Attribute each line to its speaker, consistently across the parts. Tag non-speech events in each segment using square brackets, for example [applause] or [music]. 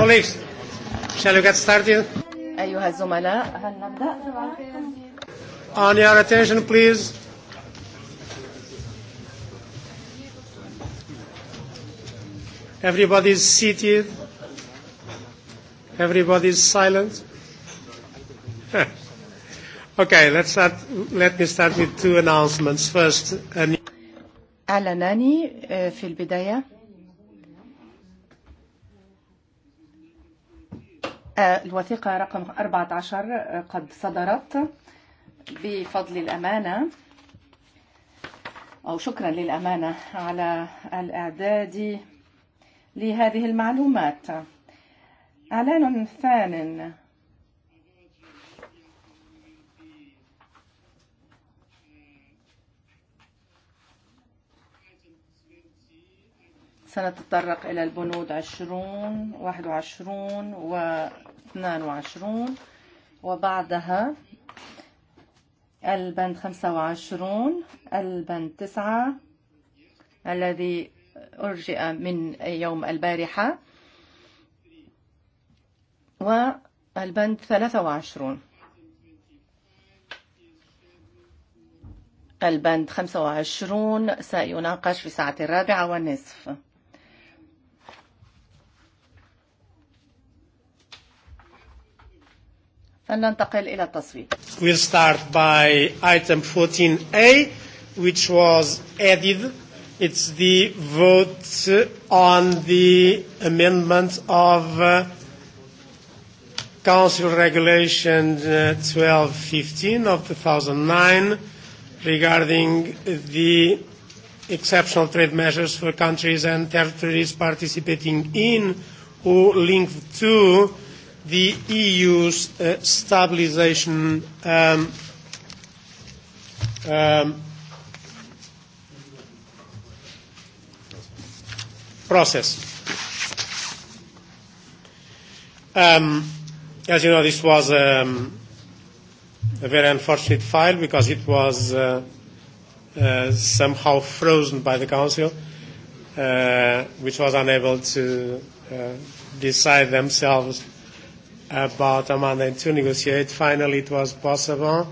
Speaker 1: Colleagues, shall we get started? On your attention, please. Everybody is seated. Everybody is silent. [laughs] okay, let's start, let me start with two announcements. First, a new...
Speaker 2: Alanani, uh, eh, في bidaya الوثيقة رقم 14 قد صدرت بفضل الأمانة أو شكرا للأمانة على الإعداد لهذه المعلومات أعلان ثان سنتطرق إلى البنود 20 21 و 22 وبعدها البند 25 البند 9 الذي أرجئ من يوم البارحة والبند 23 البند 25 سيناقش في ساعة الرابعة والنصف ننتقل إلى التصويت.
Speaker 1: We'll start by item 14A, which was added. It's the vote on the amendment of uh, Council Regulation uh, 1215 of 2009 regarding the exceptional trade measures for countries and territories participating in or linked to the EU's uh, stabilization um, um, process. Um, as you know, this was um, a very unfortunate file because it was uh, uh, somehow frozen by the Council, uh, which was unable to uh, decide themselves about and to negotiate. Finally, it was possible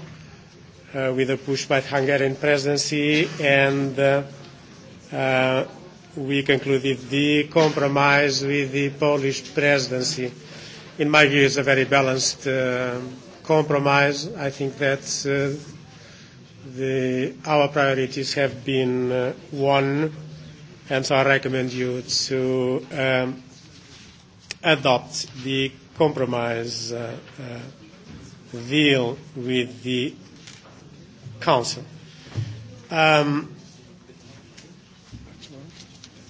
Speaker 1: uh, with a push by the Hungarian presidency, and uh, uh, we concluded the compromise with the Polish presidency. In my view, it's a very balanced uh, compromise. I think that uh, the, our priorities have been uh, won, and so I recommend you to um, adopt the compromise uh, uh, deal with the Council. Um,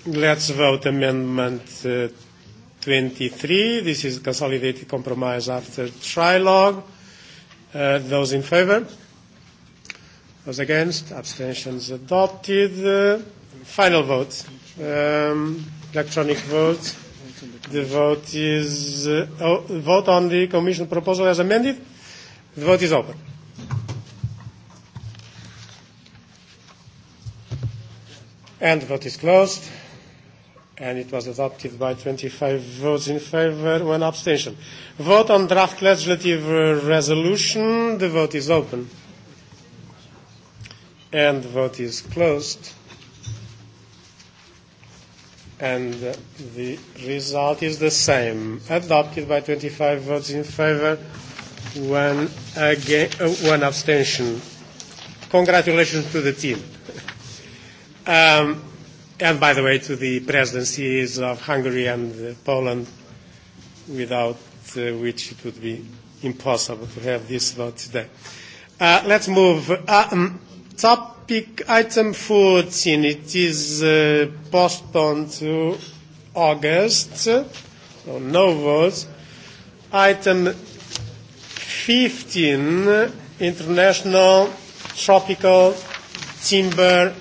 Speaker 1: let's vote Amendment uh, 23. This is consolidated compromise after trilogue. Uh, those in favor? Those against? Abstentions adopted. Uh, final vote. Um, electronic vote. The vote is uh, oh, vote on the Commission proposal as amended. The vote is open. And the vote is closed. And it was adopted by 25 votes in favor, one abstention. Vote on draft legislative resolution. The vote is open. And the vote is closed and the result is the same. Adopted by 25 votes in favor, one, again, uh, one abstention. Congratulations to the team. um, and by the way, to the presidencies of Hungary and uh, Poland, without uh, which it would be impossible to have this vote today. Uh, let's move. Uh, um, top pick item 14. It is uh, postponed to August. So no votes. Item 15, International Tropical Timber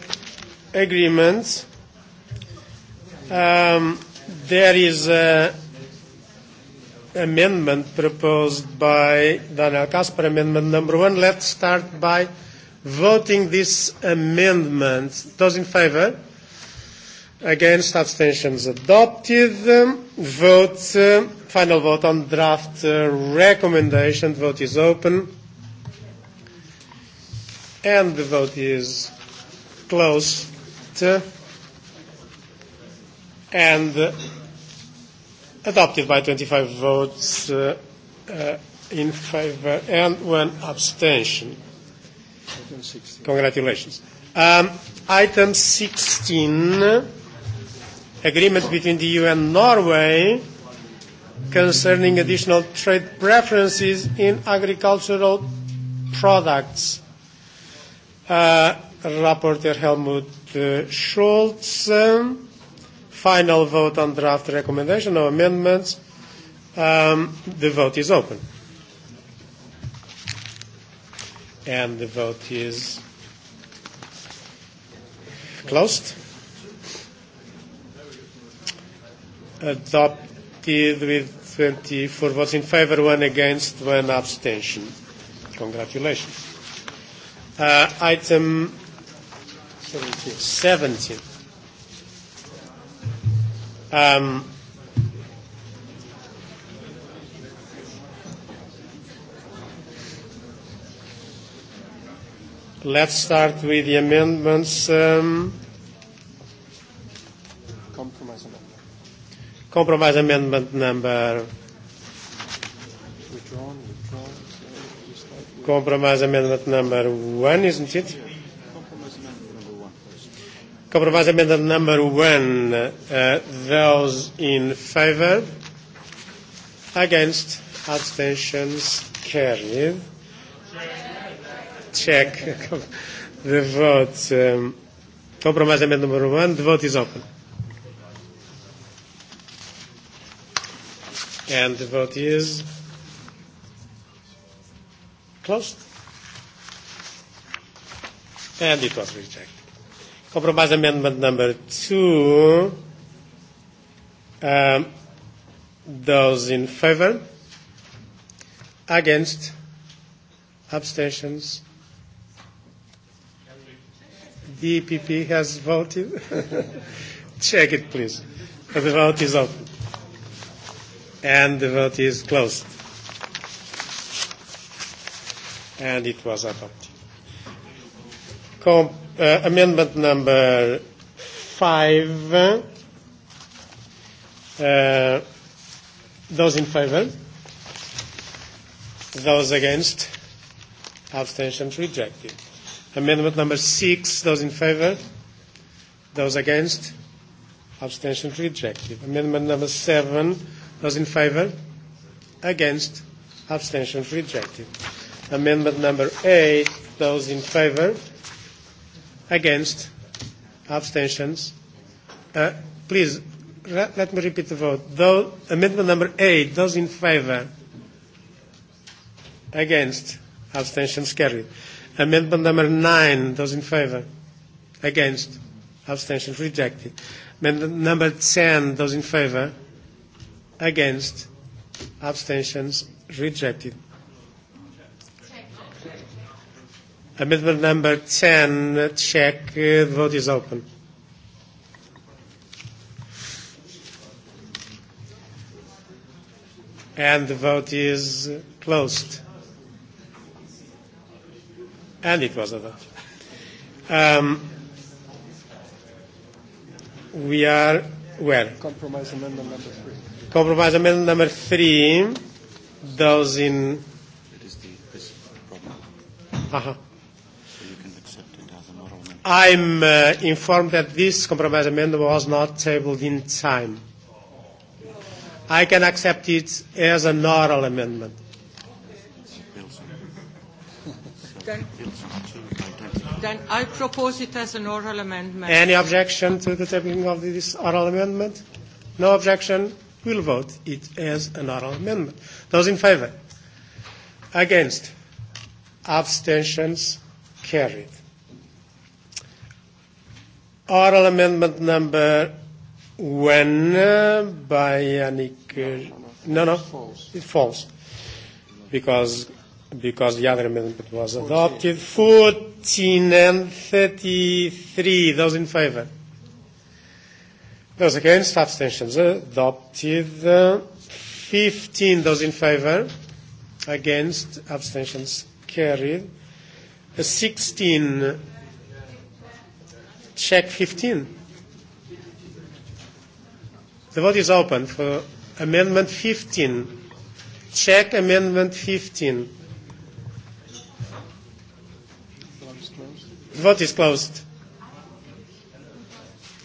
Speaker 1: Agreement. Um, there is a uh, amendment proposed by Daniel Kasper, amendment number one. Let's start by voting this amendment. Those in favour? Against abstentions adopted. vote, uh, final vote on draft uh, recommendation. Vote is open. And the vote is closed. And uh, adopted by 25 votes uh, uh, in favor and one abstention. Congratulations. Um, item 16, agreement between the EU and Norway concerning additional trade preferences in agricultural products. Uh, Rapporteur Helmut uh, Schultz. Um, final vote on draft recommendation, of amendments. Um, the vote is open. And the vote is closed. Adopted with 24 votes in favor, one against, one abstention. Congratulations. Uh, item 17. Um, Let's start with the amendments. Um, compromise amendment. Compromise amendment number. Withdrawn, withdrawn. So compromise amendment number one, isn't it? Compromise amendment number one. Compromise amendment number one. Uh, those in favor? Against? Abstentions? Carried check [laughs] the vote. compromise amendment number one, the vote is open. And the vote is closed. And it was rejected. Compromise amendment number two. Um, those in favor, against, abstentions, DPP e EPP has voted. [laughs] Check it, please. The vote is open. And the vote is closed. And it was adopted. Com uh, amendment number five. Uh, those in favor? Those against? Abstentions rejected. Amendment number six, those in favor? Those against? Abstention rejected. Amendment number seven, those in favor? Against? Abstention rejected. Amendment number eight, those in favor? Against? Abstentions? Uh, please, let me repeat the vote. Though, amendment number eight, those in favor? Against? Abstentions carried. Amendment number 9, those in favor? Against? Abstentions rejected. Amendment number 10, those in favor? Against? Abstentions rejected. Amendment number 10, check. The uh, vote is open. And the vote is closed and it was adopted. Um, we are where? Compromise amendment number three. Compromise amendment number three. Those in. It is the this problem. Uh -huh. So you can accept it as an oral amendment. I'm uh, informed that this compromise amendment was not tabled in time. I can accept it as an oral amendment.
Speaker 3: Then,
Speaker 2: then I propose it as an oral amendment. Any
Speaker 1: objection to the tabling of this oral amendment? No objection. We'll vote it as an oral amendment. Those in favor? Against? Abstentions? Carried. Oral amendment number one uh, by Yannick. Uh, no, no, it falls. Because because the other amendment was adopted. 14 and 33. Those in favor? Those against? Abstentions adopted. 15. Those in favor? Against? Abstentions carried. 16. Check 15. The vote is open for Amendment 15. Check Amendment 15. The vote is closed.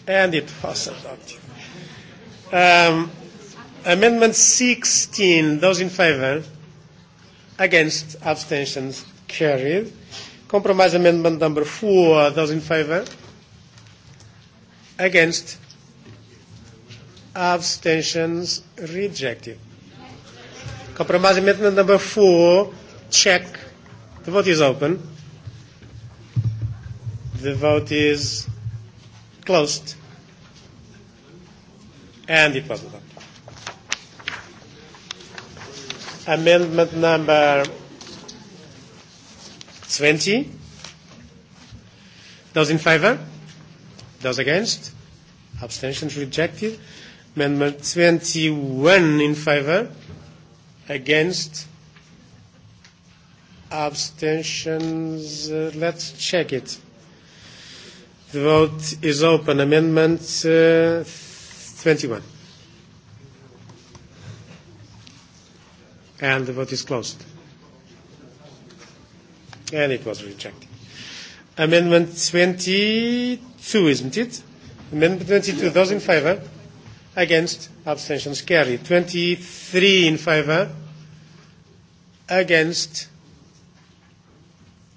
Speaker 1: And it was adopted. Um, amendment 16, those in favor, against, abstentions, carried. Compromise amendment number 4, those in favor, against, abstentions, rejected. Compromise amendment number 4, check. The vote is open. The vote is closed. And it was adopted. Amendment number 20. Those in favor? Those against? Abstentions rejected. Amendment 21 in favor? Against? Abstentions? Uh, let's check it. The vote is open. Amendment uh, 21. And the vote is closed. And it was rejected. Amendment 22, isn't it? Amendment 22, those in favour? Against? Abstentions carried. 23 in favour? Against?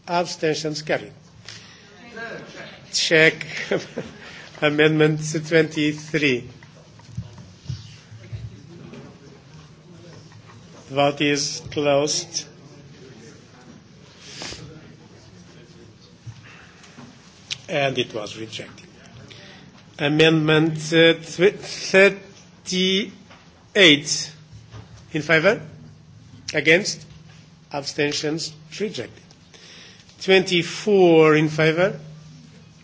Speaker 1: Abstentions carried check [laughs] Amendment 23. The vote is closed. And it was rejected. Amendment uh, 38. In favor? Against? Abstentions? Rejected. 24 in favor?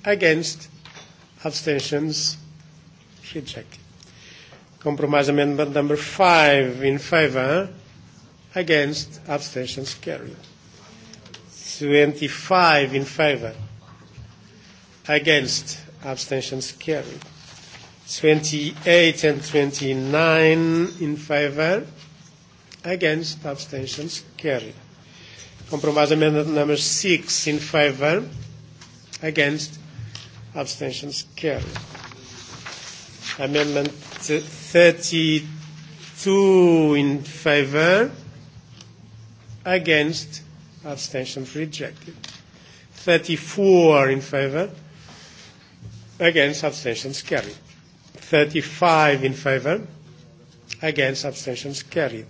Speaker 1: Against? Abstentions? reject Compromise amendment number five in favor? Against? Abstentions carried. 25 in favor. Against? Abstentions carried. 28 and 29 in favor. Against? Abstentions carried. Compromise amendment number six in favor. Against? abstentions carried. Amendment 32 in favor, against, abstentions rejected. 34 in favor, against, abstentions carried. 35 in favor, against, abstentions carried.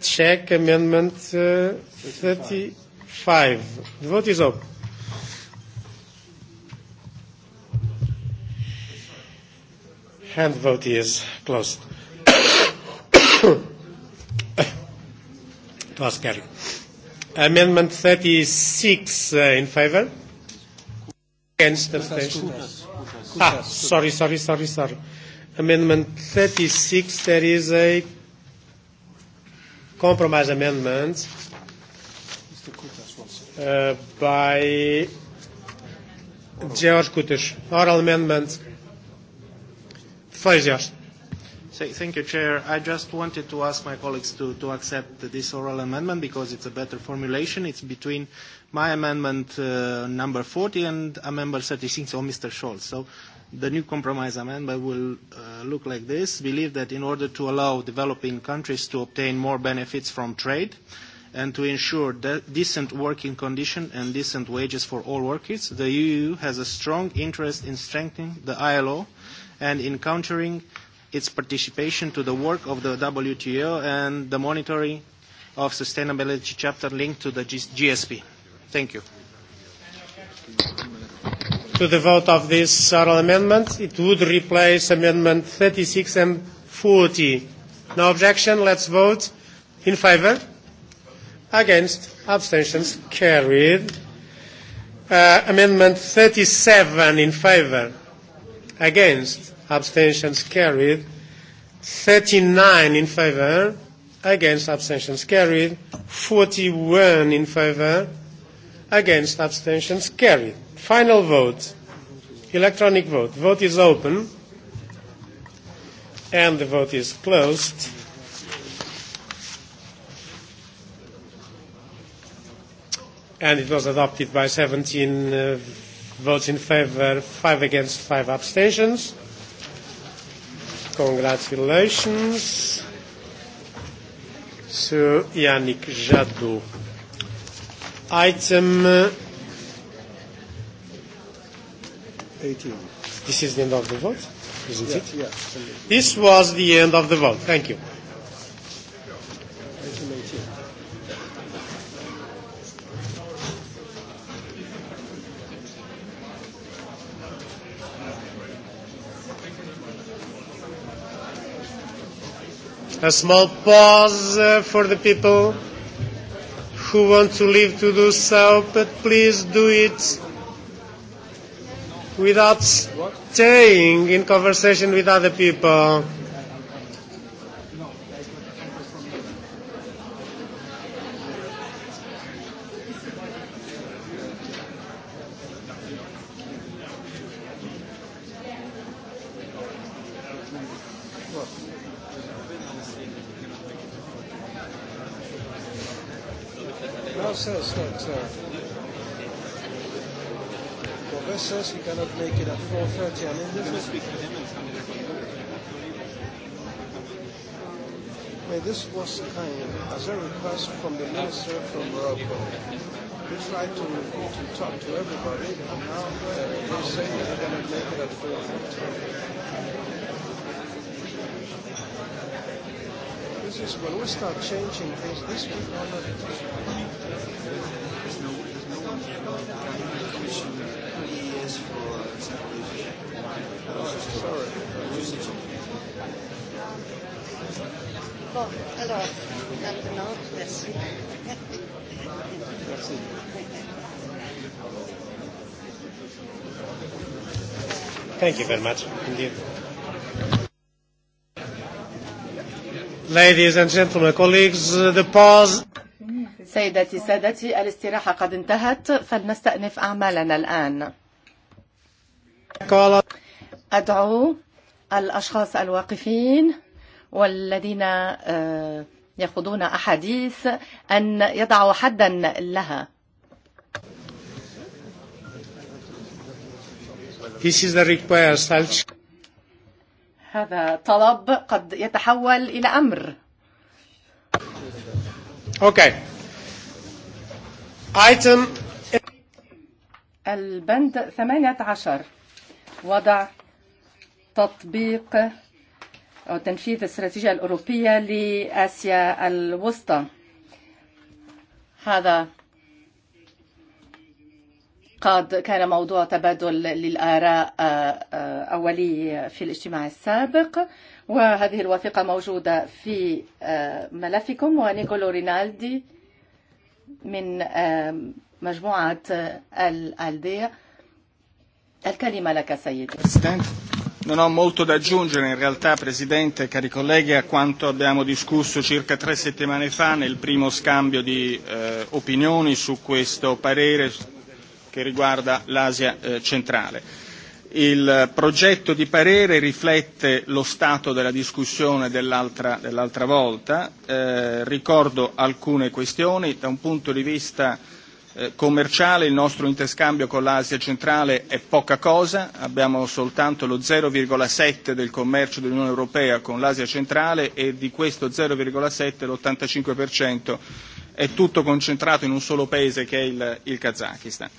Speaker 1: Check amendment uh, 35. The vote is open. Hand vote is closed. [coughs] it was carried. Amendment 36 uh, in favor. Against the station? Ah, sorry, sorry, sorry, sorry. Amendment 36, there is a compromise amendment uh, by George Kutish. Oral amendment Floor Thank you, Chair. I just wanted to ask my colleagues to, to accept this oral amendment because it's a better formulation. It's between my amendment uh, number 40 and amendment 36 so Mr. Scholz. So the new compromise amendment will uh, look like this. Believe that in order to allow developing countries to obtain more benefits from trade and to ensure de decent working conditions and decent wages for all workers, the EU has a strong interest in strengthening the ILO and in countering its participation to the work of the WTO and the monitoring of sustainability chapter linked to the GSP. Thank you. To the vote of this oral amendment, it would replace Amendment 36 and 40. No objection, let's vote. In favor? Against? Abstentions? Carried. Uh, amendment 37 in favor? Against? abstentions carried. 39 in favor, against abstentions carried. 41 in favor, against abstentions carried. Final vote, electronic vote. Vote is open and the vote is closed. And it was adopted by 17 uh, votes in favor, five against, five abstentions. Congratulations to Yannick Jadot. Item 18. Uh, This is the end of the vote, isn't yeah, it? Yeah. This was the end of the vote. Thank you. A small pause uh, for the people who want to leave to do so, but please do it without staying in conversation with other people.
Speaker 4: try to, to talk to everybody, and now uh, they say that they're going to make it at 4.
Speaker 2: This is when we start changing things, this is not. no, one here about the for oh, Sorry. Bon, alors, maintenant, merci. Merci.
Speaker 1: Thank you very much indeed. Ladies and gentlemen, colleagues, uh, the pause.
Speaker 2: سيدتي سادتي الاستراحة قد انتهت فلنستأنف أعمالنا الآن أدعو الأشخاص الواقفين والذين يخوضون أحاديث أن يضعوا حدا لها
Speaker 1: This is the request. I'll...
Speaker 2: هذا طلب قد يتحول إلى أمر. Okay. Item البند 18 وضع تطبيق أو تنفيذ الاستراتيجية الأوروبية لآسيا الوسطى هذا قد كان موضوع تبادل للآراء أولي في الاجتماع السابق وهذه الوثيقة موجودة في ملفكم ونيكولو رينالدي من مجموعة الألدية الكلمة لك سيدي
Speaker 5: Non ho molto da aggiungere in realtà, Presidente, cari colleghi, a quanto abbiamo discusso circa tre settimane fa nel primo scambio di eh, opinioni su questo parere che riguarda l'Asia eh, centrale. Il progetto di parere riflette lo stato della discussione dell'altra, dell'altra volta, eh, ricordo alcune questioni, da un punto di vista eh, commerciale il nostro interscambio con l'Asia centrale è poca cosa, abbiamo soltanto lo 0,7 del commercio dell'Unione Europea con l'Asia centrale e di questo 0,7 l'85% è tutto concentrato in un solo paese che è il, il Kazakistan.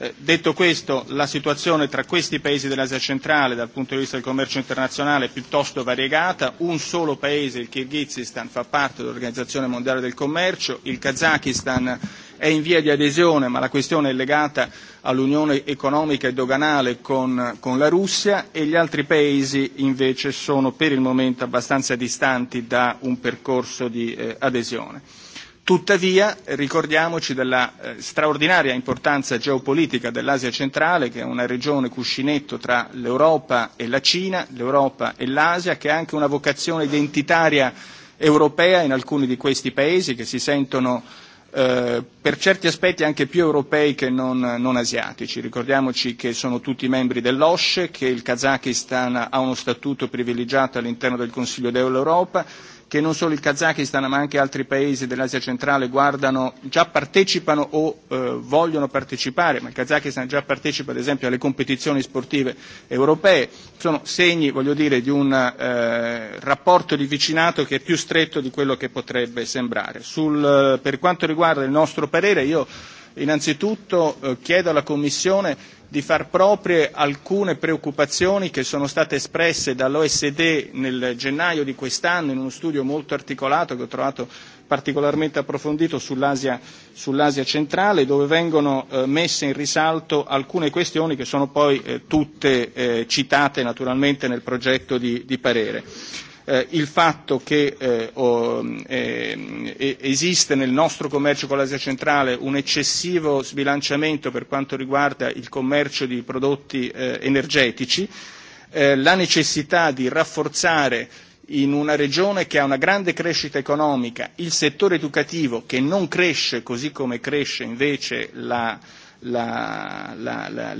Speaker 5: Eh, detto questo, la situazione tra questi paesi dell'Asia centrale dal punto di vista del commercio internazionale è piuttosto variegata. Un solo paese, il Kirghizistan, fa parte dell'Organizzazione Mondiale del Commercio, il Kazakistan è in via di adesione, ma la questione è legata all'unione economica e doganale con, con la Russia e gli altri paesi invece sono per il momento abbastanza distanti da un percorso di eh, adesione. Tuttavia ricordiamoci della eh, straordinaria importanza geopolitica dell'Asia centrale, che è una regione cuscinetto tra l'Europa e la Cina, l'Europa e l'Asia, che ha anche una vocazione identitaria europea in alcuni di questi paesi che si sentono eh, per certi aspetti anche più europei che non, non asiatici. Ricordiamoci che sono tutti membri dell'OSCE, che il Kazakistan ha uno statuto privilegiato all'interno del Consiglio dell'Europa, che non solo il Kazakistan ma anche altri paesi dell'Asia centrale guardano, già partecipano o eh, vogliono partecipare, ma il Kazakistan già partecipa ad esempio alle competizioni sportive europee, sono segni voglio dire, di un eh, rapporto di vicinato che è più stretto di quello che potrebbe sembrare. Sul, eh, per quanto riguarda il nostro parere io innanzitutto eh, chiedo alla Commissione di far proprie alcune preoccupazioni che sono state espresse dall'OSD nel gennaio di quest'anno in uno studio molto articolato che ho trovato particolarmente approfondito sull'Asia, sull'Asia centrale, dove vengono eh, messe in risalto alcune questioni che sono poi eh, tutte eh, citate naturalmente nel progetto di, di parere eh, il fatto che eh, oh, eh, e, esiste nel nostro commercio con l'Asia centrale un eccessivo sbilanciamento per quanto riguarda il commercio di prodotti eh, energetici, eh, la necessità di rafforzare in una regione che ha una grande crescita economica, il settore educativo che non cresce così come cresce invece l'economia, la, la, la,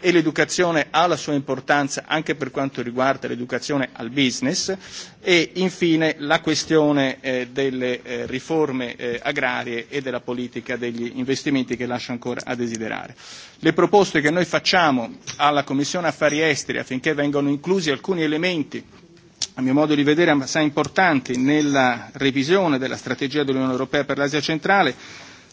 Speaker 5: e l'educazione ha la sua importanza anche per quanto riguarda l'educazione al business e infine la questione eh, delle eh, riforme eh, agrarie e della politica degli investimenti che lascia ancora a desiderare. Le proposte che noi facciamo alla Commissione Affari Esteri affinché vengano inclusi alcuni elementi a mio modo di vedere assai importanti nella revisione della strategia dell'Unione Europea per l'Asia centrale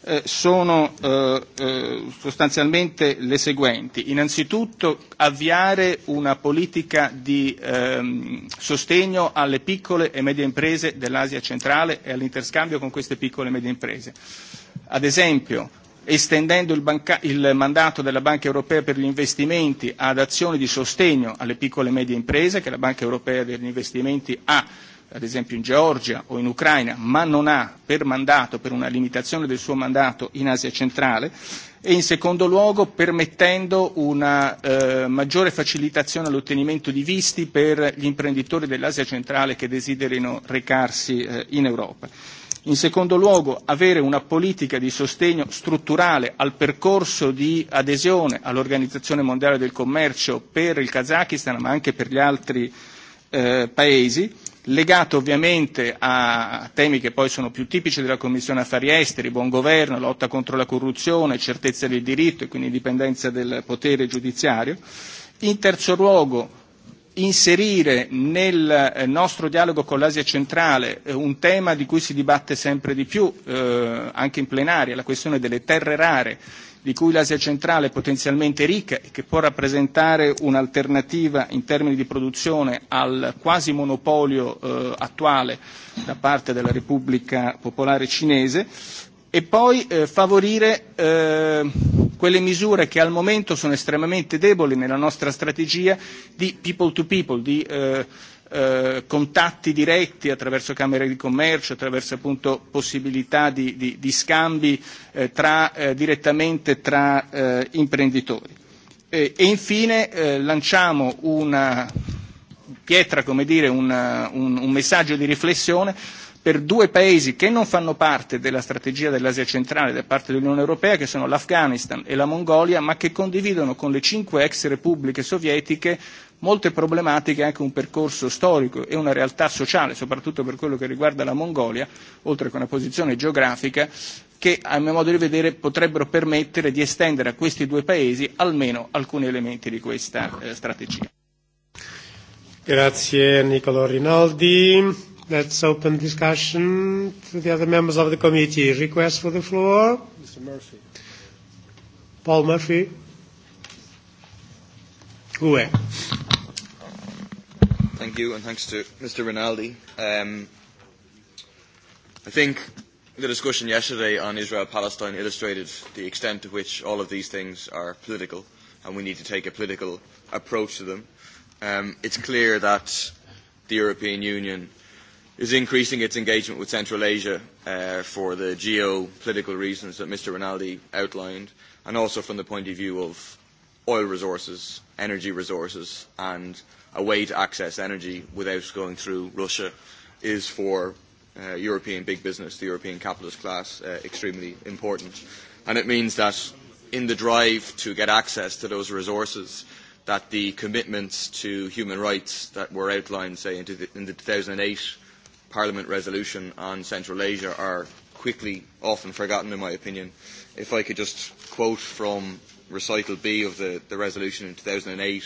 Speaker 5: Eh, sono eh, eh, sostanzialmente le seguenti. Innanzitutto avviare una politica di ehm, sostegno alle piccole e medie imprese dell'Asia centrale e all'interscambio con queste piccole e medie imprese. Ad esempio, estendendo il, banca- il mandato della Banca europea per gli investimenti ad azioni di sostegno alle piccole e medie imprese che la Banca europea degli investimenti ha ad esempio in Georgia o in Ucraina, ma non ha per mandato, per una limitazione del suo mandato in Asia centrale, e in secondo luogo permettendo una eh, maggiore facilitazione all'ottenimento di visti per gli imprenditori dell'Asia centrale che desiderino recarsi eh, in Europa. In secondo luogo, avere una politica di sostegno strutturale al percorso di adesione all'Organizzazione Mondiale del Commercio per il Kazakistan, ma anche per gli altri eh, paesi legato ovviamente a temi che poi sono più tipici della Commissione Affari Esteri, buon governo, lotta contro la corruzione, certezza del diritto e quindi indipendenza del potere giudiziario. In terzo luogo, inserire nel eh, nostro dialogo con l'Asia centrale eh, un tema di cui si dibatte sempre di più, eh, anche in plenaria, la questione delle terre rare di cui l'Asia centrale è potenzialmente ricca e che può rappresentare un'alternativa in termini di produzione al quasi monopolio eh, attuale da parte della Repubblica Popolare Cinese, e poi eh, favorire eh, quelle misure che al momento sono estremamente deboli nella nostra strategia di people to people, di eh, Eh, contatti diretti attraverso Camere di Commercio, attraverso appunto possibilità di, di, di scambi eh, tra, eh, direttamente tra eh, imprenditori. E, e infine eh, lanciamo una pietra, come dire, una, un, un messaggio di riflessione per due paesi che non fanno parte della strategia dell'Asia centrale da parte dell'Unione Europea, che sono l'Afghanistan e la Mongolia, ma che condividono con le cinque ex repubbliche sovietiche molte problematiche anche un percorso storico e una realtà sociale, soprattutto per quello che riguarda la Mongolia, oltre che una posizione geografica, che a mio modo di vedere potrebbero permettere di estendere a questi due paesi almeno alcuni elementi di questa eh, strategia.
Speaker 1: Grazie Nicolo Rinaldi. Let's open discussion to the other members of the committee. Request for the floor? Mr. Murphy. Paul Murphy.
Speaker 6: Thank you, and thanks to Mr. Rinaldi. Um, I think the discussion yesterday on Israel-Palestine illustrated the extent to which all of these things are political, and we need to take a political approach to them. Um, it's clear that the European Union is increasing its engagement with Central Asia uh, for the geopolitical reasons that Mr. Rinaldi outlined, and also from the point of view of oil resources, energy resources, and a way to access energy without going through Russia is for uh, European big business, the European capitalist class, uh, extremely important. And it means that in the drive to get access to those resources, that the commitments to human rights that were outlined, say, in the, in the 2008 Parliament resolution on Central Asia are quickly often forgotten, in my opinion. If I could just quote from recital B of the, the resolution in 2008,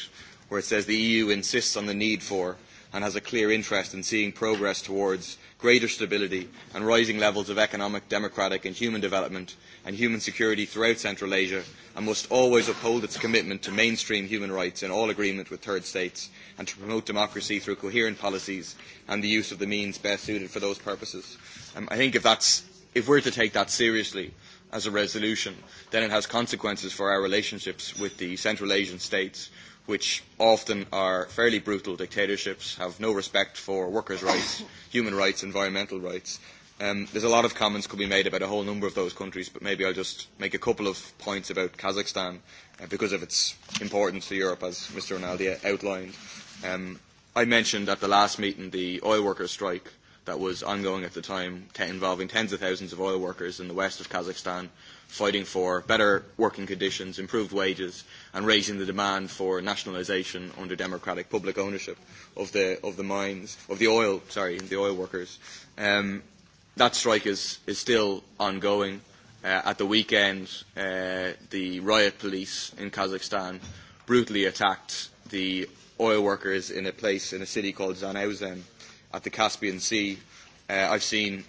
Speaker 6: where it says the EU insists on the need for and has a clear interest in seeing progress towards greater stability and rising levels of economic, democratic and human development and human security throughout Central Asia and must always uphold its commitment to mainstream human rights in all agreement with third states and to promote democracy through coherent policies and the use of the means best suited for those purposes. Um, I think if, that's, if we're to take that seriously, as a resolution, then it has consequences for our relationships with the Central Asian states, which often are fairly brutal dictatorships, have no respect for workers' rights, human rights, environmental rights. Um, there's a lot of comments could be made about a whole number of those countries, but maybe I'll just make a couple of points about Kazakhstan uh, because of its importance to Europe, as Mr. Ronaldi outlined. Um, I mentioned at the last meeting the oil workers' strike that was ongoing at the time, t involving tens of thousands of oil workers in the west of Kazakhstan, fighting for better working conditions, improved wages, and raising the demand for nationalisation under democratic public ownership of the, of the mines, of the oil, sorry, the oil workers. Um, that strike is, is still ongoing. Uh, at the weekend, uh, the riot police in Kazakhstan brutally attacked the oil workers in a place in a city called Zanauzen at the Caspian Sea. Uh, I've seen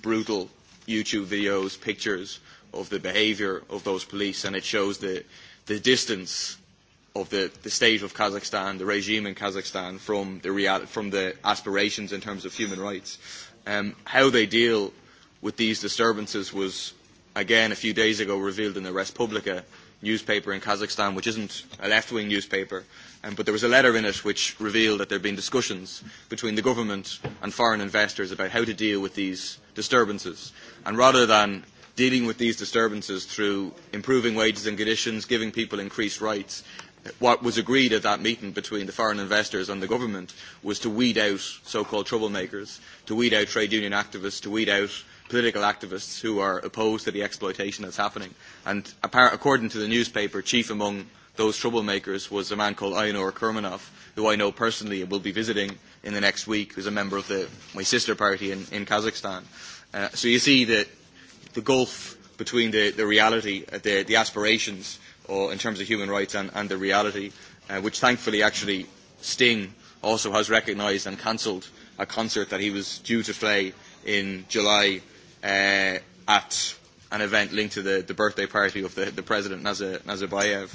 Speaker 6: brutal YouTube videos, pictures of the behaviour of those police, and it shows the, the distance of the, the state of Kazakhstan, the regime in Kazakhstan, from the, real, from the aspirations in terms of human rights. Um, how they deal with these disturbances was, again, a few days ago revealed in the Res Publica newspaper in Kazakhstan, which isn't a left-wing newspaper, um, but there was a letter in it which revealed that there had been discussions between the government and foreign investors about how to deal with these disturbances. And rather than dealing with these disturbances through improving wages and conditions, giving people increased rights, what was agreed at that meeting between the foreign investors and the government was to weed out so-called troublemakers, to weed out trade union activists, to weed out political activists who are opposed to the exploitation that's happening. And apart, according to the newspaper, chief among those troublemakers was a man called Einor Kermanov, who I know personally and will be visiting in the next week, who's a member of the, my sister party in, in Kazakhstan. Uh, so you see that the gulf between the, the reality, uh, the, the aspirations or uh, in terms of human rights and, and the reality, uh, which thankfully actually Sting also has recognised and cancelled a concert that he was due to play in July uh, at an event linked to the, the birthday party of the, the president, Nazar, Nazarbayev.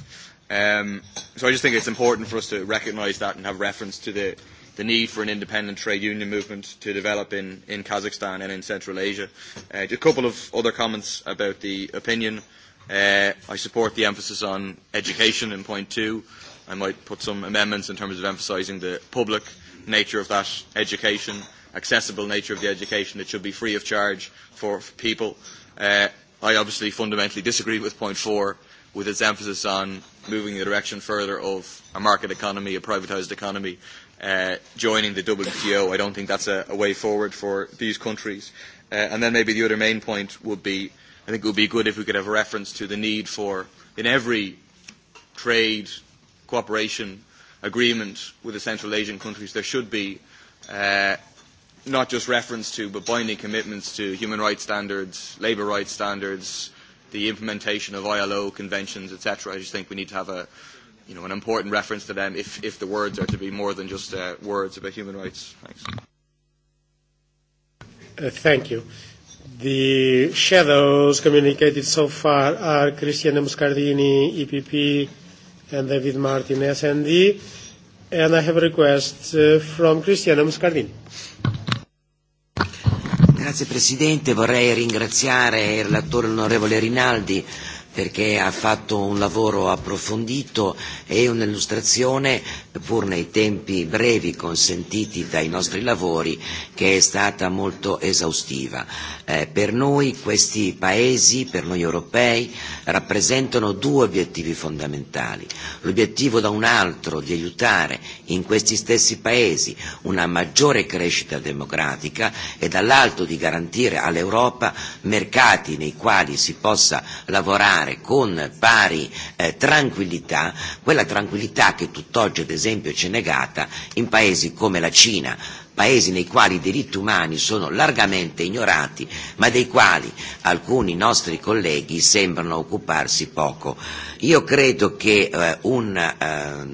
Speaker 6: Um, so I just think it's important for us to recognise that and have reference to the, the need for an independent trade union movement to develop in, in Kazakhstan and in Central Asia. Uh, just a couple of other comments about the opinion. Uh, I support the emphasis on education in point two. I might put some amendments in terms of emphasising the public nature of that education accessible nature of the education. It should be free of charge for, for people. Uh, I obviously fundamentally disagree with point four with its emphasis on moving in the direction further of a market economy, a privatised economy, uh, joining the WTO. I don't think that's a, a way forward for these countries. Uh, and then maybe the other main point would be, I think it would be good if we could have a reference to the need for, in every trade cooperation agreement with the Central Asian countries, there should be uh, not just reference to, but binding commitments to human rights standards, labour rights standards, the implementation of ILO conventions, etc. I just think we need to have a, you know, an important reference to them if, if the words are to be more than just uh, words about human rights.
Speaker 5: Thanks.
Speaker 1: Uh, thank you. The shadows communicated so far are Cristiano Muscardini, EPP, and David Martin, SND. And I have a request uh, from Cristiano Muscardini.
Speaker 3: Grazie Presidente, vorrei ringraziare il relatore onorevole Rinaldi perché ha fatto un lavoro approfondito e un'illustrazione pur nei tempi brevi consentiti dai nostri lavori, che è stata molto esaustiva. Eh, per noi questi paesi, per noi europei, rappresentano due obiettivi fondamentali. L'obiettivo da un altro di aiutare in questi stessi paesi una maggiore crescita democratica e dall'altro di garantire all'Europa mercati nei quali si possa lavorare con pari eh, tranquillità, quella tranquillità che tutt'oggi ad esempio esempio, ci è negata in paesi come la Cina, paesi nei quali i diritti umani sono largamente ignorati, ma dei quali alcuni nostri colleghi sembrano occuparsi poco. Io credo che eh, una eh,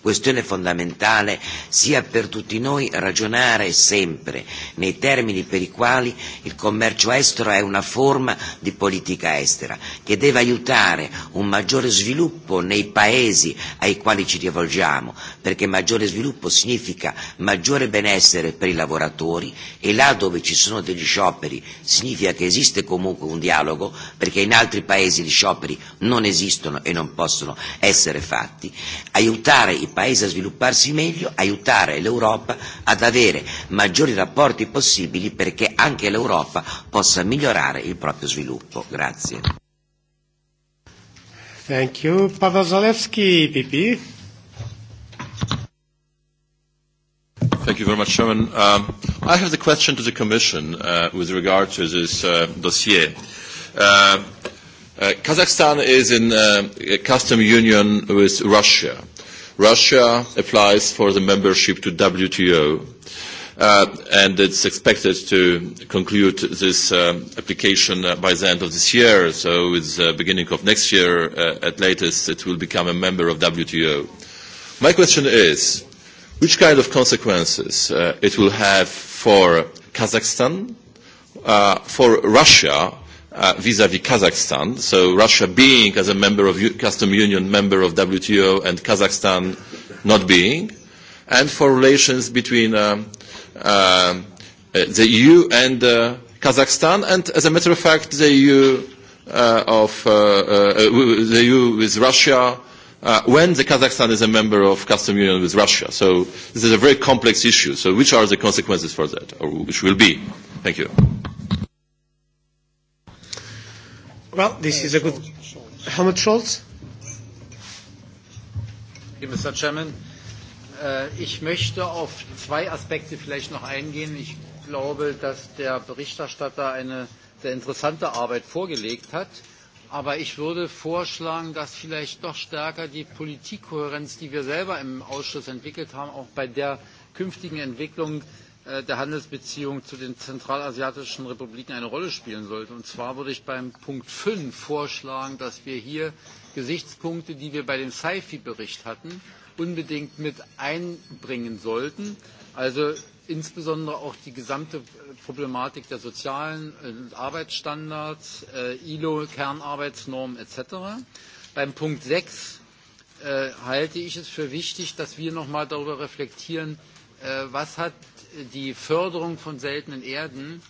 Speaker 3: questione fondamentale sia per tutti noi ragionare sempre nei termini per i quali il commercio estero è una forma di politica estera, che deve aiutare un maggiore sviluppo nei paesi ai quali ci rivolgiamo, perché maggiore sviluppo significa maggiore benessere essere per i lavoratori e là dove ci sono degli scioperi significa che esiste comunque un dialogo perché in altri paesi gli scioperi non esistono e non possono essere fatti, aiutare i paesi a svilupparsi meglio, aiutare l'Europa ad avere maggiori rapporti possibili perché anche l'Europa possa migliorare il proprio sviluppo. Grazie.
Speaker 1: Thank you. Pavel Zalewski, PP.
Speaker 7: Thank you very much, Chairman. Um, I have the question to the Commission uh, with regard to this uh, dossier. Uh, uh, Kazakhstan is in uh, a custom union with Russia. Russia applies for the membership to WTO, uh, and it's expected to conclude this uh, application uh, by the end of this year, so it's the uh, beginning of next year uh, at latest it will become a member of WTO. My question is, which kind of consequences uh, it will have for Kazakhstan, uh, for Russia uh, vis-à-vis uh, -vis Kazakhstan, so Russia being as a member of U Custom Union, member of WTO, and Kazakhstan not being, and for relations between uh, uh, the EU and uh, Kazakhstan, and as a matter of fact, the EU uh, of uh, uh, uh the EU with Russia uh, when the Kazakhstan is a member of custom union with Russia. So this is a very complex issue. So which are the consequences for that, or which will be? Thank you.
Speaker 1: Well, this is a good... Helmut Scholz?
Speaker 4: Mr. Chairman. Uh, ich möchte auf zwei Aspekte vielleicht noch eingehen. Ich glaube, dass der Berichterstatter eine sehr interessante Arbeit vorgelegt hat. Uh, Aber ich würde vorschlagen, dass vielleicht doch stärker die Politikkohärenz, die wir selber im Ausschuss entwickelt haben, auch bei der künftigen Entwicklung äh, der Handelsbeziehungen zu den zentralasiatischen Republiken eine Rolle spielen sollte. Und zwar würde ich beim Punkt 5 vorschlagen, dass wir hier Gesichtspunkte, die wir bei dem SAIFI-Bericht hatten, unbedingt mit einbringen sollten. Also insbesondere auch die gesamte Problematik der sozialen und äh, Arbeitsstandards, äh, ILO, Kernarbeitsnormen etc. Beim Punkt 6 äh, halte ich es für wichtig, dass wir nochmal darüber reflektieren, was hat die Förderung von seltenen Erden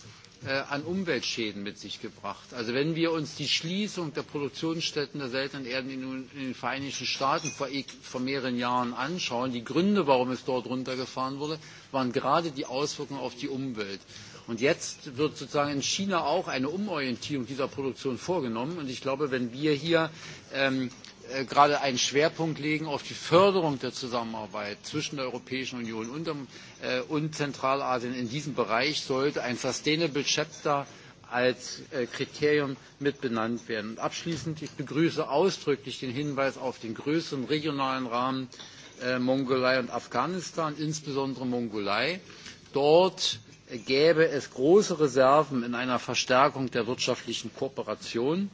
Speaker 4: Äh, an Umweltschäden mit sich gebracht. Also wenn wir uns die Schließung der Produktionsstätten der seltenen Erden in den Vereinigten Staaten vor, e, vor mehreren Jahren anschauen, die Gründe, warum es dort runtergefahren wurde, waren gerade die Auswirkungen auf die Umwelt. Und jetzt wird sozusagen in China auch eine Umorientierung dieser Produktion vorgenommen. Und ich glaube, wenn wir hier ähm, Äh, gerade einen Schwerpunkt legen auf die Förderung der Zusammenarbeit zwischen der Europäischen Union und, dem, äh, und Zentralasien in diesem Bereich sollte ein Sustainable Chapter als äh, Kriterium mit benannt werden. Und abschließend, ich begrüße ausdrücklich den Hinweis auf den größeren regionalen Rahmen äh, Mongolei und Afghanistan, insbesondere Mongolei. Dort gäbe es große Reserven in einer Verstärkung der wirtschaftlichen Kooperation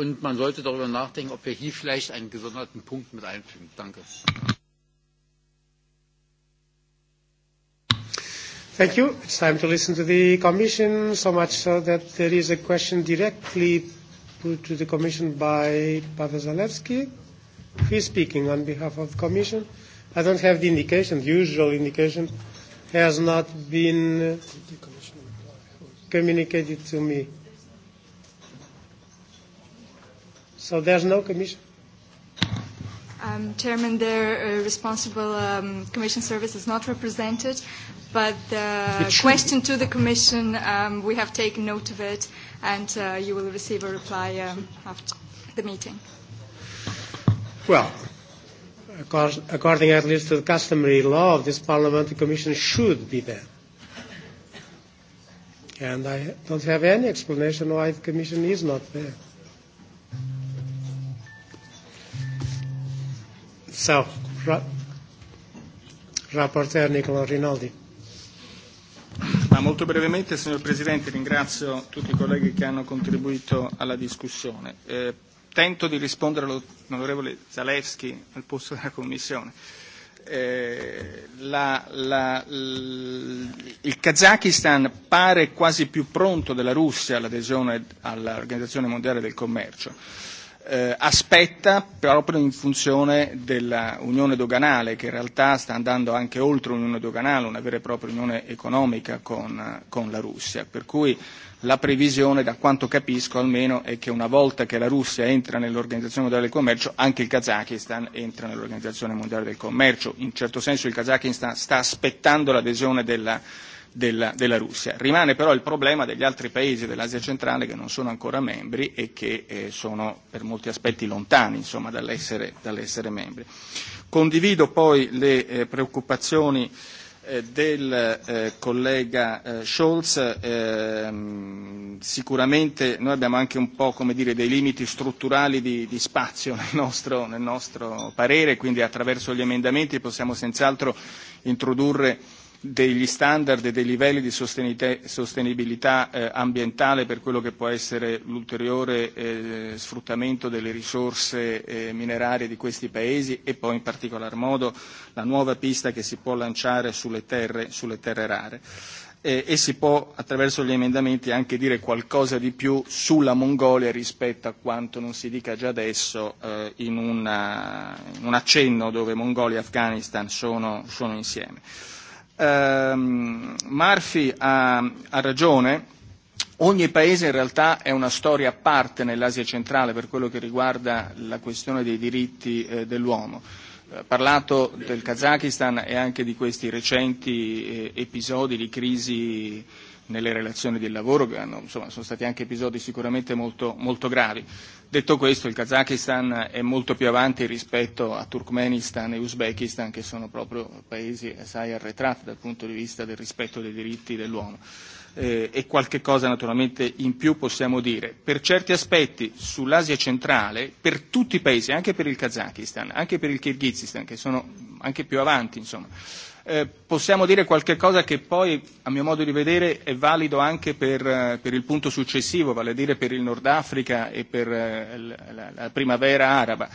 Speaker 4: und man sollte darüber nachdenken, ob wir hier vielleicht einen gesonderten Punkt mit einfügen. Danke.
Speaker 1: Thank you. It's time to listen to the Commission, so much so that there is a question directly put to the Commission by Pavel Zalewski. He's speaking on behalf of the Commission. I don't have the indication, the usual indication has not been communicated to me. So there's no commission?
Speaker 8: Um, Chairman, the uh, responsible um, commission service is not represented, but the question to the commission, um, we have taken note of it, and uh, you will receive a reply um, after the meeting.
Speaker 1: Well, according at least to the customary law of this parliament, the commission should be there. And I don't have any explanation why the commission is not there. So, ra rapporteur Nicola Rinaldi.
Speaker 5: Ma molto brevemente, signor Presidente, ringrazio tutti i colleghi che hanno contribuito alla discussione. Eh, tento di rispondere all'onorevole Zalewski al posto della Commissione. Eh, la, la, il Kazakistan pare quasi più pronto della Russia all'adesione all'Organizzazione Mondiale del Commercio eh, aspetta proprio in funzione dell'unione doganale che in realtà sta andando anche oltre l'unione doganale, una vera e propria unione economica con, con la Russia, per cui la previsione, da quanto capisco almeno, è che una volta che la Russia entra nell'Organizzazione Mondiale del Commercio, anche il Kazakistan entra nell'Organizzazione Mondiale del Commercio. In certo senso il Kazakistan sta aspettando l'adesione della della, della Russia. Rimane però il problema degli altri paesi dell'Asia centrale che non sono ancora membri e che eh, sono per molti aspetti lontani insomma, dall'essere, dall'essere membri. Condivido poi le eh, preoccupazioni eh, del eh, collega eh, Scholz, eh, sicuramente noi abbiamo anche un po' come dire, dei limiti strutturali di, di spazio [laughs] nel nostro, nel nostro parere, quindi attraverso gli emendamenti possiamo senz'altro introdurre degli standard e dei livelli di sostenibilità eh, ambientale per quello che può essere l'ulteriore eh, sfruttamento delle risorse eh, minerarie di questi paesi e poi in particolar modo la nuova pista che si può lanciare sulle terre, sulle terre rare. Eh, e si può attraverso gli emendamenti anche dire qualcosa di più sulla Mongolia rispetto a quanto non si dica già adesso eh, in, una, in un accenno dove Mongolia e Afghanistan sono, sono insieme. Marfi ehm, ha, ha ragione, Ogni paese in realtà è una storia a parte nell'Asia centrale per quello che riguarda la questione dei diritti eh, dell'uomo. Eh, ha parlato del Kazakistan e anche di questi recenti eh, episodi di crisi nelle relazioni del lavoro, che hanno, insomma, sono stati anche episodi sicuramente molto, molto gravi. Detto questo, il Kazakistan è molto più avanti rispetto a Turkmenistan e Uzbekistan, che sono proprio paesi assai arretrati dal punto di vista del rispetto dei diritti dell'uomo eh, e qualche cosa naturalmente in più possiamo dire. Per certi aspetti sull'Asia centrale, per tutti i paesi, anche per il Kazakistan, anche per il Kirghizistan, che sono anche più avanti, insomma, eh, possiamo dire qualche cosa che poi, a mio modo di vedere, è valido anche per, eh, per il punto successivo, vale a dire per il Nord Africa e per eh, la, la primavera araba.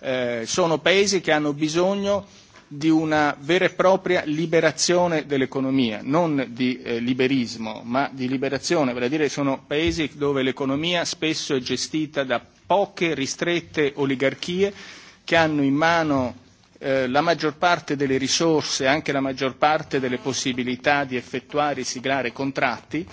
Speaker 5: Eh, sono paesi che hanno bisogno di una vera e propria liberazione dell'economia, non di eh, liberismo, ma di liberazione, vale a dire sono paesi dove l'economia spesso è gestita da poche ristrette oligarchie che hanno in mano Eh, la maggior parte delle risorse, anche la maggior parte delle possibilità di effettuare e siglare contratti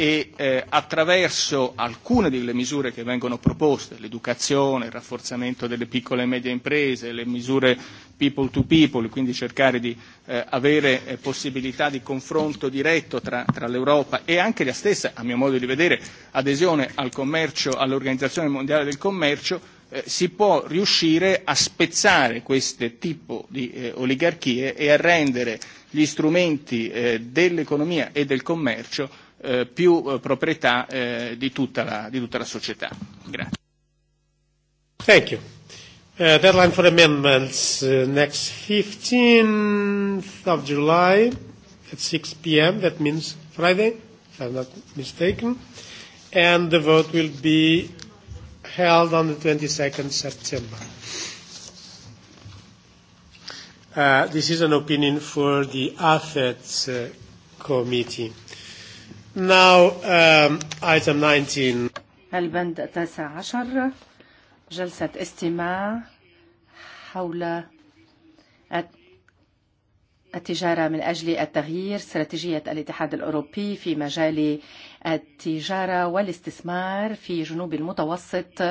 Speaker 5: e eh, attraverso alcune delle misure che vengono proposte, l'educazione, il rafforzamento delle piccole e medie imprese, le misure people to people, quindi cercare di eh, avere eh, possibilità di confronto diretto tra, tra l'Europa e anche la stessa, a mio modo di vedere, adesione al commercio, all'Organizzazione Mondiale del Commercio, Eh, si può riuscire a spezzare questo tipo di eh, oligarchie e a rendere gli strumenti eh, dell'economia e del commercio eh, più eh, proprietà eh, di, tutta la, di tutta la società. Grazie. Thank you.
Speaker 1: Uh, deadline for amendments uh, next 15th of July at 6 p.m. That means Friday, if I'm not mistaken. And the vote will be held on the 22nd September. Uh, this is an opinion for the AFET uh, committee. Now, um, item 19. البند 19 جلسة استماع
Speaker 2: حول التجارة من أجل التغيير استراتيجية الاتحاد الأوروبي في مجال التجارة والاستثمار في جنوب المتوسط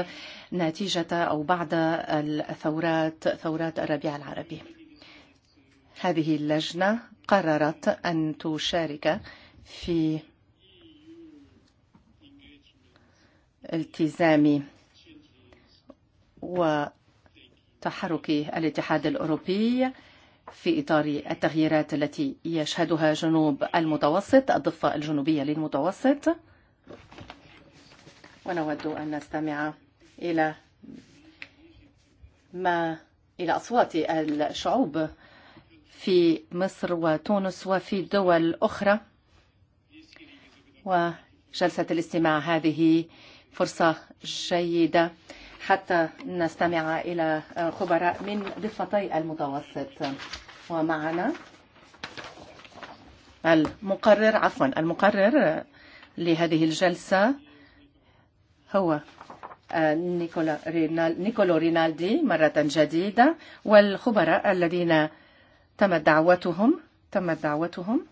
Speaker 2: نتيجة أو بعد الثورات ثورات الربيع العربي هذه اللجنة قررت أن تشارك في التزام وتحرك الاتحاد الأوروبي في إطار التغييرات التي يشهدها جنوب المتوسط الضفة الجنوبية للمتوسط ونود أن نستمع إلى ما إلى أصوات الشعوب في مصر وتونس وفي دول أخرى وجلسة الاستماع هذه فرصة جيدة حتى نستمع إلى خبراء من ضفتي المتوسط ومعنا المقرر عفوا المقرر لهذه الجلسة هو نيكولا رينال نيكولو رينالدي مرة جديدة والخبراء الذين تمت دعوتهم تمت دعوتهم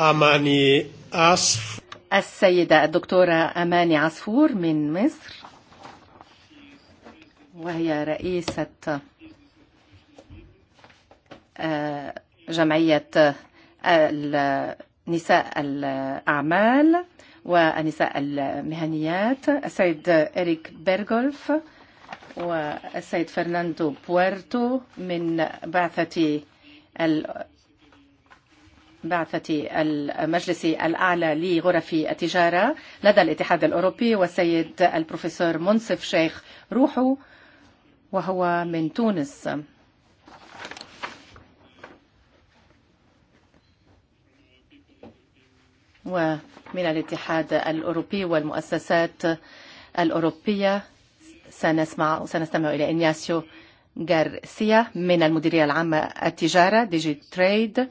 Speaker 1: أماني
Speaker 2: عصف السيدة الدكتورة أماني عصفور من مصر وهي رئيسة جمعية نساء الأعمال ونساء المهنيات السيد إريك بيرغولف والسيد فرناندو بويرتو من بعثة بعثة المجلس الأعلى لغرف التجارة لدى الاتحاد الأوروبي والسيد البروفيسور منصف شيخ روحو وهو من تونس ومن الاتحاد الأوروبي والمؤسسات الأوروبية سنسمع سنستمع إلى إنياسيو غارسيا من المديرية العامة التجارة ديجي تريد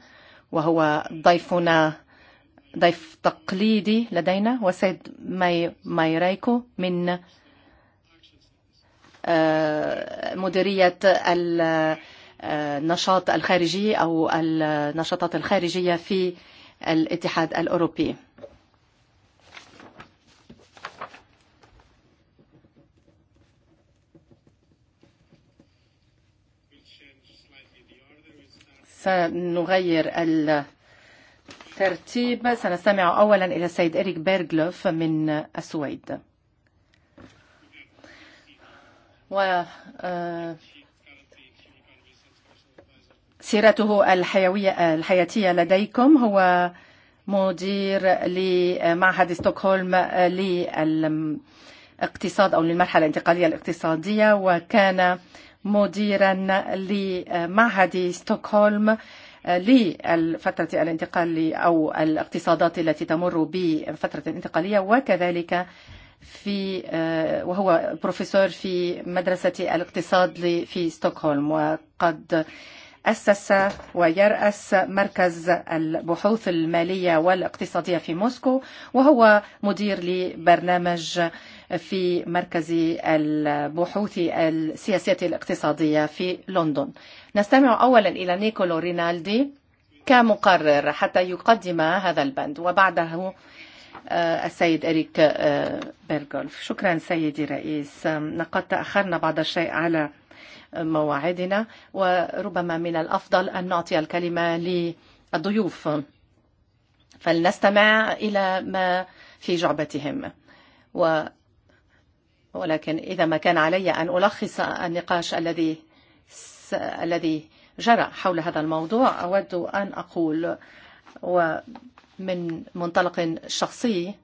Speaker 2: وهو ضيفنا ضيف تقليدي لدينا وسيد ماي ماي رايكو من مديرية النشاط الخارجي أو النشاطات الخارجية في الاتحاد الأوروبي سنغير الترتيب سنستمع أولا إلى السيد إريك بيرغلوف من السويد و سيرته الحيوية الحياتية لديكم هو مدير لمعهد ستوكهولم للاقتصاد أو للمرحلة الانتقالية الاقتصادية وكان مديرا لمعهد ستوكهولم للفترة الانتقال أو الاقتصادات التي تمر بفترة انتقالية وكذلك في وهو بروفيسور في مدرسة الاقتصاد في ستوكهولم وقد أسس ويرأس مركز البحوث المالية والاقتصادية في موسكو وهو مدير لبرنامج في مركز البحوث السياسية الاقتصادية في لندن نستمع أولا إلى نيكولو رينالدي كمقرر حتى يقدم هذا البند وبعده السيد إريك بيرغولف شكرا سيدي رئيس لقد تأخرنا بعض الشيء على مواعدنا وربما من الأفضل أن نعطي الكلمة للضيوف فلنستمع إلى ما في جعبتهم و ولكن إذا ما كان علي أن ألخص النقاش الذي س... الذي جرى حول هذا الموضوع أود أن أقول ومن منطلق شخصي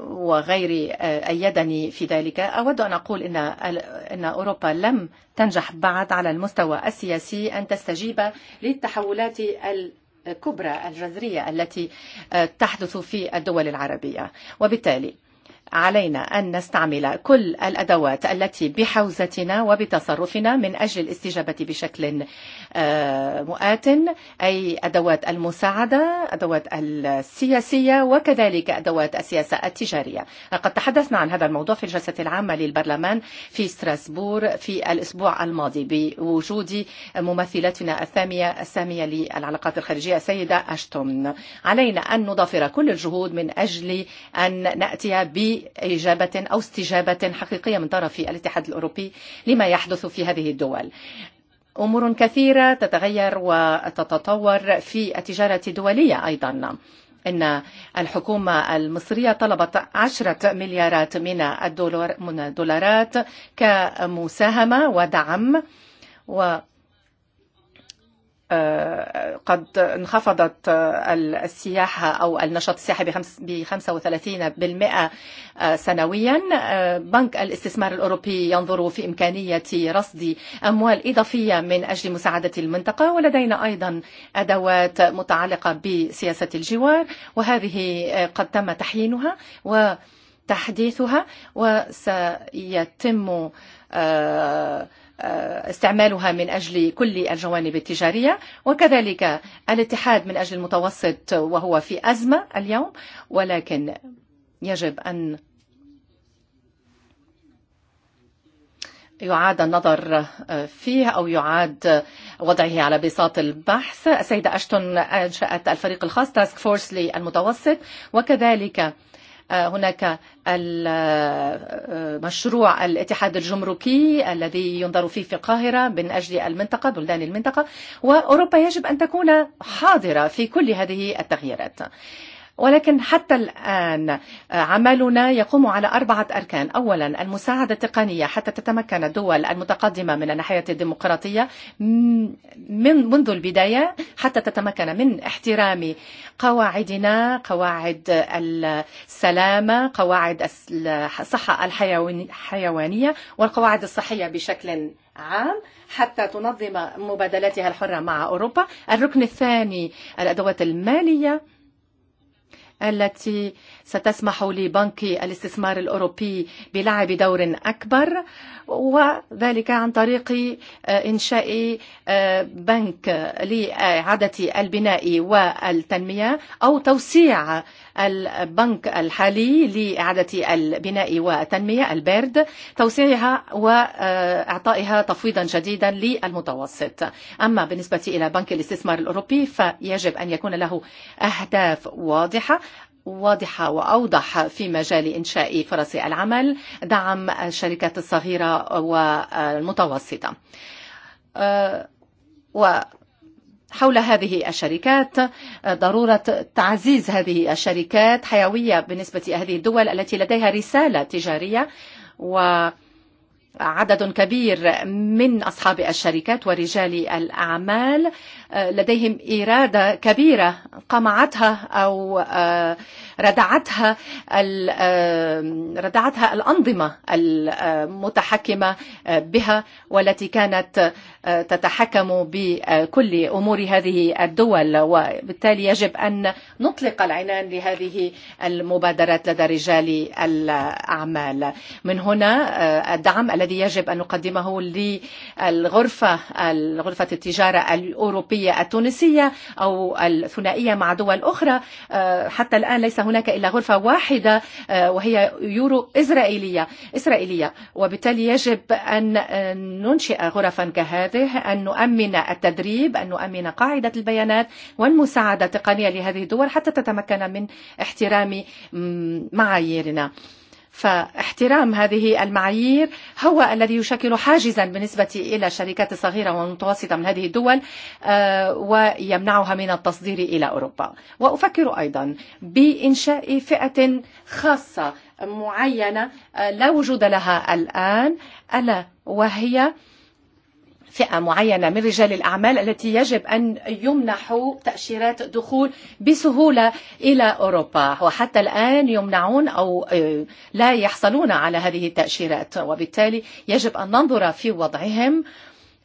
Speaker 2: وغيري أيدني في ذلك أود أن أقول إن, أن أوروبا لم تنجح بعد على المستوى السياسي أن تستجيب للتحولات الكبرى الجذرية التي تحدث في الدول العربية وبالتالي علينا أن نستعمل كل الأدوات التي بحوزتنا وبتصرفنا من أجل الاستجابة بشكل مؤات أي أدوات المساعدة أدوات السياسية وكذلك أدوات السياسة التجارية قد تحدثنا عن هذا الموضوع في الجلسة العامة للبرلمان في ستراسبور في الأسبوع الماضي بوجود ممثلتنا الثامية السامية للعلاقات الخارجية سيدة أشتون علينا أن نضافر كل الجهود من أجل أن نأتي ب إجابة أو استجابة حقيقية من طرف الاتحاد الأوروبي لما يحدث في هذه الدول أمور كثيرة تتغير وتتطور في التجارة الدولية أيضا إن الحكومة المصرية طلبت عشرة مليارات من من الدولارات كمساهمة ودعم و قد انخفضت السياحة أو النشاط السياحي ب 35% سنويا بنك الاستثمار الأوروبي ينظر في إمكانية رصد أموال إضافية من أجل مساعدة المنطقة ولدينا أيضا أدوات متعلقة بسياسة الجوار وهذه قد تم تحيينها وتحديثها وسيتم آه استعمالها من أجل كل الجوانب التجارية وكذلك الاتحاد من أجل المتوسط وهو في أزمة اليوم ولكن يجب أن يعاد النظر فيه أو يعاد وضعه على بساط البحث السيدة أشتون أنشأت الفريق الخاص تاسك فورس للمتوسط وكذلك هناك مشروع الاتحاد الجمركي الذي ينظر فيه في القاهرة من أجل المنطقة بلدان المنطقة وأوروبا يجب أن تكون حاضرة في كل هذه التغييرات ولكن حتى الآن عملنا يقوم على أربعة أركان أولا المساعدة التقنية حتى تتمكن الدول المتقدمة من الناحية الديمقراطية من منذ البداية حتى تتمكن من احترام قواعدنا قواعد السلامة قواعد الصحة الحيوانية والقواعد الصحية بشكل عام حتى تنظم مبادلاتها الحرة مع أوروبا الركن الثاني الأدوات المالية التي ستسمح لبنك الاستثمار الأوروبي بلعب دور أكبر وذلك عن طريق إنشاء بنك لإعادة البناء والتنمية أو توسيع البنك الحالي لإعادة البناء والتنمية البرد توسيعها وإعطائها تفويضا جديدا للمتوسط أما بالنسبة إلى بنك الاستثمار الأوروبي فيجب أن يكون له أهداف واضحة واضحة وأوضح في مجال إنشاء فرص العمل دعم الشركات الصغيرة والمتوسطة و حول هذه الشركات ضرورة تعزيز هذه الشركات حيوية بالنسبة لهذه الدول التي لديها رسالة تجارية وعدد كبير من أصحاب الشركات ورجال الأعمال لديهم إرادة كبيرة قمعتها أو ردعتها ردعتها الأنظمة المتحكمة بها والتي كانت تتحكم بكل أمور هذه الدول وبالتالي يجب أن نطلق العنان لهذه المبادرات لدى رجال الأعمال من هنا الدعم الذي يجب أن نقدمه للغرفة غرفة التجارة الأوروبية الثنائية التونسية أو الثنائية مع دول أخرى حتى الآن ليس هناك إلا غرفة واحدة وهي يورو إسرائيلية إسرائيلية وبالتالي يجب أن ننشئ غرفا كهذه أن نؤمن التدريب أن نؤمن قاعدة البيانات والمساعدة التقنية لهذه الدول حتى تتمكن من احترام معاييرنا. فاحترام هذه المعايير هو الذي يشكل حاجزا بالنسبة إلى الشركات الصغيرة والمتوسطة من هذه الدول ويمنعها من التصدير إلى أوروبا وأفكر أيضا بإنشاء فئة خاصة معينة لا وجود لها الآن ألا وهي فئة معينة من رجال الأعمال التي يجب أن يمنحوا تأشيرات دخول بسهولة إلى أوروبا وحتى الآن يمنعون أو لا يحصلون على هذه التأشيرات وبالتالي يجب أن ننظر في وضعهم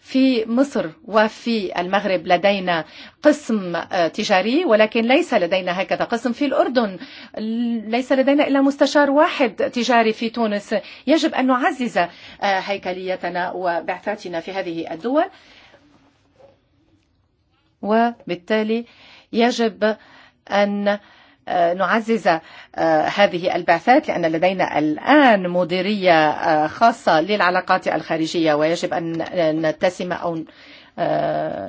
Speaker 2: في مصر وفي المغرب لدينا قسم تجاري ولكن ليس لدينا هكذا قسم في الأردن ليس لدينا إلا مستشار واحد تجاري في تونس يجب أن نعزز هيكليتنا وبعثاتنا في هذه الدول وبالتالي يجب أن نعزز هذه البعثات لأن لدينا الآن مديرية خاصة للعلاقات الخارجية ويجب أن نتسم أو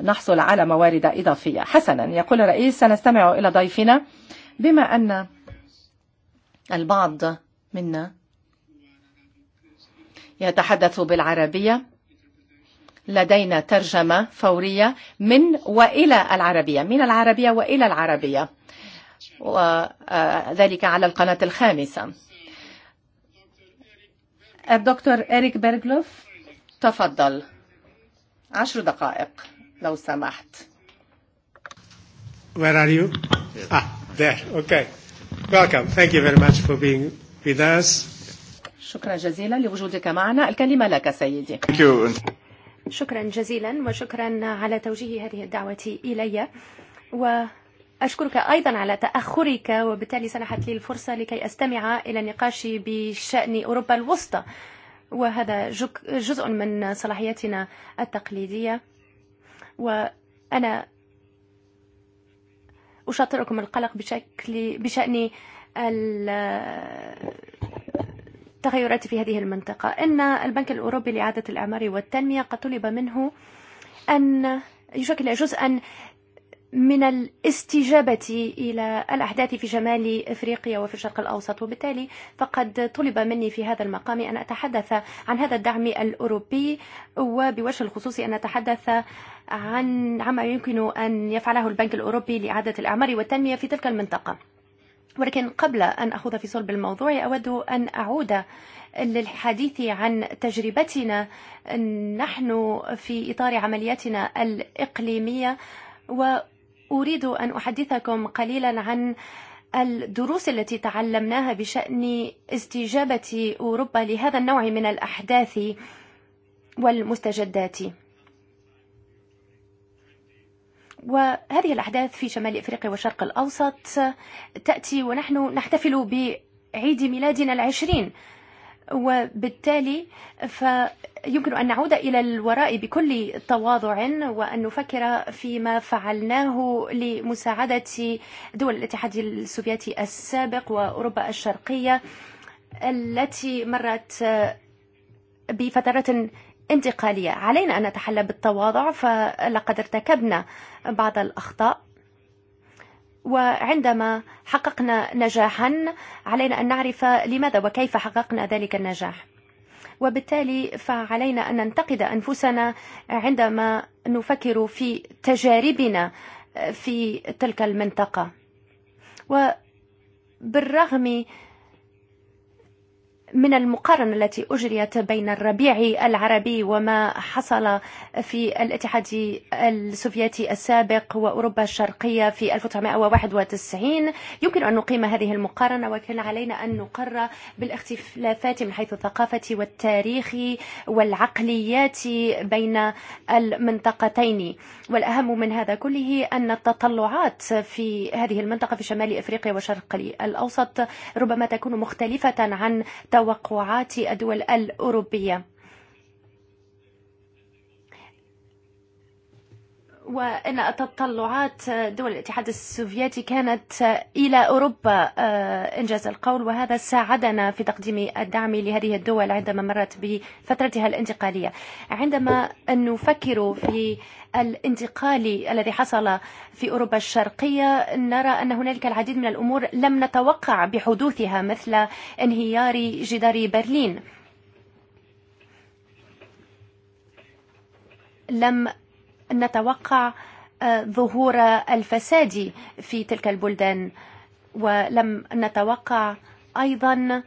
Speaker 2: نحصل على موارد إضافية حسنا يقول الرئيس سنستمع إلى ضيفنا بما أن البعض منا يتحدث بالعربية لدينا ترجمة فورية من وإلى العربية من العربية وإلى العربية وذلك على القناة الخامسة الدكتور إريك بيرغلوف تفضل عشر دقائق لو سمحت
Speaker 1: Where are you? Yes. Ah, there. Okay. Welcome. Thank you very much for being with us.
Speaker 2: شكرا جزيلا لوجودك معنا الكلمة لك سيدي
Speaker 1: Thank you.
Speaker 9: شكرا جزيلا وشكرا على توجيه هذه الدعوة إلي و أشكرك أيضا على تأخرك وبالتالي سنحت لي الفرصة لكي أستمع إلى النقاش بشأن أوروبا الوسطى وهذا جزء من صلاحياتنا التقليدية وأنا أشاطركم القلق بشكل بشأن التغيرات في هذه المنطقة إن البنك الأوروبي لإعادة الأعمار والتنمية قد طلب منه أن يشكل جزءا من الاستجابة إلى الأحداث في شمال إفريقيا وفي الشرق الأوسط وبالتالي فقد طلب مني في هذا المقام أن أتحدث عن هذا الدعم الأوروبي وبوجه الخصوص أن أتحدث عن عما يمكن أن يفعله البنك الأوروبي لإعادة الأعمار والتنمية في تلك المنطقة ولكن قبل أن أخوض في صلب الموضوع أود أن أعود للحديث عن تجربتنا نحن في إطار عملياتنا الإقليمية و أريد أن أحدثكم قليلا عن الدروس التي تعلمناها بشأن استجابة أوروبا لهذا النوع من الأحداث والمستجدات وهذه الأحداث في شمال إفريقيا وشرق الأوسط تأتي ونحن نحتفل بعيد ميلادنا العشرين وبالتالي فيمكن أن نعود إلى الوراء بكل تواضع وأن نفكر فيما فعلناه لمساعدة دول الاتحاد السوفيتي السابق وأوروبا الشرقية التي مرت بفترة انتقالية علينا أن نتحلى بالتواضع فلقد ارتكبنا بعض الأخطاء وعندما حققنا نجاحا علينا أن نعرف لماذا وكيف حققنا ذلك النجاح وبالتالي فعلينا أن ننتقد أنفسنا عندما نفكر في تجاربنا في تلك المنطقة وبالرغم من المقارنة التي أجريت بين الربيع العربي وما حصل في الاتحاد السوفيتي السابق وأوروبا الشرقية في 1991 يمكن أن نقيم هذه المقارنة وكان علينا أن نقر بالاختلافات من حيث الثقافة والتاريخ والعقليات بين المنطقتين والأهم من هذا كله أن التطلعات في هذه المنطقة في شمال أفريقيا وشرق الأوسط ربما تكون مختلفة عن توقعات الدول الأوروبية وأن تطلعات دول الاتحاد السوفيتي كانت إلى أوروبا إنجاز القول وهذا ساعدنا في تقديم الدعم لهذه الدول عندما مرت بفترتها الانتقالية عندما نفكر في الانتقال الذي حصل في أوروبا الشرقية نرى أن هنالك العديد من الأمور لم نتوقع بحدوثها مثل انهيار جدار برلين لم نتوقع ظهور الفساد في تلك البلدان ولم نتوقع أيضا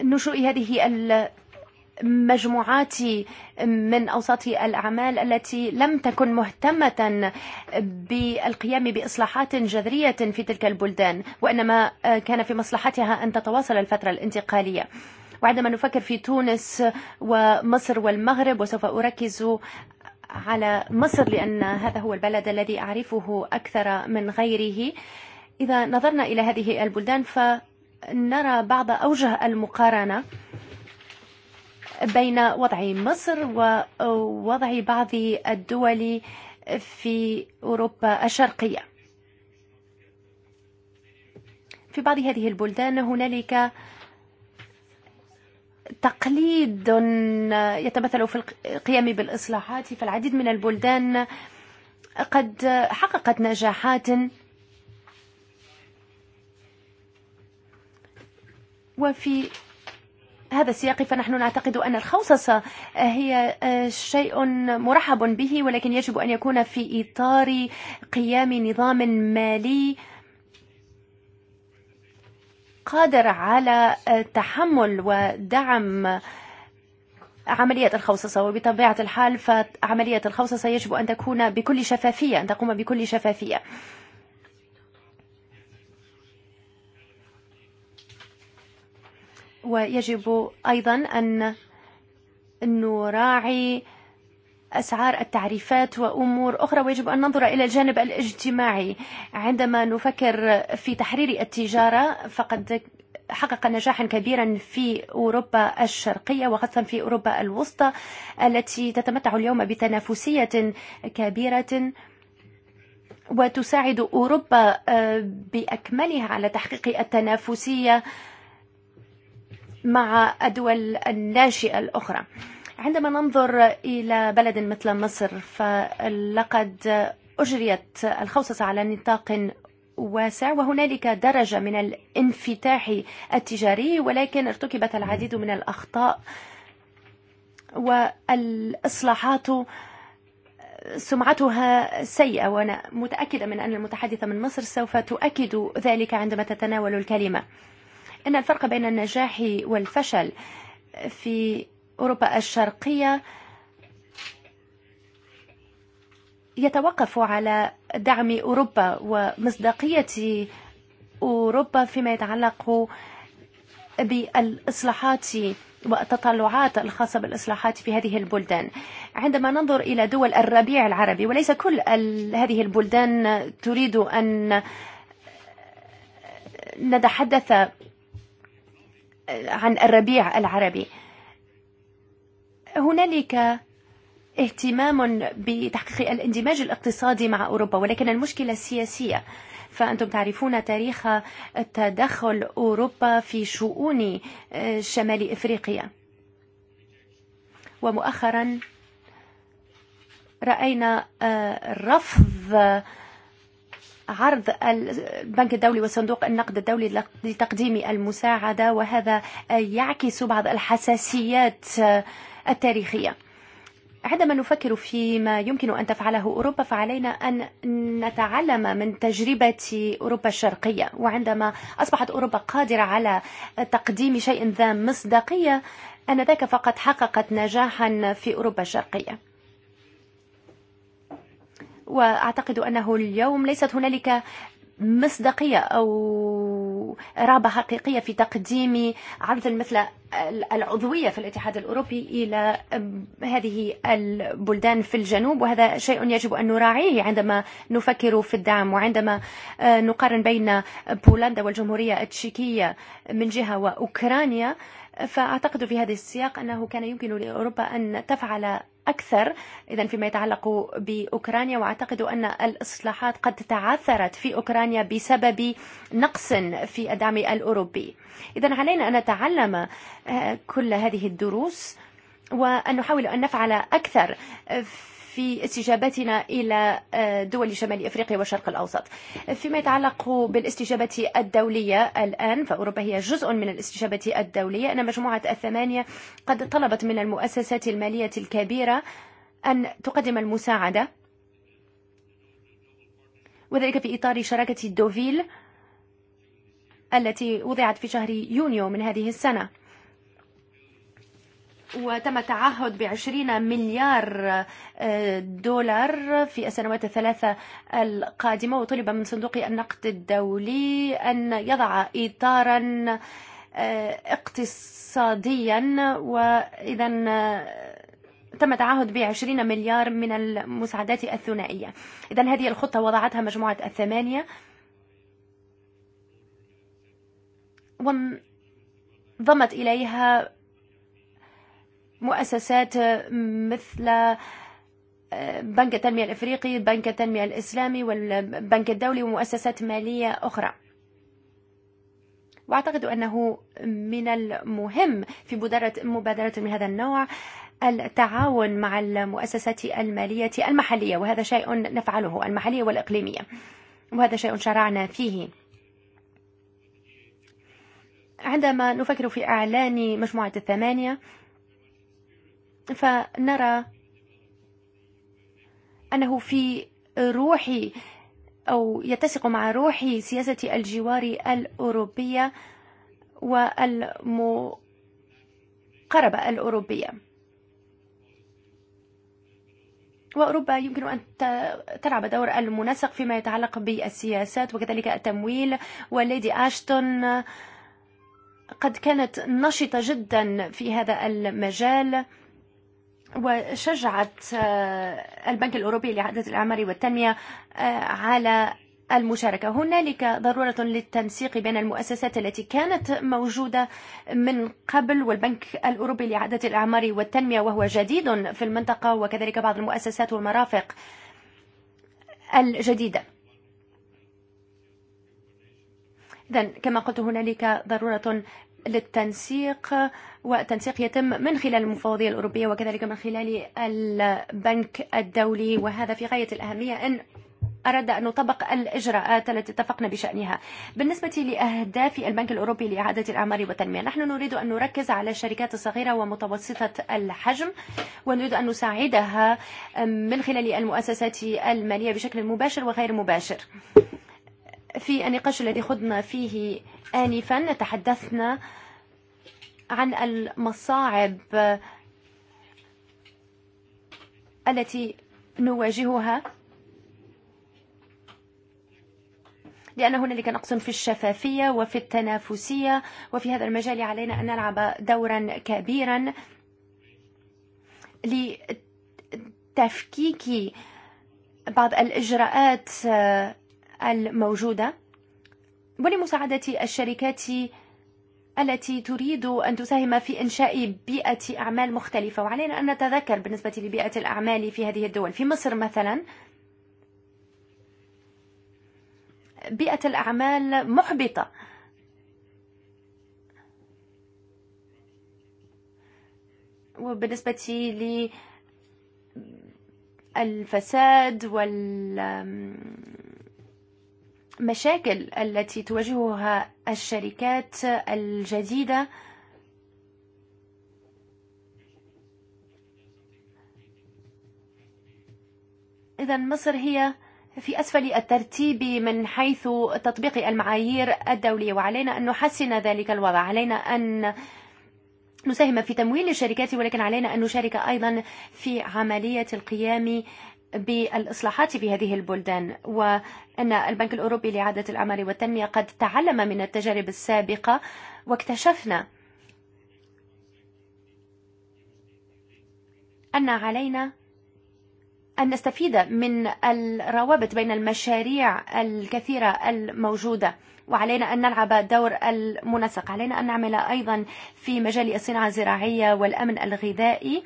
Speaker 9: بنشوء هذه المجموعات من أوساط الأعمال التي لم تكن مهتمة بالقيام بإصلاحات جذرية في تلك البلدان وإنما كان في مصلحتها أن تتواصل الفترة الانتقالية وعندما نفكر في تونس ومصر والمغرب وسوف أركز على مصر لأن هذا هو البلد الذي أعرفه أكثر من غيره إذا نظرنا إلى هذه البلدان فنرى بعض أوجه المقارنة بين وضع مصر ووضع بعض الدول في أوروبا الشرقية في بعض هذه البلدان هنالك تقليد يتمثل في القيام بالإصلاحات في العديد من البلدان قد حققت نجاحات وفي هذا السياق فنحن نعتقد أن الخوصصة هي شيء مرحب به ولكن يجب أن يكون في إطار قيام نظام مالي آه قادر على تحمل ودعم عملية الخوصصة وبطبيعة الحال فعملية الخوصصة يجب أن تكون بكل شفافية أن تقوم بكل شفافية ويجب أيضا أن نراعي أسعار التعريفات وأمور أخرى ويجب أن ننظر إلى الجانب الاجتماعي عندما نفكر في تحرير التجارة فقد حقق نجاحا كبيرا في أوروبا الشرقية وخاصة في أوروبا الوسطى التي تتمتع اليوم بتنافسية كبيرة وتساعد أوروبا بأكملها على تحقيق التنافسية مع الدول الناشئة الأخرى. عندما ننظر إلى بلد مثل مصر فلقد أجريت الخوصص على نطاق واسع وهنالك درجة من الانفتاح التجاري ولكن ارتكبت العديد من الأخطاء والإصلاحات سمعتها سيئة وأنا متأكدة من أن المتحدثة من مصر سوف تؤكد ذلك عندما تتناول الكلمة إن الفرق بين النجاح والفشل في أوروبا الشرقية يتوقف على دعم أوروبا ومصداقية أوروبا فيما يتعلق بالإصلاحات والتطلعات الخاصة بالإصلاحات في هذه البلدان عندما ننظر إلى دول الربيع العربي وليس كل هذه البلدان تريد أن نتحدث عن الربيع العربي هنالك اهتمام بتحقيق الاندماج الاقتصادي مع أوروبا ولكن المشكلة السياسية فأنتم تعرفون تاريخ تدخل أوروبا في شؤون شمال إفريقيا ومؤخرا رأينا رفض عرض البنك الدولي وصندوق النقد الدولي لتقديم المساعدة وهذا يعكس بعض الحساسيات التاريخية عندما نفكر فيما يمكن أن تفعله أوروبا فعلينا أن نتعلم من تجربة أوروبا الشرقية وعندما أصبحت أوروبا قادرة على تقديم شيء ذا مصداقية أنذاك فقط حققت نجاحا في أوروبا الشرقية وأعتقد أنه اليوم ليست هنالك مصداقية أو رابة حقيقية في تقديم عرض مثل العضوية في الاتحاد الأوروبي إلى هذه البلدان في الجنوب وهذا شيء يجب أن نراعيه عندما نفكر في الدعم وعندما نقارن بين بولندا والجمهورية التشيكية من جهة وأوكرانيا فأعتقد في هذا السياق أنه كان يمكن لأوروبا أن تفعل أكثر إذا فيما يتعلق بأوكرانيا وأعتقد أن الإصلاحات قد تعثرت في أوكرانيا بسبب نقص في الدعم الأوروبي إذا علينا أن نتعلم كل هذه الدروس وأن نحاول أن نفعل أكثر في في استجابتنا إلى دول شمال إفريقيا والشرق الأوسط فيما يتعلق بالاستجابة الدولية الآن فأوروبا هي جزء من الاستجابة الدولية أن مجموعة الثمانية قد طلبت من المؤسسات المالية الكبيرة أن تقدم المساعدة وذلك في إطار شراكة دوفيل التي وضعت في شهر يونيو من هذه السنة وتم تعهد ب 20 مليار دولار في السنوات الثلاثة القادمة وطلب من صندوق النقد الدولي أن يضع إطارا اقتصاديا وإذا تم تعهد ب 20 مليار من المساعدات الثنائية إذا هذه الخطة وضعتها مجموعة الثمانية وانضمت إليها مؤسسات مثل بنك التنمية الإفريقي بنك التنمية الإسلامي والبنك الدولي ومؤسسات مالية أخرى وأعتقد أنه من المهم في مبادرة من هذا النوع التعاون مع المؤسسات المالية المحلية وهذا شيء نفعله المحلية والإقليمية وهذا شيء شرعنا فيه عندما نفكر في إعلان مجموعة الثمانية فنرى أنه في روحي أو يتسق مع روحي سياسة الجوار الأوروبية والمقربة الأوروبية وأوروبا يمكن أن تلعب دور المنسق فيما يتعلق بالسياسات وكذلك التمويل وليدي أشتون قد كانت نشطة جدا في هذا المجال وشجعت البنك الأوروبي لإعادة الأعمار والتنمية على المشاركة هنالك ضرورة للتنسيق بين المؤسسات التي كانت موجودة من قبل والبنك الأوروبي لإعادة الأعمار والتنمية وهو جديد في المنطقة وكذلك بعض المؤسسات والمرافق الجديدة إذن كما قلت هنالك ضرورة للتنسيق والتنسيق يتم من خلال المفوضية الأوروبية وكذلك من خلال البنك الدولي وهذا في غاية الأهمية أن أراد أن نطبق الإجراءات التي اتفقنا بشأنها بالنسبة لأهداف البنك الأوروبي لإعادة الأعمار والتنمية نحن نريد أن نركز على الشركات الصغيرة ومتوسطة الحجم ونريد أن نساعدها من خلال المؤسسات المالية بشكل مباشر وغير مباشر في النقاش الذي خضنا فيه آنفا تحدثنا عن المصاعب التي نواجهها لأن هنالك نقص في الشفافية وفي التنافسية وفي هذا المجال علينا أن نلعب دورا كبيرا لتفكيك بعض الإجراءات الموجودة ولمساعدة الشركات التي تريد أن تساهم في إنشاء بيئة أعمال مختلفة وعلينا أن نتذكر بالنسبة لبيئة الأعمال في هذه الدول في مصر مثلا بيئة الأعمال محبطة وبالنسبة للفساد وال المشاكل التي تواجهها الشركات الجديدة إذا مصر هي في أسفل الترتيب من حيث تطبيق المعايير الدولية وعلينا أن نحسن ذلك الوضع علينا أن نساهم في تمويل الشركات ولكن علينا أن نشارك أيضا في عملية القيام بالإصلاحات في هذه البلدان وأن البنك الأوروبي لإعادة الأعمال والتنمية قد تعلم من التجارب السابقة واكتشفنا أن علينا أن نستفيد من الروابط بين المشاريع الكثيرة الموجودة وعلينا أن نلعب دور المنسق علينا أن نعمل أيضا في مجال الصناعة الزراعية والأمن الغذائي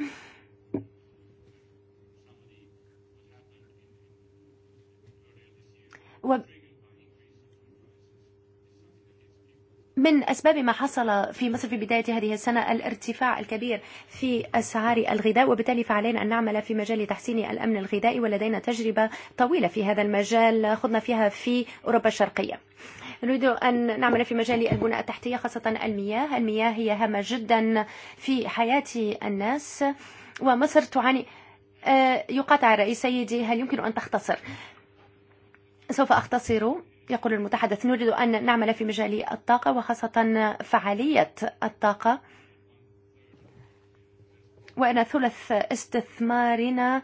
Speaker 9: من أسباب ما حصل في مصر في بداية هذه السنة الارتفاع الكبير في أسعار الغذاء وبالتالي فعلينا أن نعمل في مجال تحسين الأمن الغذائي ولدينا تجربة طويلة في هذا المجال خضنا فيها في أوروبا الشرقية نريد أن نعمل في مجال البناء التحتية خاصة المياه المياه هي هامة جدا في حياة الناس ومصر تعاني يقاطع الرئيس سيدي هل يمكن أن تختصر سوف أختصر يقول المتحدث نريد أن نعمل في مجال الطاقة وخاصة فعالية الطاقة وأن ثلث استثمارنا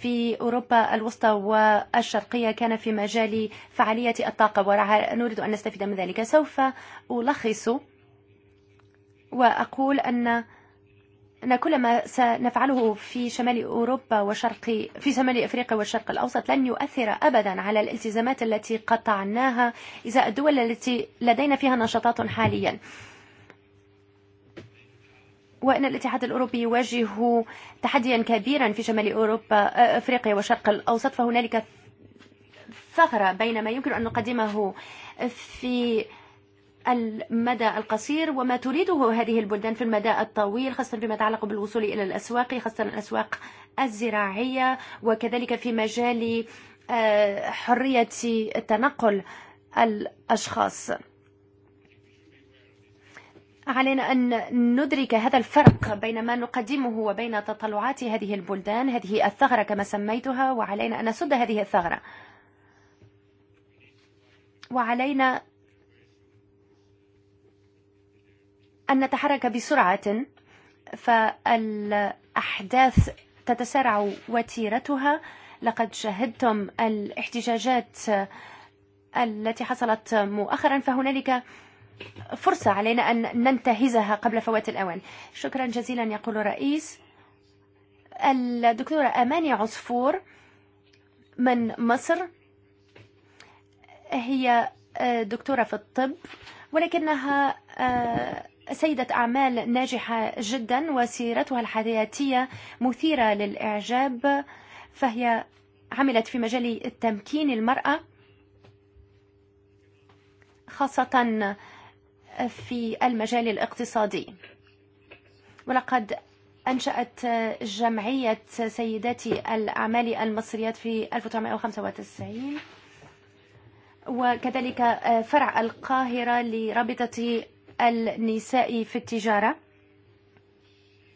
Speaker 9: في أوروبا الوسطى والشرقية كان في مجال فعالية الطاقة ونريد أن نستفيد من ذلك سوف ألخص وأقول أن أن كل ما سنفعله في شمال أوروبا وشرق في شمال أفريقيا والشرق الأوسط لن يؤثر أبدا على الالتزامات التي قطعناها إذا الدول التي لدينا فيها نشاطات حاليا وأن الاتحاد الأوروبي يواجه تحديا كبيرا في شمال أوروبا أفريقيا والشرق الأوسط فهنالك ثغرة بين ما يمكن أن نقدمه في المدى القصير وما تريده هذه البلدان في المدى الطويل خاصة فيما يتعلق بالوصول إلى الأسواق خاصة الأسواق الزراعية وكذلك في مجال حرية التنقل الأشخاص علينا أن ندرك هذا الفرق بين ما نقدمه وبين تطلعات هذه البلدان هذه الثغرة كما سميتها وعلينا أن نسد هذه الثغرة وعلينا أن نتحرك بسرعة فالأحداث تتسارع وتيرتها لقد شهدتم الاحتجاجات التي حصلت مؤخرا فهنالك فرصة علينا أن ننتهزها قبل فوات الأوان شكرا جزيلا يقول رئيس الدكتورة أماني عصفور من مصر هي دكتورة في الطب ولكنها سيدة أعمال ناجحة جدا وسيرتها الحياتية مثيرة للإعجاب فهي عملت في مجال التمكين المرأة خاصة في المجال الاقتصادي ولقد أنشأت جمعية سيدات الأعمال المصريات في 1995 وكذلك فرع القاهرة لرابطة النساء في التجارة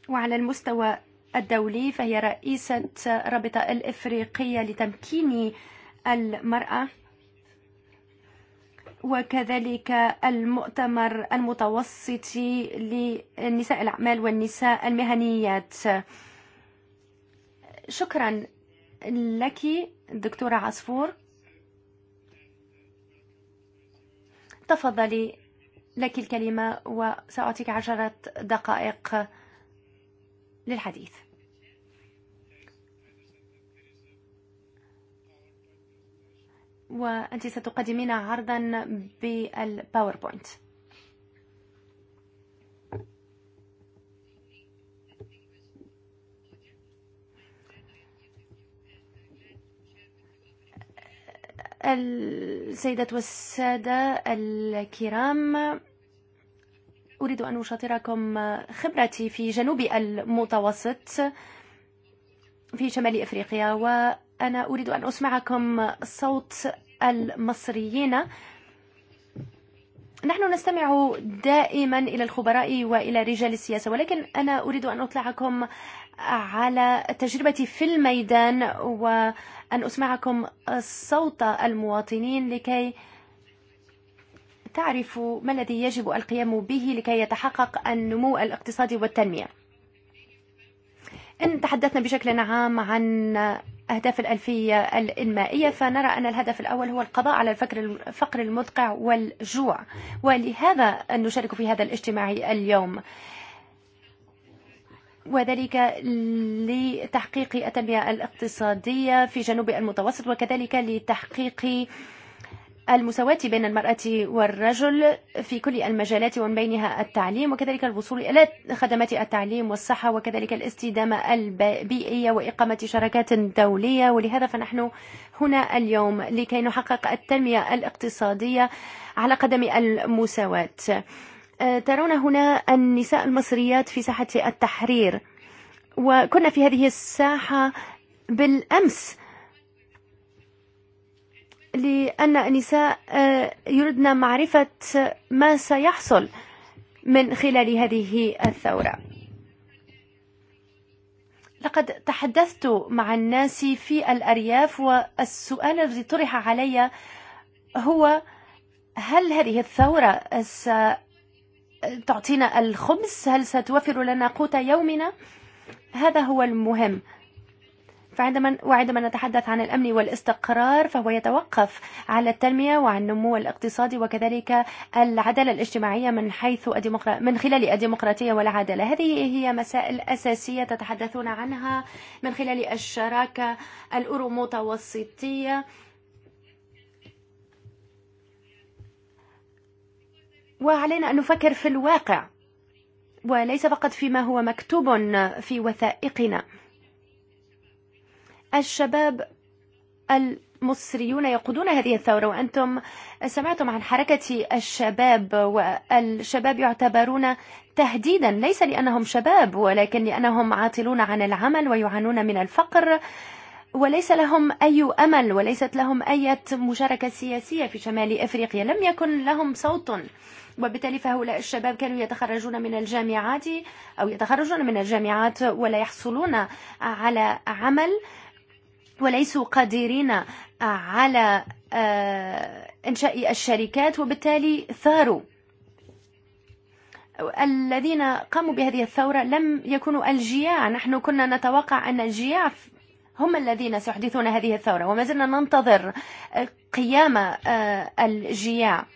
Speaker 9: وعلى المستوى الدولي فهي رئيسة رابطة الإفريقية لتمكين المرأة وكذلك المؤتمر المتوسط لنساء الأعمال والنساء المهنيات شكرا لك دكتورة عصفور تفضلي لك الكلمة وسأعطيك عشرة دقائق للحديث وأنت ستقدمين عرضا بالباوربوينت السيدة والسادة الكرام أريد أن أشاطركم خبرتي في جنوب المتوسط في شمال إفريقيا وأنا أريد أن أسمعكم صوت المصريين نحن نستمع دائما إلى الخبراء وإلى رجال السياسة ولكن أنا أريد أن أطلعكم على تجربتي في الميدان وأن أسمعكم صوت المواطنين لكي تعرفوا ما الذي يجب القيام به لكي يتحقق النمو الاقتصادي والتنمية إن تحدثنا بشكل عام عن أهداف الألفية الإنمائية فنرى أن الهدف الأول هو القضاء على الفقر الفقر المدقع والجوع ولهذا نشارك في هذا الاجتماع اليوم وذلك لتحقيق التنمية الاقتصادية في جنوب المتوسط وكذلك لتحقيق المساواة بين المرأة والرجل في كل المجالات ومن بينها التعليم وكذلك الوصول إلى خدمات التعليم والصحة وكذلك الاستدامة البيئية وإقامة شركات دولية ولهذا فنحن هنا اليوم لكي نحقق التنمية الاقتصادية على قدم المساواة. ترون هنا النساء المصريات في ساحة التحرير وكنا في هذه الساحة بالأمس لأن النساء يردن معرفة ما سيحصل من خلال هذه الثورة لقد تحدثت مع الناس في الأرياف والسؤال الذي طرح علي هو هل هذه الثورة تعطينا الخبز هل ستوفر لنا قوت يومنا هذا هو المهم فعندما وعندما نتحدث عن الأمن والاستقرار فهو يتوقف على التنمية وعن النمو الاقتصادي وكذلك العدالة الاجتماعية من حيث من خلال الديمقراطية والعدالة هذه هي مسائل أساسية تتحدثون عنها من خلال الشراكة الأورو متوسطية وعلينا أن نفكر في الواقع وليس فقط فيما هو مكتوب في وثائقنا الشباب المصريون يقودون هذه الثورة وأنتم سمعتم عن حركة الشباب والشباب يعتبرون تهديدا ليس لأنهم شباب ولكن لأنهم عاطلون عن العمل ويعانون من الفقر وليس لهم أي أمل وليست لهم أي مشاركة سياسية في شمال أفريقيا لم يكن لهم صوت وبالتالي فهؤلاء الشباب كانوا يتخرجون من الجامعات أو يتخرجون من الجامعات ولا يحصلون على عمل وليسوا قادرين على إنشاء الشركات وبالتالي ثاروا الذين قاموا بهذه الثورة لم يكونوا الجياع نحن كنا نتوقع أن الجياع هم الذين سيحدثون هذه الثورة وما زلنا ننتظر قيام الجياع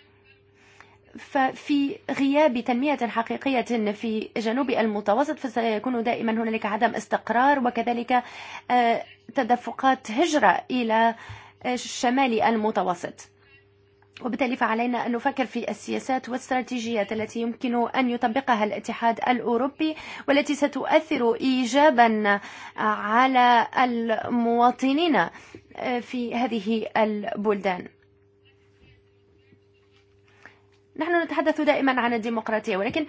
Speaker 9: ففي غياب تنمية حقيقية في جنوب المتوسط فسيكون دائما هنالك عدم استقرار وكذلك تدفقات هجرة إلى الشمال المتوسط وبالتالي فعلينا أن نفكر في السياسات والاستراتيجيات التي يمكن أن يطبقها الاتحاد الأوروبي والتي ستؤثر إيجابا على المواطنين في هذه البلدان نحن نتحدث دائما عن الديمقراطية ولكن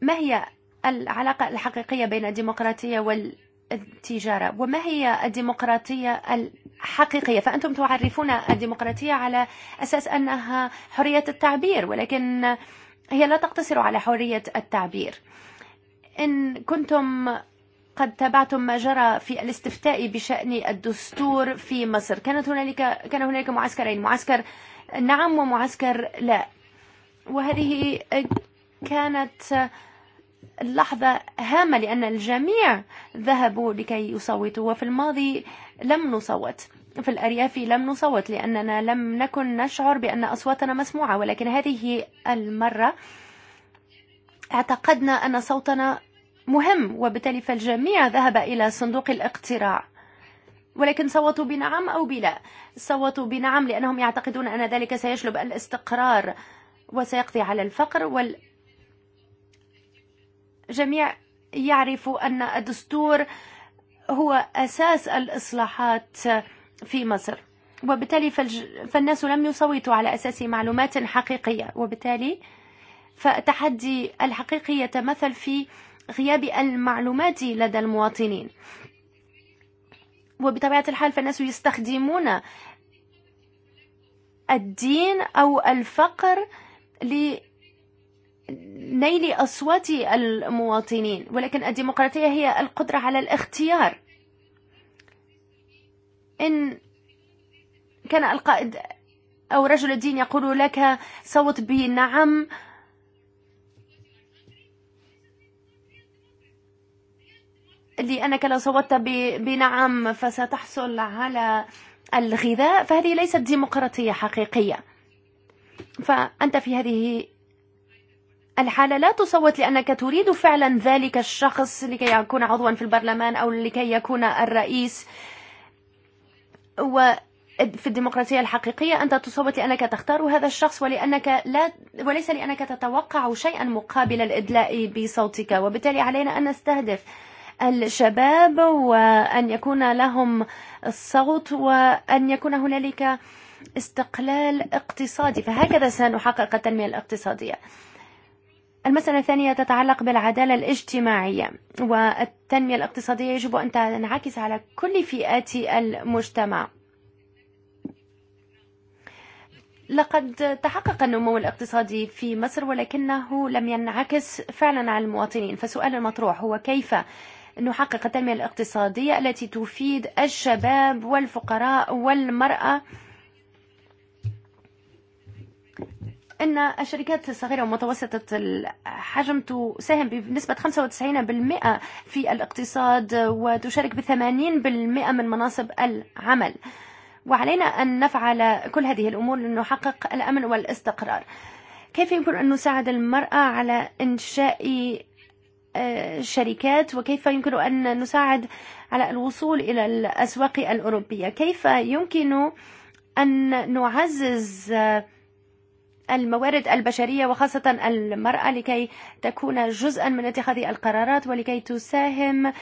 Speaker 9: ما هي العلاقة الحقيقية بين الديمقراطية والديمقراطية التجارة وما هي الديمقراطية الحقيقية فأنتم تعرفون الديمقراطية على أساس أنها حرية التعبير ولكن هي لا تقتصر على حرية التعبير إن كنتم قد تابعتم ما جرى في الاستفتاء بشأن الدستور في مصر كانت هنالك كان هنالك معسكرين معسكر نعم ومعسكر لا وهذه كانت اللحظة هامة لأن الجميع ذهبوا لكي يصوتوا وفي الماضي لم نصوت في الأرياف لم نصوت لأننا لم نكن نشعر بأن أصواتنا مسموعة ولكن هذه المرة اعتقدنا أن صوتنا مهم وبالتالي فالجميع ذهب إلى صندوق الاقتراع ولكن صوتوا بنعم أو بلا صوتوا بنعم لأنهم يعتقدون أن ذلك سيجلب الاستقرار وسيقضي على الفقر وال الجميع يعرف أن الدستور هو أساس الإصلاحات في مصر وبالتالي فالناس لم يصوتوا على أساس معلومات حقيقية وبالتالي فتحدي الحقيقي يتمثل في غياب المعلومات لدى المواطنين وبطبيعة الحال فالناس يستخدمون الدين أو الفقر نيل أصوات المواطنين ولكن الديمقراطية هي القدرة على الاختيار إن كان القائد أو رجل الدين يقول لك صوت بنعم لأنك لو صوتت بنعم فستحصل على الغذاء فهذه ليست ديمقراطية حقيقية فأنت في هذه الحالة لا تصوت لأنك تريد فعلا ذلك الشخص لكي يكون عضوا في البرلمان أو لكي يكون الرئيس وفي الديمقراطية الحقيقية أنت تصوت لأنك تختار هذا الشخص ولأنك لا وليس لأنك تتوقع شيئا مقابل الإدلاء بصوتك وبالتالي علينا أن نستهدف الشباب وأن يكون لهم الصوت وأن يكون هنالك استقلال اقتصادي فهكذا سنحقق التنمية الاقتصادية المسألة الثانية تتعلق بالعدالة الاجتماعية والتنمية الاقتصادية يجب أن تنعكس على كل فئات المجتمع لقد تحقق النمو الاقتصادي في مصر ولكنه لم ينعكس فعلا على المواطنين فسؤال المطروح هو كيف نحقق التنمية الاقتصادية التي تفيد الشباب والفقراء والمرأة أن الشركات الصغيرة ومتوسطة الحجم تساهم بنسبة 95% في الاقتصاد وتشارك ب 80% من مناصب العمل وعلينا أن نفعل كل هذه الأمور لنحقق الأمن والاستقرار كيف يمكن أن نساعد المرأة على إنشاء الشركات وكيف يمكن أن نساعد على الوصول إلى الأسواق الأوروبية كيف يمكن أن نعزز الموارد البشرية وخاصة المرأة لكي تكون جزءا من اتخاذ القرارات ولكي تساهم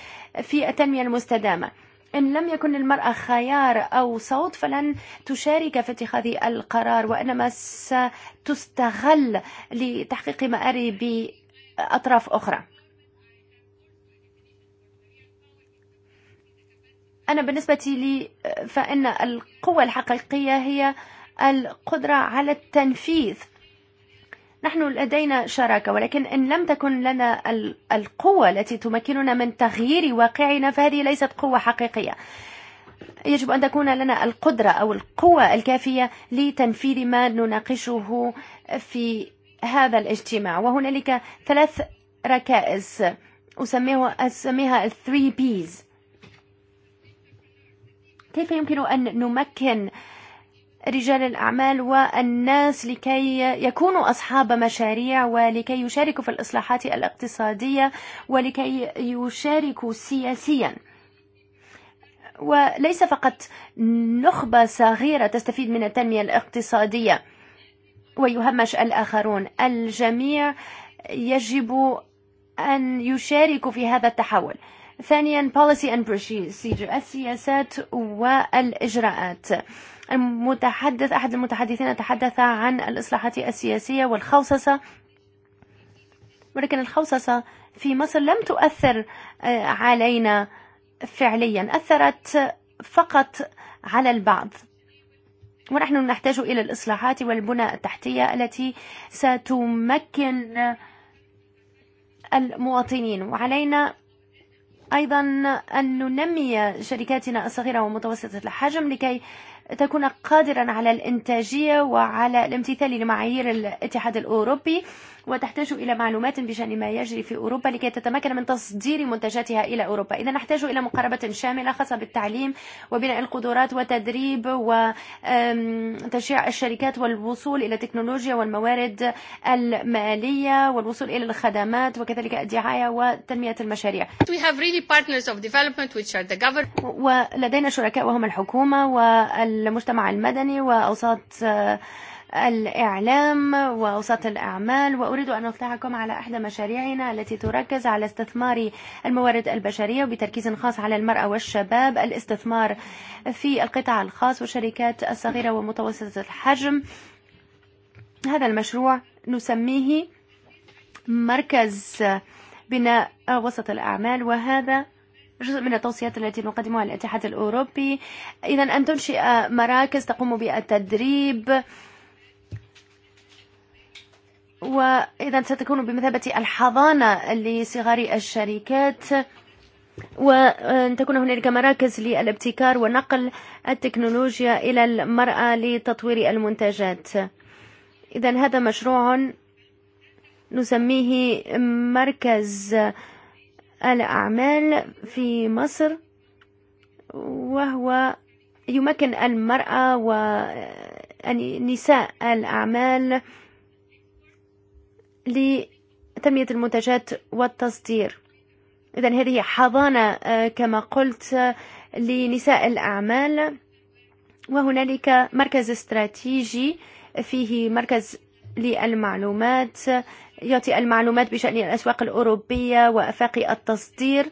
Speaker 9: في التنمية المستدامة إن لم يكن المرأة خيار أو صوت فلن تشارك في اتخاذ القرار وإنما ستستغل لتحقيق مآري بأطراف أخرى أنا بالنسبة لي فإن القوة الحقيقية هي القدرة على التنفيذ نحن لدينا شراكة ولكن إن لم تكن لنا القوة التي تمكننا من تغيير واقعنا فهذه ليست قوة حقيقية يجب أن تكون لنا القدرة أو القوة الكافية لتنفيذ ما نناقشه في هذا الاجتماع وهنالك ثلاث ركائز أسميها, أسميها ال 3 B's كيف يمكن أن نمكن رجال الأعمال والناس لكي يكونوا أصحاب مشاريع ولكي يشاركوا في الإصلاحات الاقتصادية ولكي يشاركوا سياسيا وليس فقط نخبة صغيرة تستفيد من التنمية الاقتصادية ويهمش الآخرون الجميع يجب أن يشاركوا في هذا التحول ثانيا policy and procedure السياسات والإجراءات المتحدث أحد المتحدثين تحدث عن الإصلاحات السياسية والخوصصة ولكن الخوصصة في مصر لم تؤثر علينا فعليا أثرت فقط على البعض ونحن نحتاج إلى الإصلاحات والبنى التحتية التي ستمكن المواطنين وعلينا أيضا أن ننمي شركاتنا الصغيرة ومتوسطة الحجم لكي تكون قادرا على الانتاجيه وعلى الامتثال لمعايير الاتحاد الاوروبي وتحتاج إلى معلومات بشأن ما يجري في أوروبا لكي تتمكن من تصدير منتجاتها إلى أوروبا إذا نحتاج إلى مقاربة شاملة خاصة بالتعليم وبناء القدرات وتدريب وتشجيع الشركات والوصول إلى التكنولوجيا والموارد المالية والوصول إلى الخدمات وكذلك الدعاية وتنمية المشاريع
Speaker 2: We have really partners of development which are the government
Speaker 9: ولدينا شركاء وهم الحكومة والمجتمع المدني وأوساط الإعلام وأوساط الأعمال وأريد أن أطلعكم على إحدى مشاريعنا التي تركز على استثمار الموارد البشرية وبتركيز خاص على المرأة والشباب الاستثمار في القطاع الخاص والشركات الصغيرة ومتوسطة الحجم هذا المشروع نسميه مركز بناء وسط الأعمال وهذا جزء من التوصيات التي نقدمها للاتحاد الأوروبي إذا أن تنشئ مراكز تقوم بالتدريب وإذا ستكون بمثابة الحضانة لصغار الشركات وأن تكون هناك مراكز للابتكار ونقل التكنولوجيا إلى المرأة لتطوير المنتجات إذا هذا مشروع نسميه مركز الأعمال في مصر وهو يمكن المرأة ونساء الأعمال Li لتنمية المنتجات والتصدير إذا هذه حضانة li قلت لنساء الأعمال وهنالك مركز استراتيجي فيه مركز للمعلومات يعطي المعلومات بشأن الأسواق الأوروبية وأفاق التصدير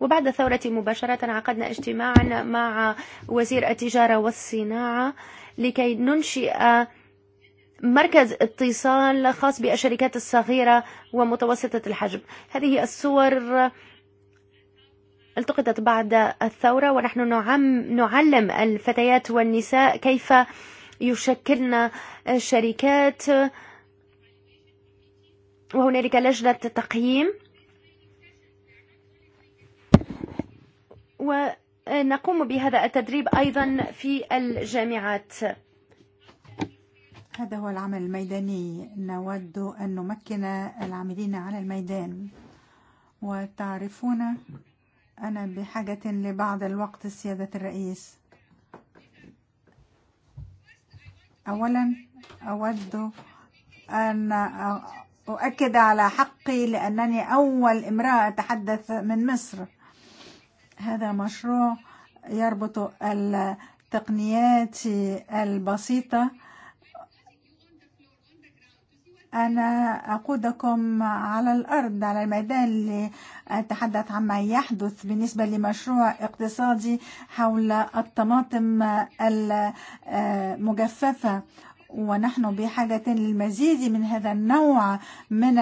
Speaker 9: وبعد الثورة مباشرة عقدنا اجتماعا مع وزير التجارة والصناعة لكي ننشئ مركز اتصال خاص بالشركات الصغيرة ومتوسطة الحجم هذه الصور التقطت بعد الثورة ونحن نعلم الفتيات والنساء كيف يشكلن الشركات وهناك لجنة تقييم ونقوم بهذا التدريب أيضا في الجامعات
Speaker 8: هذا هو العمل الميداني نود أن نمكن العاملين على الميدان وتعرفون أنا بحاجة لبعض الوقت سيادة الرئيس أولا أود أن أؤكد على حقي لأنني أول امرأة أتحدث من مصر هذا مشروع يربط التقنيات البسيطة أنا أقودكم على الأرض على الميدان لأتحدث عما يحدث بالنسبة لمشروع اقتصادي حول الطماطم المجففة ونحن بحاجة للمزيد من هذا النوع من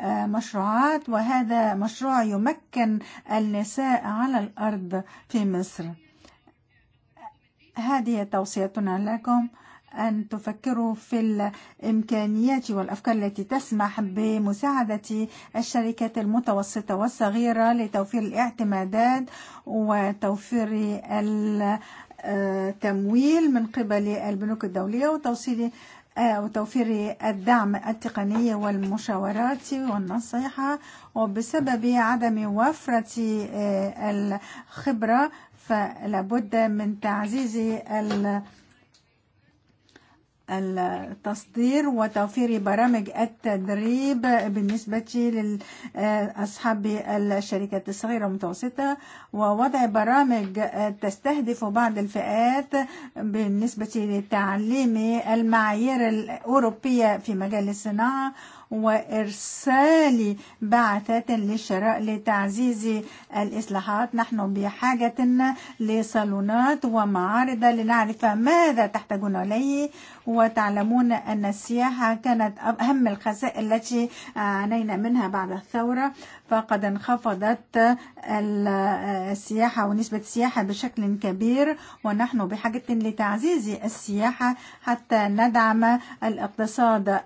Speaker 8: المشروعات وهذا مشروع يمكن النساء على الأرض في مصر هذه توصيتنا لكم أن تفكروا في الإمكانيات والأفكار التي تسمح بمساعدة الشركات المتوسطة والصغيرة لتوفير الاعتمادات وتوفير التمويل من قبل البنوك الدولية وتوصيل وتوفير الدعم التقني والمشاورات والنصيحة وبسبب عدم وفرة الخبرة فلابد من تعزيز التصدير وتوفير برامج التدريب بالنسبة لأصحاب الشركات الصغيرة والمتوسطة ووضع برامج تستهدف بعض الفئات بالنسبة لتعليم المعايير الأوروبية في مجال الصناعة وإرسال بعثات للشراء لتعزيز الإصلاحات نحن بحاجة لصالونات ومعارض لنعرف ماذا تحتاجون إليه وتعلمون أن السياحة كانت أهم الخسائر التي عانينا منها بعد الثورة فقد انخفضت السياحة ونسبة السياحة بشكل كبير ونحن بحاجة لتعزيز السياحة حتى ندعم الاقتصاد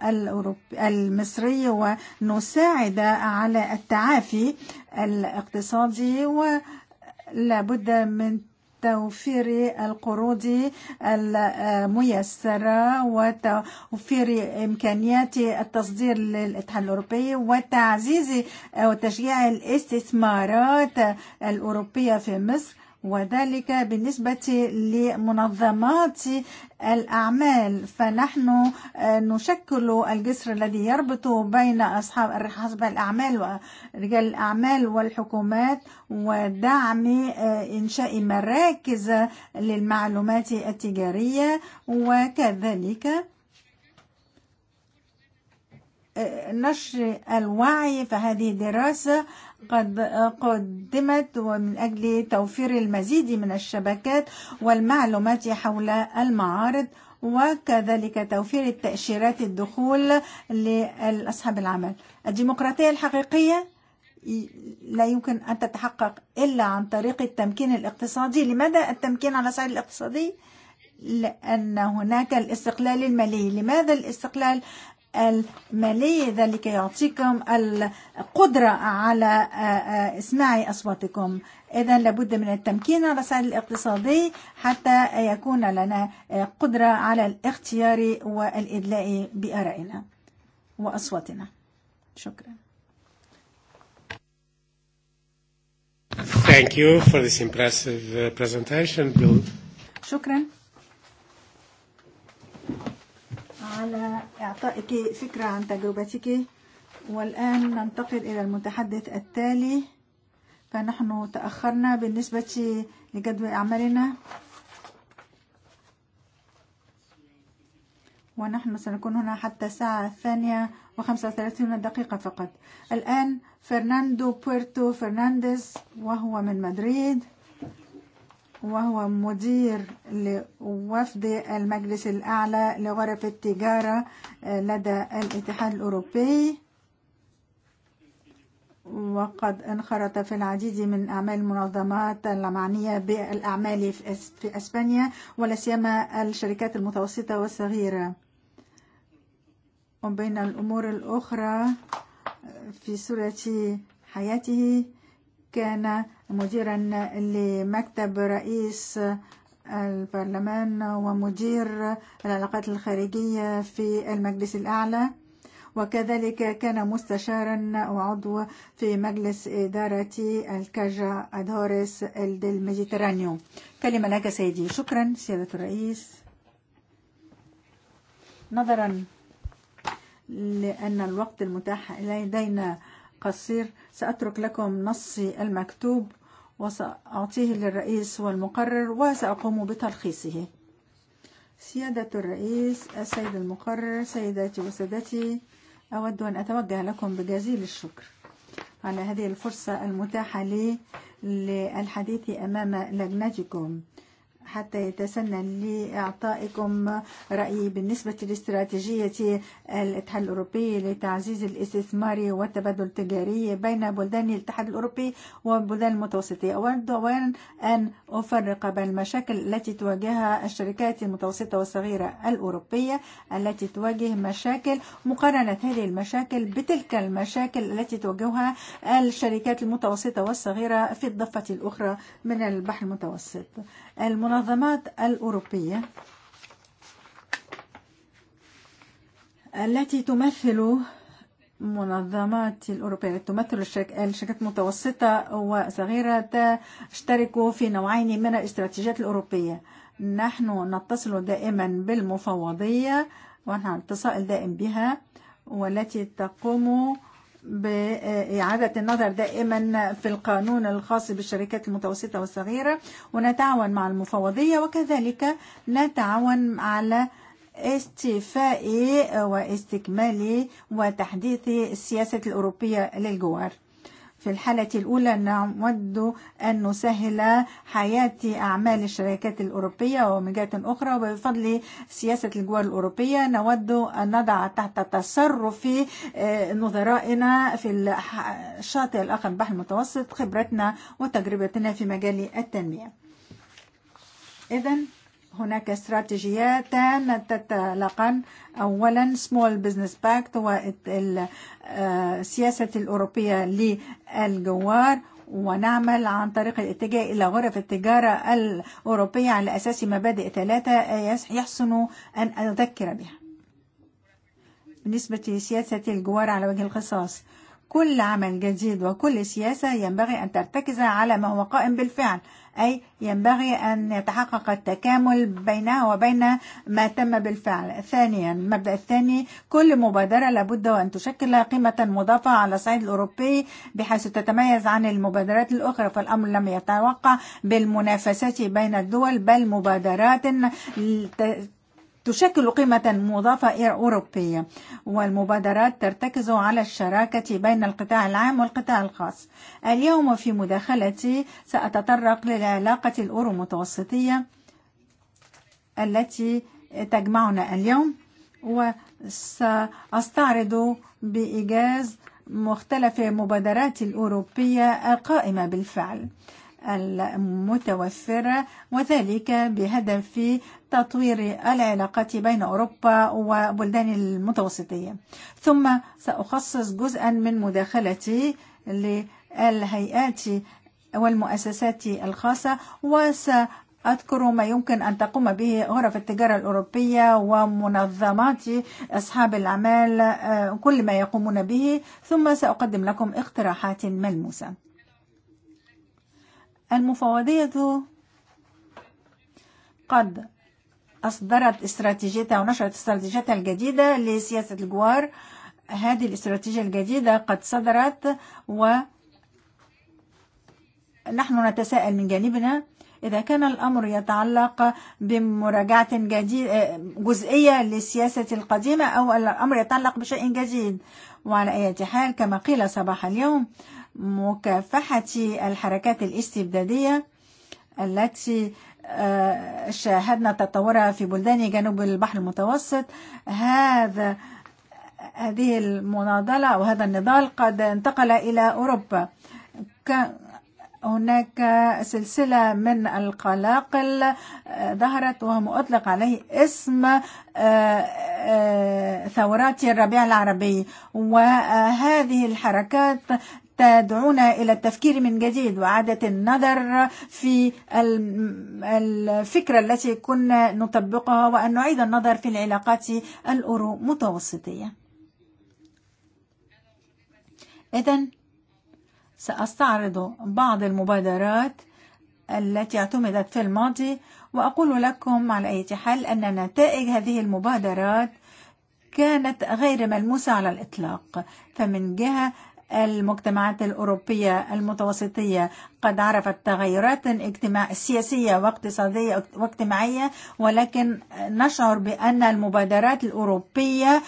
Speaker 8: المصري ونساعد على التعافي الاقتصادي ولابد من توفير القروض الميسرة وتوفير إمكانيات التصدير للاتحاد الأوروبي وتعزيز وتشجيع الاستثمارات الأوروبية في مصر وذلك بالنسبة لمنظمات الأعمال فنحن نشكل الجسر الذي يربط بين أصحاب حسب الأعمال ورجال الأعمال والحكومات ودعم إنشاء مراكز للمعلومات التجارية وكذلك نشر الوعي فهذه دراسة قد قدمت ومن أجل توفير المزيد من الشبكات والمعلومات حول المعارض وكذلك توفير التأشيرات الدخول لأصحاب العمل الديمقراطية الحقيقية لا يمكن أن تتحقق إلا عن طريق التمكين الاقتصادي لماذا التمكين على الصعيد الاقتصادي؟ لأن هناك الاستقلال المالي لماذا الاستقلال المالية ذلك يعطيكم القدرة على إسماع أصواتكم إذا لابد من التمكين على السعي الاقتصادي حتى يكون لنا قدرة على الاختيار والإدلاء بآرائنا وأصواتنا شكرا
Speaker 1: Thank you for this impressive uh, presentation. Bill.
Speaker 8: شكرا على إعطائك فكرة عن تجربتك والآن ننتقل إلى المتحدث التالي فنحن تأخرنا بالنسبة لجدول أعمالنا ونحن سنكون هنا حتى الساعة الثانية وخمسة وثلاثين دقيقة فقط الآن فرناندو بورتو فرنانديز وهو من مدريد وهو مدير لوفد المجلس الأعلى لغرف التجارة لدى الاتحاد الأوروبي وقد انخرط في العديد من أعمال المنظمات المعنية بالأعمال في أسبانيا ولسيما الشركات المتوسطة والصغيرة وبين الأمور الأخرى في سورة حياته كان مدير لمكتب رئيس البرلمان ومدير العلاقات الخارجية في المجلس الأعلى وكذلك كان مستشارا وعضو في مجلس إدارة الكاجا أدهوريس ديل ميديترانيو كلمة لك سيدي شكرا سيادة الرئيس نظرا لأن الوقت المتاح لدينا قصير سأترك لكم نصي المكتوب وسأعطيه للرئيس والمقرر وسأقوم بتلخيصه سيادة الرئيس السيد المقرر سيداتي وسادتي أود أن أتوجه لكم بجزيل الشكر على هذه الفرصة المتاحة لي للحديث أمام لجنتكم حتى يتسنن لإعطائكم رأيي بالنسبة لاستراتيجية الاتحاد الأوروبي لتعزيز الاستثمار والتبادل التجاري بين بلدان الاتحاد الأوروبي وبلدان المتوسطة أود أولا أن أفرق بين المشاكل التي تواجهها الشركات المتوسطة والصغيرة الأوروبية التي تواجه مشاكل مقارنة هذه المشاكل بتلك المشاكل التي تواجهها الشركات المتوسطة والصغيرة في الضفة الأخرى من البحر المتوسط المنظمات الأوروبية التي تمثل منظمات الأوروبية تمثل الشركات المتوسطة وصغيرة تشترك في نوعين من الاستراتيجيات الأوروبية نحن نتصل دائما بالمفوضية ونحن نتصل دائما بها والتي تقوم بإعادة النظر دائما في القانون الخاص بالشركات المتوسطة والصغيرة ونتعاون مع المفوضية وكذلك نتعاون على استيفاء واستكمال وتحديث السياسة الأوروبية للجوار في الحالة الأولى نود أن نسهل حياة أعمال الشركات الأوروبية ومن جهة أخرى وبفضل سياسة الجوار الأوروبية نود أن نضع تحت تصرف نظرائنا في الشاطئ الآخر البحر المتوسط خبرتنا وتجربتنا في مجال التنمية إذن هناك استراتيجيتان تتلقن أولا Small Business Pact والسياسة الأوروبية للجوار ونعمل عن طريق الاتجاه إلى غرف التجارة الأوروبية على أساس مبادئ ثلاثة يحسن أن أذكر بها بالنسبة لسياسة الجوار على وجه القصاص كل عمل جديد وكل سياسة ينبغي أن ترتكز على ما هو قائم بالفعل أي ينبغي أن يتحقق التكامل بينها وبين ما تم بالفعل ثانيا المبدأ الثاني كل مبادرة لابد أن تشكل قيمة مضافة على الصعيد الأوروبي بحيث تتميز عن المبادرات الأخرى فالأمر لم يتوقع بالمنافسات بين الدول بل مبادرات تشكل قيمة مضافة أوروبية والمبادرات ترتكز على الشراكة بين القطاع العام والقطاع الخاص اليوم في مداخلتي سأتطرق للعلاقة الأورو متوسطية التي تجمعنا اليوم وسأستعرض بإيجاز مختلف مبادرات الأوروبية القائمة بالفعل المتوفرة وذلك بهدف تطوير العلاقات بين أوروبا وبلدان المتوسطية ثم سأخصص جزءا من مداخلتي للهيئات والمؤسسات الخاصة وس أذكر ما يمكن أن تقوم به غرف التجارة الأوروبية ومنظمات أصحاب الأعمال كل ما يقومون به ثم سأقدم لكم اقتراحات ملموسة المفوضية قد أصدرت استراتيجيتها ونشرت استراتيجيتها الجديدة لسياسة الجوار هذه الاستراتيجية الجديدة قد صدرت ونحن نتساءل من جانبنا إذا كان الأمر يتعلق بمراجعة جديد جزئية للسياسة القديمة أو الأمر يتعلق بشيء جديد وعلى أي حال كما قيل صباح اليوم مكافحة الحركات الاستبدادية التي شاهدنا تطورها في بلدان جنوب البحر المتوسط هذا هذه المناضلة أو هذا النضال قد انتقل إلى أوروبا هناك سلسلة من القلاقل ظهرت وهم أطلق عليه اسم ثورات الربيع العربي وهذه الحركات تدعونا إلى التفكير من جديد وعادة النظر في الفكرة التي كنا نطبقها وأن نعيد النظر في العلاقات الأورو متوسطية إذن سأستعرض بعض المبادرات التي اعتمدت في الماضي وأقول لكم على أي حال أن نتائج هذه المبادرات كانت غير ملموسة على الإطلاق فمن جهة المجتمعات الأوروبية المتوسطية قد عرفت تغيرات سياسية واقتصادية واجتماعية ولكن نشعر بأن المبادرات الأوروبية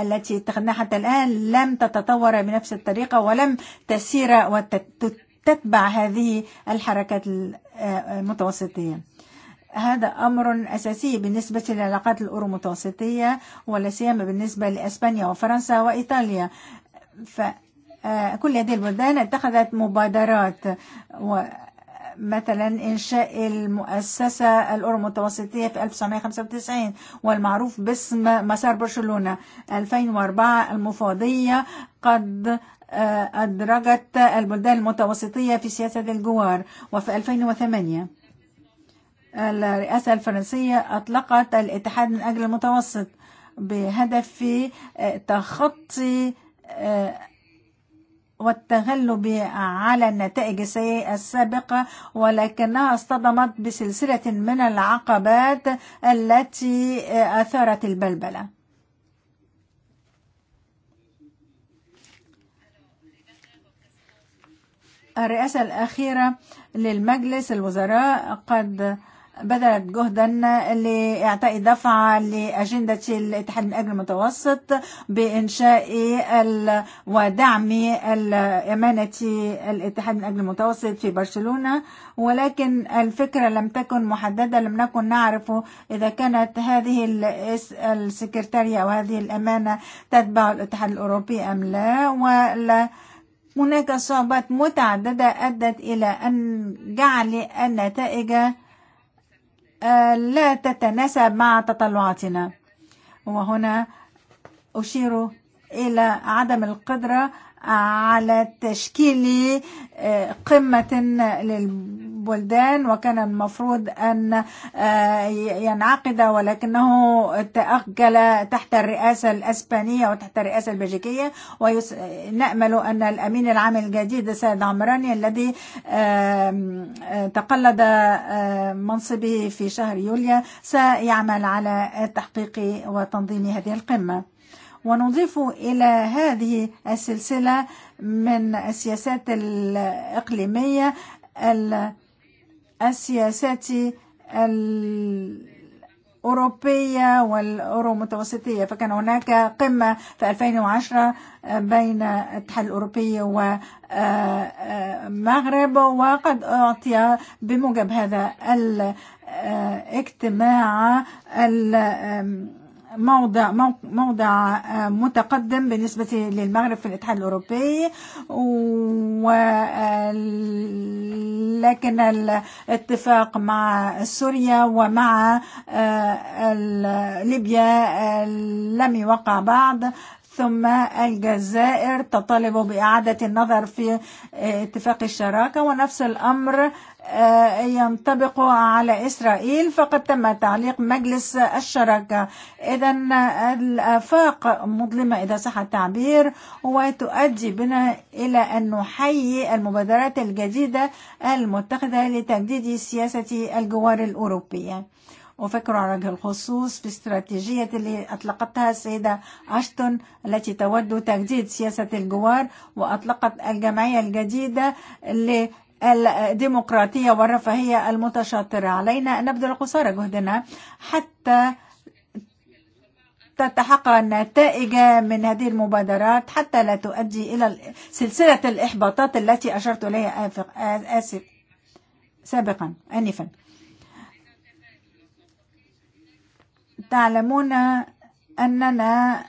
Speaker 8: التي اتخذناها حتى الآن لم تتطور بنفس الطريقة ولم تسير وتتبع هذه الحركات المتوسطية هذا أمر أساسي بالنسبة للعلاقات الأورو متوسطية ولا سيما بالنسبة لأسبانيا وفرنسا وإيطاليا ف كل هذه البلدان اتخذت مبادرات مثلا إنشاء المؤسسة الأورو المتوسطية في 1995 والمعروف باسم مسار برشلونة 2004 المفاضية قد أدرجت البلدان المتوسطية في سياسة الجوار وفي 2008 الرئاسة الفرنسية أطلقت الاتحاد من أجل المتوسط بهدف تخطي والتغلب على النتائج السيئة السابقة ولكنها اصطدمت بسلسلة من العقبات التي أثارت البلبلة الرئاسة الأخيرة للمجلس الوزراء قد بذلت جهدا لإعطاء دفع لأجندة الاتحاد الأجل المتوسط بإنشاء ودعم الأمانة الاتحاد الأجل المتوسط في برشلونة ولكن الفكرة لم تكن محددة لم نكن نعرف إذا كانت هذه السكرتارية أو هذه الأمانة تتبع الاتحاد الأوروبي أم لا ولا هناك صعوبات متعددة أدت إلى أن جعل النتائج لا تتناسب مع تطلعاتنا وهنا أشير إلى عدم القدرة على تشكيل قمة للبلدان وكان المفروض أن ينعقد ولكنه تأجل تحت الرئاسة الأسبانية وتحت الرئاسة البلجيكية ونأمل أن الأمين العام الجديد سيد عمراني الذي تقلد منصبه في شهر يوليو سيعمل على تحقيق وتنظيم هذه القمة ونضيف إلى هذه السلسلة من السياسات الإقليمية السياسات الأوروبية والأورو متوسطية فكان هناك قمة في 2010 بين الاتحاد الأوروبي والمغرب وقد أعطي بموجب هذا الاجتماع موضع موضع متقدم بالنسبة للمغرب في الاتحاد الأوروبي لكن الاتفاق مع سوريا ومع ليبيا لم يوقع بعد ثم الجزائر تطالب بإعادة النظر في اتفاق الشراكة ونفس الأمر ينطبق على إسرائيل فقد تم تعليق مجلس الشراكة إذا الآفاق مظلمة إذا صح التعبير وتؤدي بنا إلى أن نحيي المبادرات الجديدة المتخذة لتجديد سياسة الجوار الأوروبية أفكر على الخصوص في استراتيجية اللي أطلقتها السيدة أشتون التي تود تجديد سياسة الجوار وأطلقت الجمعية الجديدة اللي الديمقراطية والرفاهية المتشاطرة علينا أن نبذل قصارى جهدنا حتى تتحقق النتائج من هذه المبادرات حتى لا تؤدي إلى سلسلة الإحباطات التي أشرت إليها آسف سابقا أنفا تعلمون أننا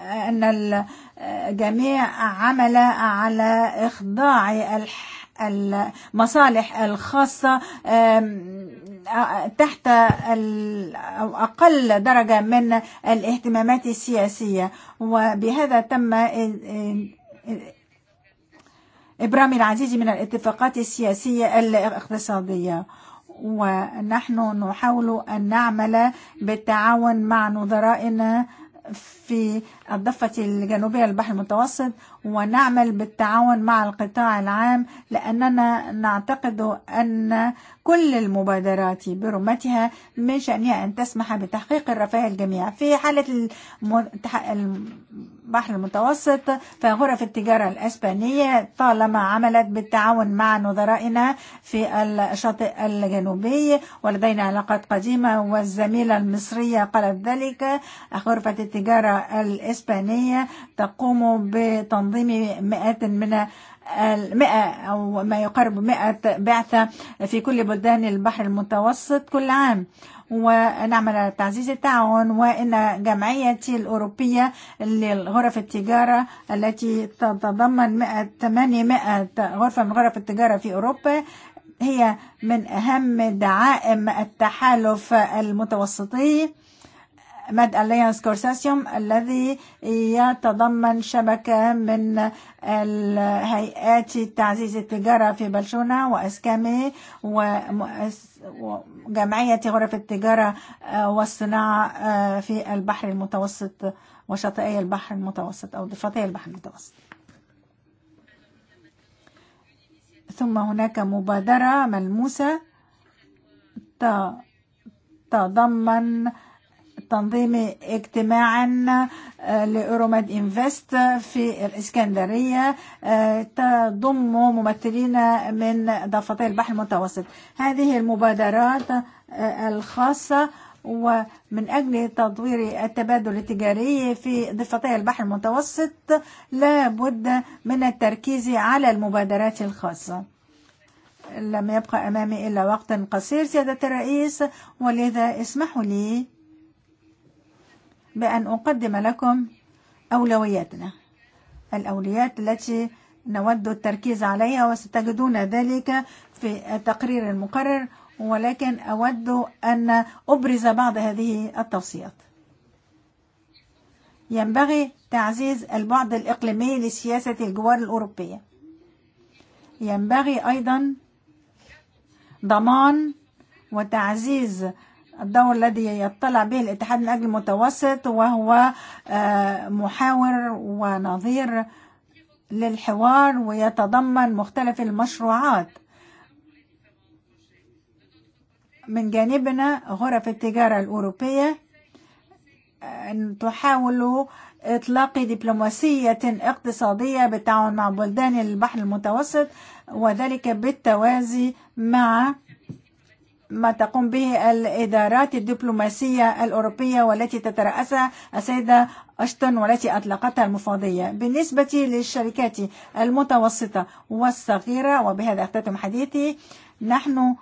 Speaker 8: أن الجميع عمل على إخضاع المصالح الخاصة تحت أقل درجة من الاهتمامات السياسية وبهذا تم إبرام العزيز من الاتفاقات السياسية الاقتصادية ونحن نحاول أن نعمل بالتعاون مع نظرائنا في الضفة الجنوبية للبحر المتوسط ونعمل بالتعاون مع القطاع العام لأننا نعتقد أن كل المبادرات برمتها من شأنها أن تسمح بتحقيق الرفاه الجميع في حالة البحر المتوسط فغرف التجارة الأسبانية طالما عملت بالتعاون مع نظرائنا في الشاطئ الجنوبي ولدينا علاقات قديمة والزميلة المصرية قالت ذلك غرفة التجارة الأسبانية الإسبانية تقوم بتنظيم مئات من المئة أو ما يقارب مئة بعثة في كل بلدان البحر المتوسط كل عام ونعمل على تعزيز التعاون وإن جمعيتي الأوروبية لغرف التجارة التي تتضمن 800 غرفة من غرف التجارة في أوروبا هي من أهم دعائم التحالف المتوسطي مد أليانس كورساسيوم الذي يتضمن شبكة من الهيئات تعزيز التجارة في بلشونة وأسكامي ومؤسسة وجمعية غرف التجارة والصناعة في البحر المتوسط وشاطئي البحر المتوسط أو ضفتي البحر المتوسط ثم هناك مبادرة ملموسة تضمن التنظيم اجتماعا لأوروميد انفست في الإسكندرية تضم ممثلين من ضفتي البحر المتوسط هذه المبادرات الخاصة ومن أجل تطوير التبادل التجاري في ضفتي البحر المتوسط لا بد من التركيز على المبادرات الخاصة لم يبقى أمامي إلا وقت قصير سيادة الرئيس ولذا اسمحوا لي بأن أقدم لكم أولوياتنا الأوليات التي نود التركيز عليها وستجدون ذلك في التقرير المقرر ولكن أود أن أبرز بعض هذه التوصيات ينبغي تعزيز البعد الإقليمي لسياسة الجوار الأوروبية ينبغي أيضا ضمان وتعزيز الدور الذي يطلع به الاتحاد الأجل المتوسط وهو محاور ونظير للحوار ويتضمن مختلف المشروعات من جانبنا غرف التجارة الأوروبية تحاول إطلاق دبلوماسية اقتصادية بالتعاون مع بلدان البحر المتوسط وذلك بالتوازي مع ما تقوم به الإدارات الدبلوماسية الأوروبية والتي تترأسها السيدة أشتون والتي أطلقتها المفوضية بالنسبة للشركات المتوسطة والصغيرة وبهذا أختتم حديثي نحن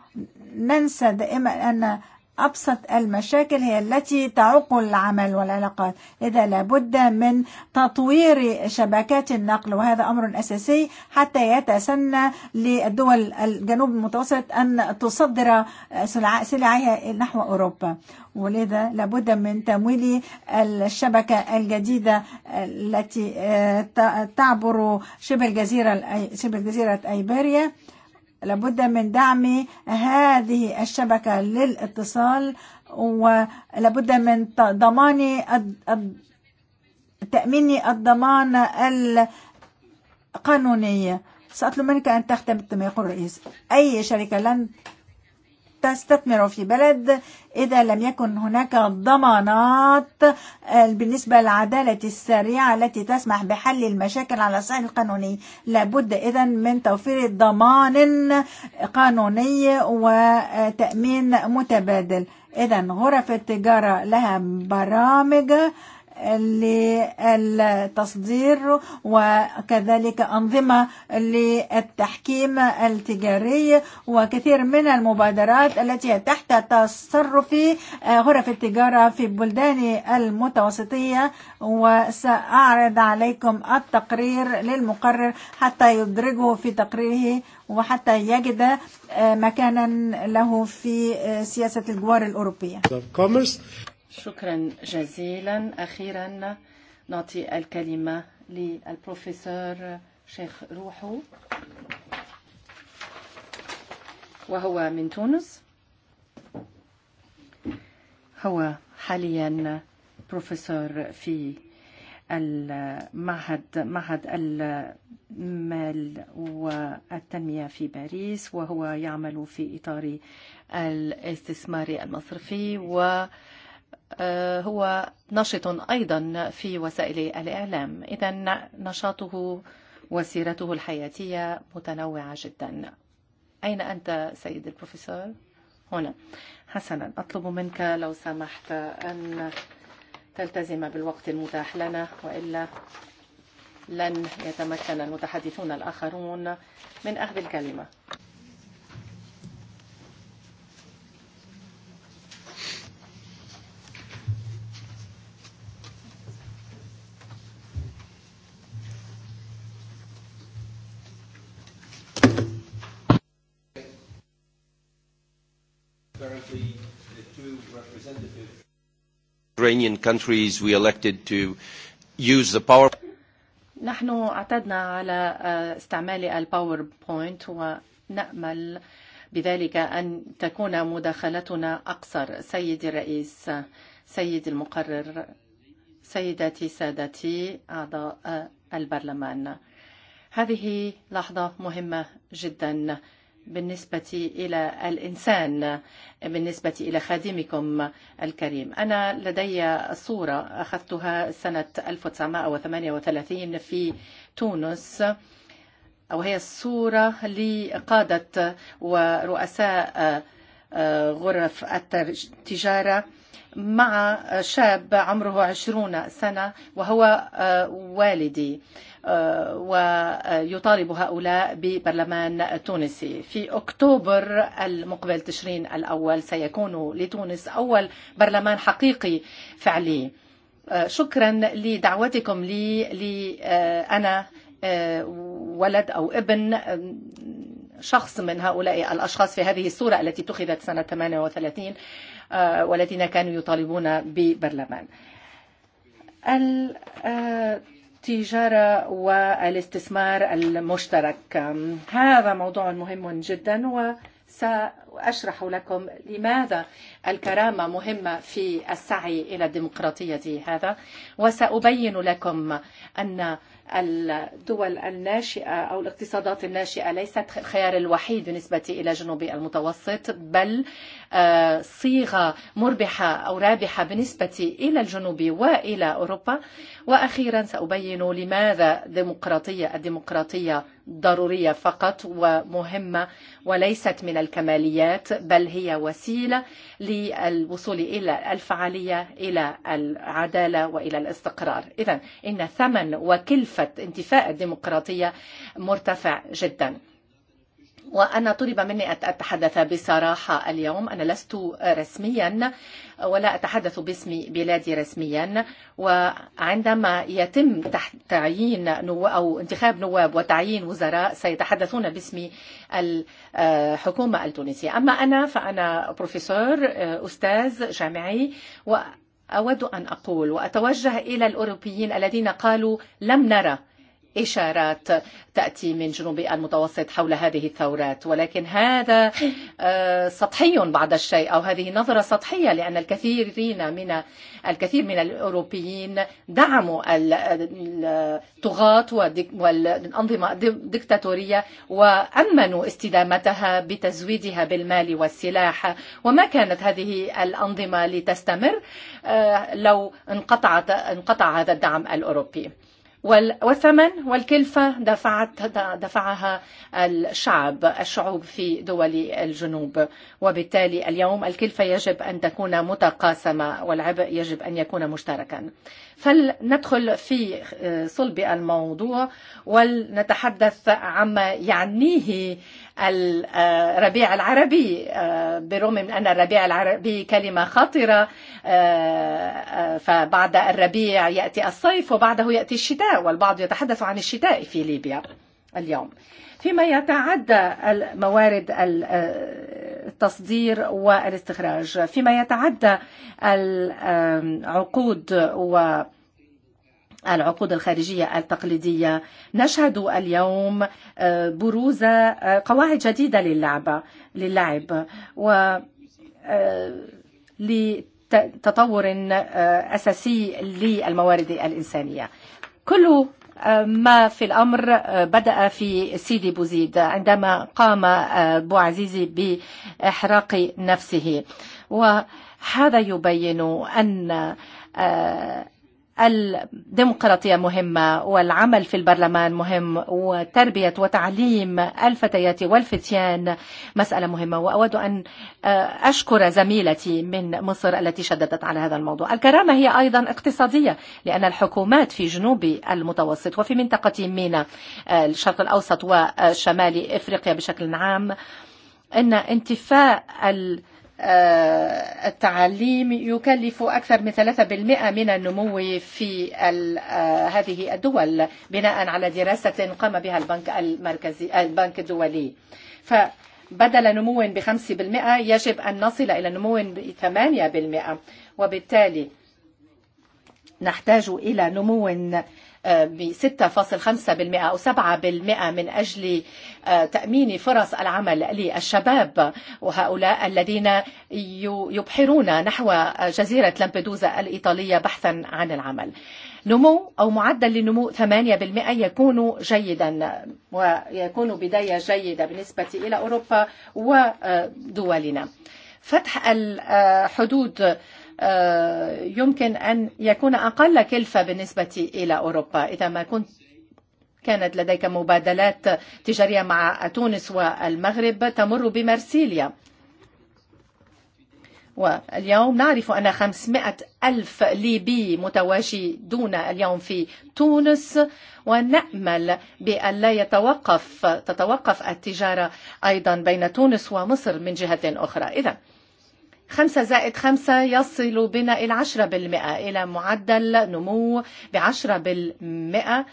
Speaker 8: ننسى دائما أن أبسط المشاكل هي التي تعوق العمل والعلاقات إذا لابد من تطوير شبكات النقل وهذا أمر أساسي حتى يتسنى للدول الجنوب المتوسط أن تصدر سلعها نحو أوروبا ولذا لابد من تمويل الشبكة الجديدة التي تعبر شبه الجزيرة شبه جزيرة أيبيريا لابد من دعم هذه الشبكة للاتصال ولابد من ضمان تأمين الضمان القانوني سأطلب منك أن تختم كما يقول الرئيس أي شركة لن تستثمر في بلد إذا لم يكن هناك ضمانات بالنسبة للعدالة السريعة التي تسمح بحل المشاكل على الصعيد القانوني لابد إذا من توفير ضمان قانوني وتأمين متبادل إذا غرف التجارة لها برامج للتصدير وكذلك أنظمة للتحكيم التجاري وكثير من المبادرات التي تحت تصرف غرف التجارة في بلدان المتوسطية وسأعرض عليكم التقرير للمقرر حتى يدرجه في تقريره وحتى يجد مكانا له في سياسة الجوار الأوروبية شكرا جزيلا اخيرا نعطي الكلمه
Speaker 2: للبروفيسور شيخ روحو وهو من تونس هو حاليا بروفيسور في المعهد معهد المال والتنمية في باريس وهو يعمل في إطار الاستثمار المصرفي و هو نشط أيضا في وسائل الإعلام إذا نشاطه وسيرته الحياتية متنوعة جدا أين أنت سيد البروفيسور؟ هنا حسنا أطلب منك لو سمحت أن تلتزم بالوقت المتاح لنا وإلا لن يتمكن المتحدثون الآخرون من أخذ الكلمة
Speaker 7: Ukrainian countries we elected to use the power
Speaker 2: نحن اعتدنا على استعمال الباوربوينت ونأمل بذلك أن تكون مداخلتنا أقصر سيد الرئيس سيد المقرر سيداتي سادتي أعضاء البرلمان هذه لحظة مهمة جدا بالنسبة إلى الإنسان بالنسبة إلى خادمكم الكريم أنا لدي صورة أخذتها سنة 1938 في تونس أو هي الصورة لقادة ورؤساء غرف التجارة مع شاب عمره عشرون سنة وهو والدي ويطالب هؤلاء ببرلمان تونسي في أكتوبر المقبل تشرين الأول سيكون لتونس أول برلمان حقيقي فعلي شكرا لدعوتكم لي, لي أنا ولد أو ابن شخص من هؤلاء الأشخاص في هذه الصورة التي اتخذت سنة 38 والذين كانوا يطالبون ببرلمان التجارة والاستثمار المشترك هذا موضوع مهم جدا وسأشرح لكم لماذا الكرامة مهمة في السعي إلى الديمقراطية هذا وسأبين لكم أن الدول الناشئة أو الاقتصادات الناشئة ليست الخيار الوحيد بالنسبة إلى جنوب المتوسط بل صيغة مربحة أو رابحة بالنسبة إلى الجنوب وإلى أوروبا وأخيرا سأبين لماذا ديمقراطية الديمقراطية ضرورية فقط ومهمة وليست من الكماليات بل هي وسيلة للوصول إلى الفعالية إلى العدالة وإلى الاستقرار إذا إن ثمن وكلفة انتفاء الديمقراطية مرتفع جدا وأنا طلب مني أتحدث بصراحة اليوم أنا لست رسميا ولا أتحدث باسم بلادي رسميا وعندما يتم تعيين نو أو انتخاب نواب وتعيين وزراء سيتحدثون باسم الحكومة التونسية أما أنا فأنا بروفيسور أستاذ جامعي و أود أن أقول وأتوجه إلى الأوروبيين الذين قالوا لم نرى إشارات تأتي من جنوب المتوسط حول هذه الثورات ولكن هذا سطحي بعض الشيء أو هذه نظرة سطحية لأن الكثيرين من الكثير من الأوروبيين دعموا الطغاة والأنظمة الدكتاتورية وأمنوا استدامتها بتزويدها بالمال والسلاح وما كانت هذه الأنظمة لتستمر لو انقطعت انقطع هذا الدعم الأوروبي والثمن والكلفة دفعت دفعها الشعب الشعوب في دول الجنوب وبالتالي اليوم الكلفة يجب أن تكون متقاسمة والعبء يجب أن يكون مشتركا فلندخل في صلب الموضوع ولنتحدث عما يعنيه الربيع العربي برغم من أن الربيع العربي كلمة خطرة فبعد الربيع يأتي الصيف وبعده يأتي الشتاء والبعض يتحدث عن الشتاء في ليبيا اليوم فيما يتعدى الموارد التصدير والاستخراج فيما يتعدى العقود و العقود الخارجية التقليدية نشهد اليوم بروز قواعد جديدة للعبة للعب و لتطور أساسي للموارد الإنسانية كل ما في الأمر بدأ في سيدي بوزيد عندما قام بو عزيزي بإحراق نفسه وهذا يبين أن الديمقراطية مهمة والعمل في البرلمان مهم وتربية وتعليم الفتيات والفتيان مسألة مهمة وأود أن أشكر زميلتي من مصر التي شددت على هذا الموضوع الكرامة هي أيضا اقتصادية لأن الحكومات في جنوب المتوسط وفي منطقة مينا الشرق الأوسط وشمال إفريقيا بشكل عام أن انتفاء ال التعليم يكلف أكثر من 3% من النمو في هذه الدول بناء على دراسة قام بها البنك المركزي البنك الدولي فبدل نمو ب 5% يجب أن نصل إلى نمو ب 8% وبالتالي نحتاج إلى نمو ب 6.5% أو 7% من أجل تأمين فرص العمل للشباب وهؤلاء الذين يبحرون نحو جزيرة لامبيدوزا الإيطالية بحثا عن العمل نمو أو معدل لنمو 8% يكون جيدا ويكون بداية جيدة بالنسبة إلى أوروبا ودولنا فتح الحدود يمكن أن يكون أقل كلفة بالنسبة إلى أوروبا إذا ما كنت كانت لديك مبادلات تجارية مع تونس والمغرب تمر بمرسيليا واليوم نعرف أن 500 ألف ليبي متواجدون اليوم في تونس ونأمل بأن لا يتوقف تتوقف التجارة أيضا بين تونس ومصر من جهة أخرى إذن خمسة زائد خمسة يصل بنا إلى عشرة بالمئة إلى معدل نمو بعشرة بالمئة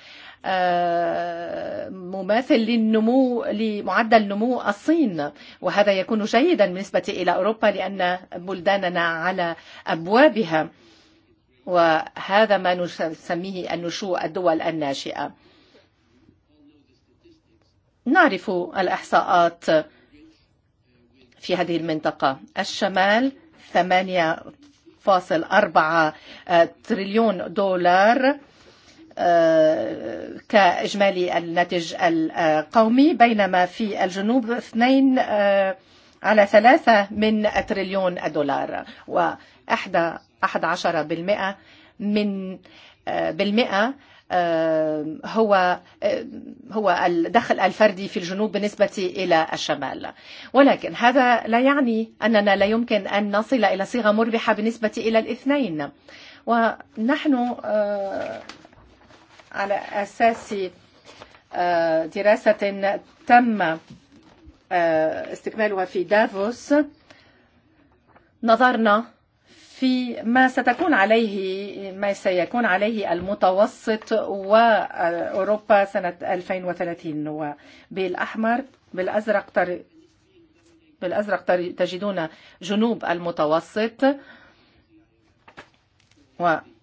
Speaker 2: مماثل للنمو لمعدل نمو الصين وهذا يكون جيدا بالنسبة إلى أوروبا لأن بلداننا على أبوابها وهذا ما نسميه النشوء الدول الناشئة نعرف الإحصاءات في هذه المنطقة الشمال 8.4 تريليون دولار كإجمالي الناتج القومي بينما في الجنوب 2 على ثلاثة من تريليون دولار وأحدى أحد عشر بالمئة من بالمئة هو هو الدخل الفردي في الجنوب بالنسبة إلى الشمال ولكن هذا لا يعني أننا لا يمكن أن نصل إلى صيغة مربحة بالنسبة إلى الاثنين ونحن على أساس دراسة تم استكمالها في دافوس نظرنا في ما ستكون عليه ما سيكون عليه المتوسط وأوروبا سنة 2030 وبالأحمر بالأزرق تر بالأزرق تر تجدون جنوب المتوسط وبالأحمر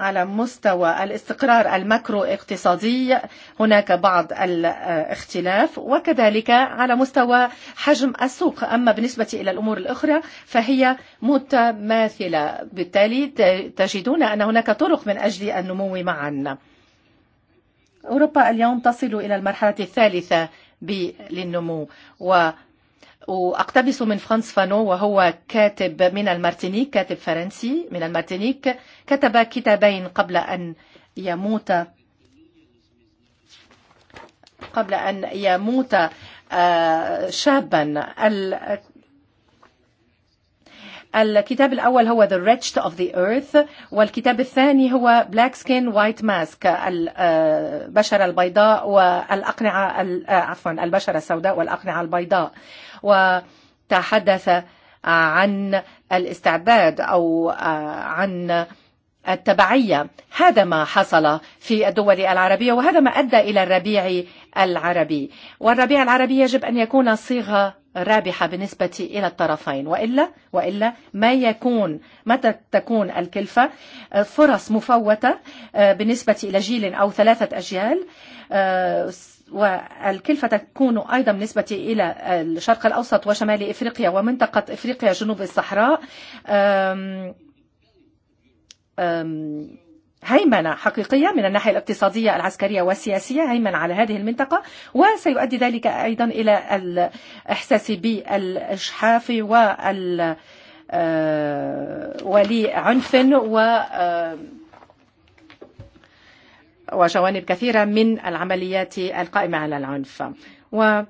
Speaker 2: على مستوى الاستقرار المكرو اقتصادي هناك بعض الاختلاف وكذلك على مستوى حجم السوق أما بالنسبة إلى الأمور الأخرى فهي متماثلة بالتالي تجدون أن هناك طرق من أجل النمو معا أوروبا اليوم تصل إلى المرحلة الثالثة للنمو و وأقتبس من فرانس فانو وهو كاتب من المارتينيك كاتب فرنسي من المارتينيك كتب كتابين قبل أن يموت قبل أن يموت شابا الكتاب الأول هو The Wretched of the Earth والكتاب الثاني هو Black Skin White Mask البشرة البيضاء والأقنعة عفوا البشرة السوداء والأقنعة البيضاء وتحدث عن الاستعباد أو عن التبعية هذا ما حصل في الدول العربية وهذا ما أدى إلى الربيع العربي والربيع العربي يجب أن يكون صيغة رابحة بالنسبة إلى الطرفين وإلا وإلا ما يكون متى تكون الكلفة فرص مفوتة بالنسبة إلى جيل أو ثلاثة أجيال والكلفة تكون أيضا بالنسبة إلى الشرق الأوسط وشمال إفريقيا ومنطقة إفريقيا جنوب الصحراء أم أم هيمنة حقيقية من الناحية الاقتصادية العسكرية والسياسية هيمنة على هذه المنطقة وسيؤدي ذلك أيضا إلى الإحساس بالإجحاف وال ولعنف و وجوانب كثيرة من العمليات القائمة على العنف و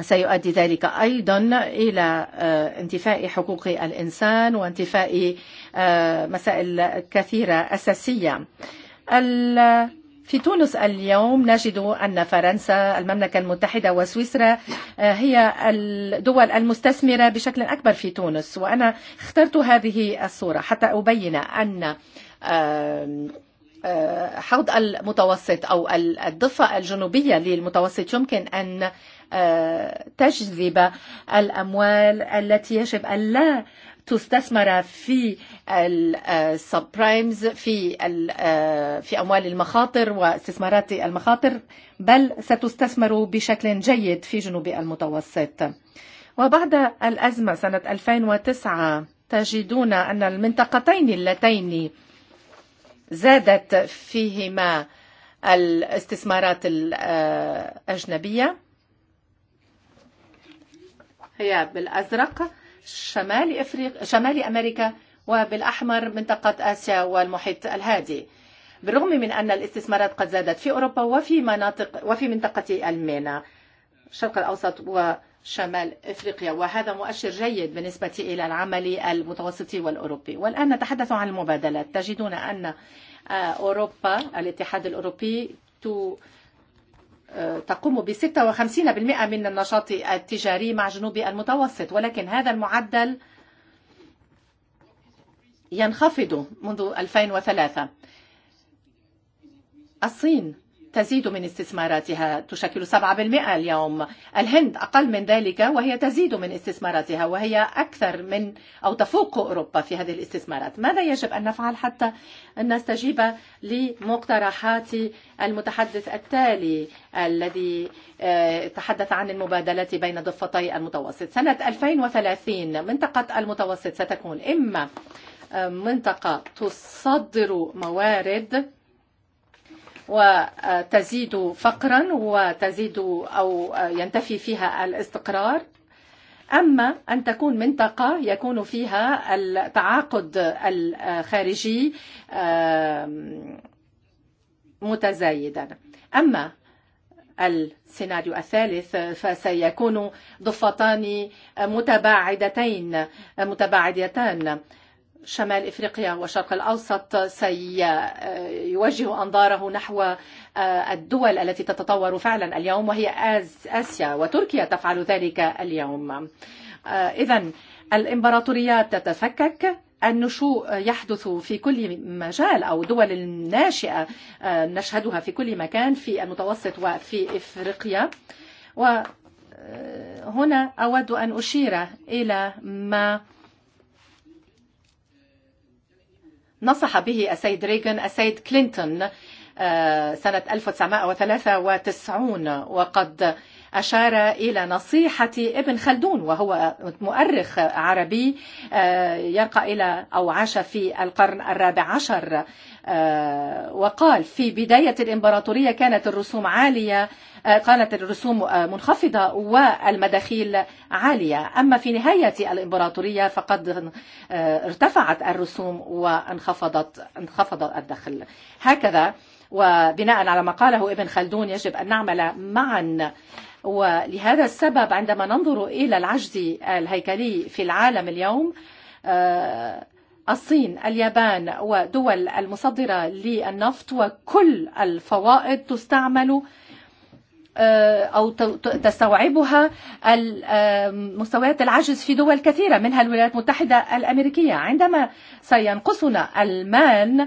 Speaker 2: سيؤدي ذلك أيضا إلى انتفاء حقوق الإنسان وانتفاء مسائل كثيرة أساسية في تونس اليوم نجد أن فرنسا المملكة المتحدة وسويسرا هي الدول المستثمرة بشكل أكبر في تونس وأنا اخترت هذه الصورة حتى أبين أن حوض المتوسط أو الضفة الجنوبية للمتوسط يمكن أن تجذب الأموال التي يجب أن لا تستثمر في السبرايمز في في اموال المخاطر واستثمارات المخاطر بل ستستثمر بشكل جيد في جنوب المتوسط وبعد الأزمة سنة 2009 تجدون أن المنطقتين اللتين زادت فيهما الاستثمارات الأجنبية هي بالأزرق شمال إفريق شمال أمريكا وبالأحمر منطقة آسيا والمحيط الهادي بالرغم من أن الاستثمارات قد زادت في أوروبا وفي مناطق وفي منطقة المينا الشرق الأوسط وشمال إفريقيا وهذا مؤشر جيد بالنسبة إلى العمل المتوسط والأوروبي والآن نتحدث عن المبادلات تجدون أن أوروبا الاتحاد الأوروبي تقوم ب 56% من النشاط التجاري مع جنوب المتوسط ولكن هذا المعدل ينخفض منذ 2003 الصين تزيد من استثماراتها تشكل 7% اليوم الهند أقل من ذلك وهي تزيد من استثماراتها وهي أكثر من أو تفوق أوروبا في هذه الاستثمارات ماذا يجب أن نفعل حتى أن نستجيب لمقترحات المتحدث التالي الذي تحدث عن المبادلة بين ضفتي المتوسط سنة 2030 منطقة المتوسط ستكون إما منطقة تصدر موارد وتزيد فقرا وتزيد أو ينتفي فيها الاستقرار أما أن تكون منطقة يكون فيها التعاقد الخارجي متزايدا أما السيناريو الثالث فسيكون ضفتان متباعدتين متباعدتان شمال إفريقيا وشرق الأوسط سيوجه أنظاره نحو الدول التي تتطور فعلا اليوم وهي آسيا وتركيا تفعل ذلك اليوم إذا الإمبراطوريات تتفكك النشوء يحدث في كل مجال أو دول الناشئة نشهدها في كل مكان في المتوسط وفي إفريقيا وهنا أود أن أشير إلى ما نصح به السيد ريغن السيد كلينتون سنة 1993 وقد أشار إلى نصيحة ابن خلدون وهو مؤرخ عربي يرقى إلى أو عاش في القرن الرابع عشر وقال في بداية الإمبراطورية كانت الرسوم عالية كانت الرسوم منخفضة والمداخيل عالية أما في نهاية الإمبراطورية فقد ارتفعت الرسوم وانخفضت انخفض الدخل هكذا وبناء على ما قاله ابن خلدون يجب أن نعمل معا ولهذا السبب عندما ننظر إلى العجز الهيكلي في العالم اليوم الصين اليابان ودول المصدرة للنفط وكل الفوائد تستعمل أو تستوعبها مستويات العجز في دول كثيرة منها الولايات المتحدة الأمريكية عندما سينقصنا المان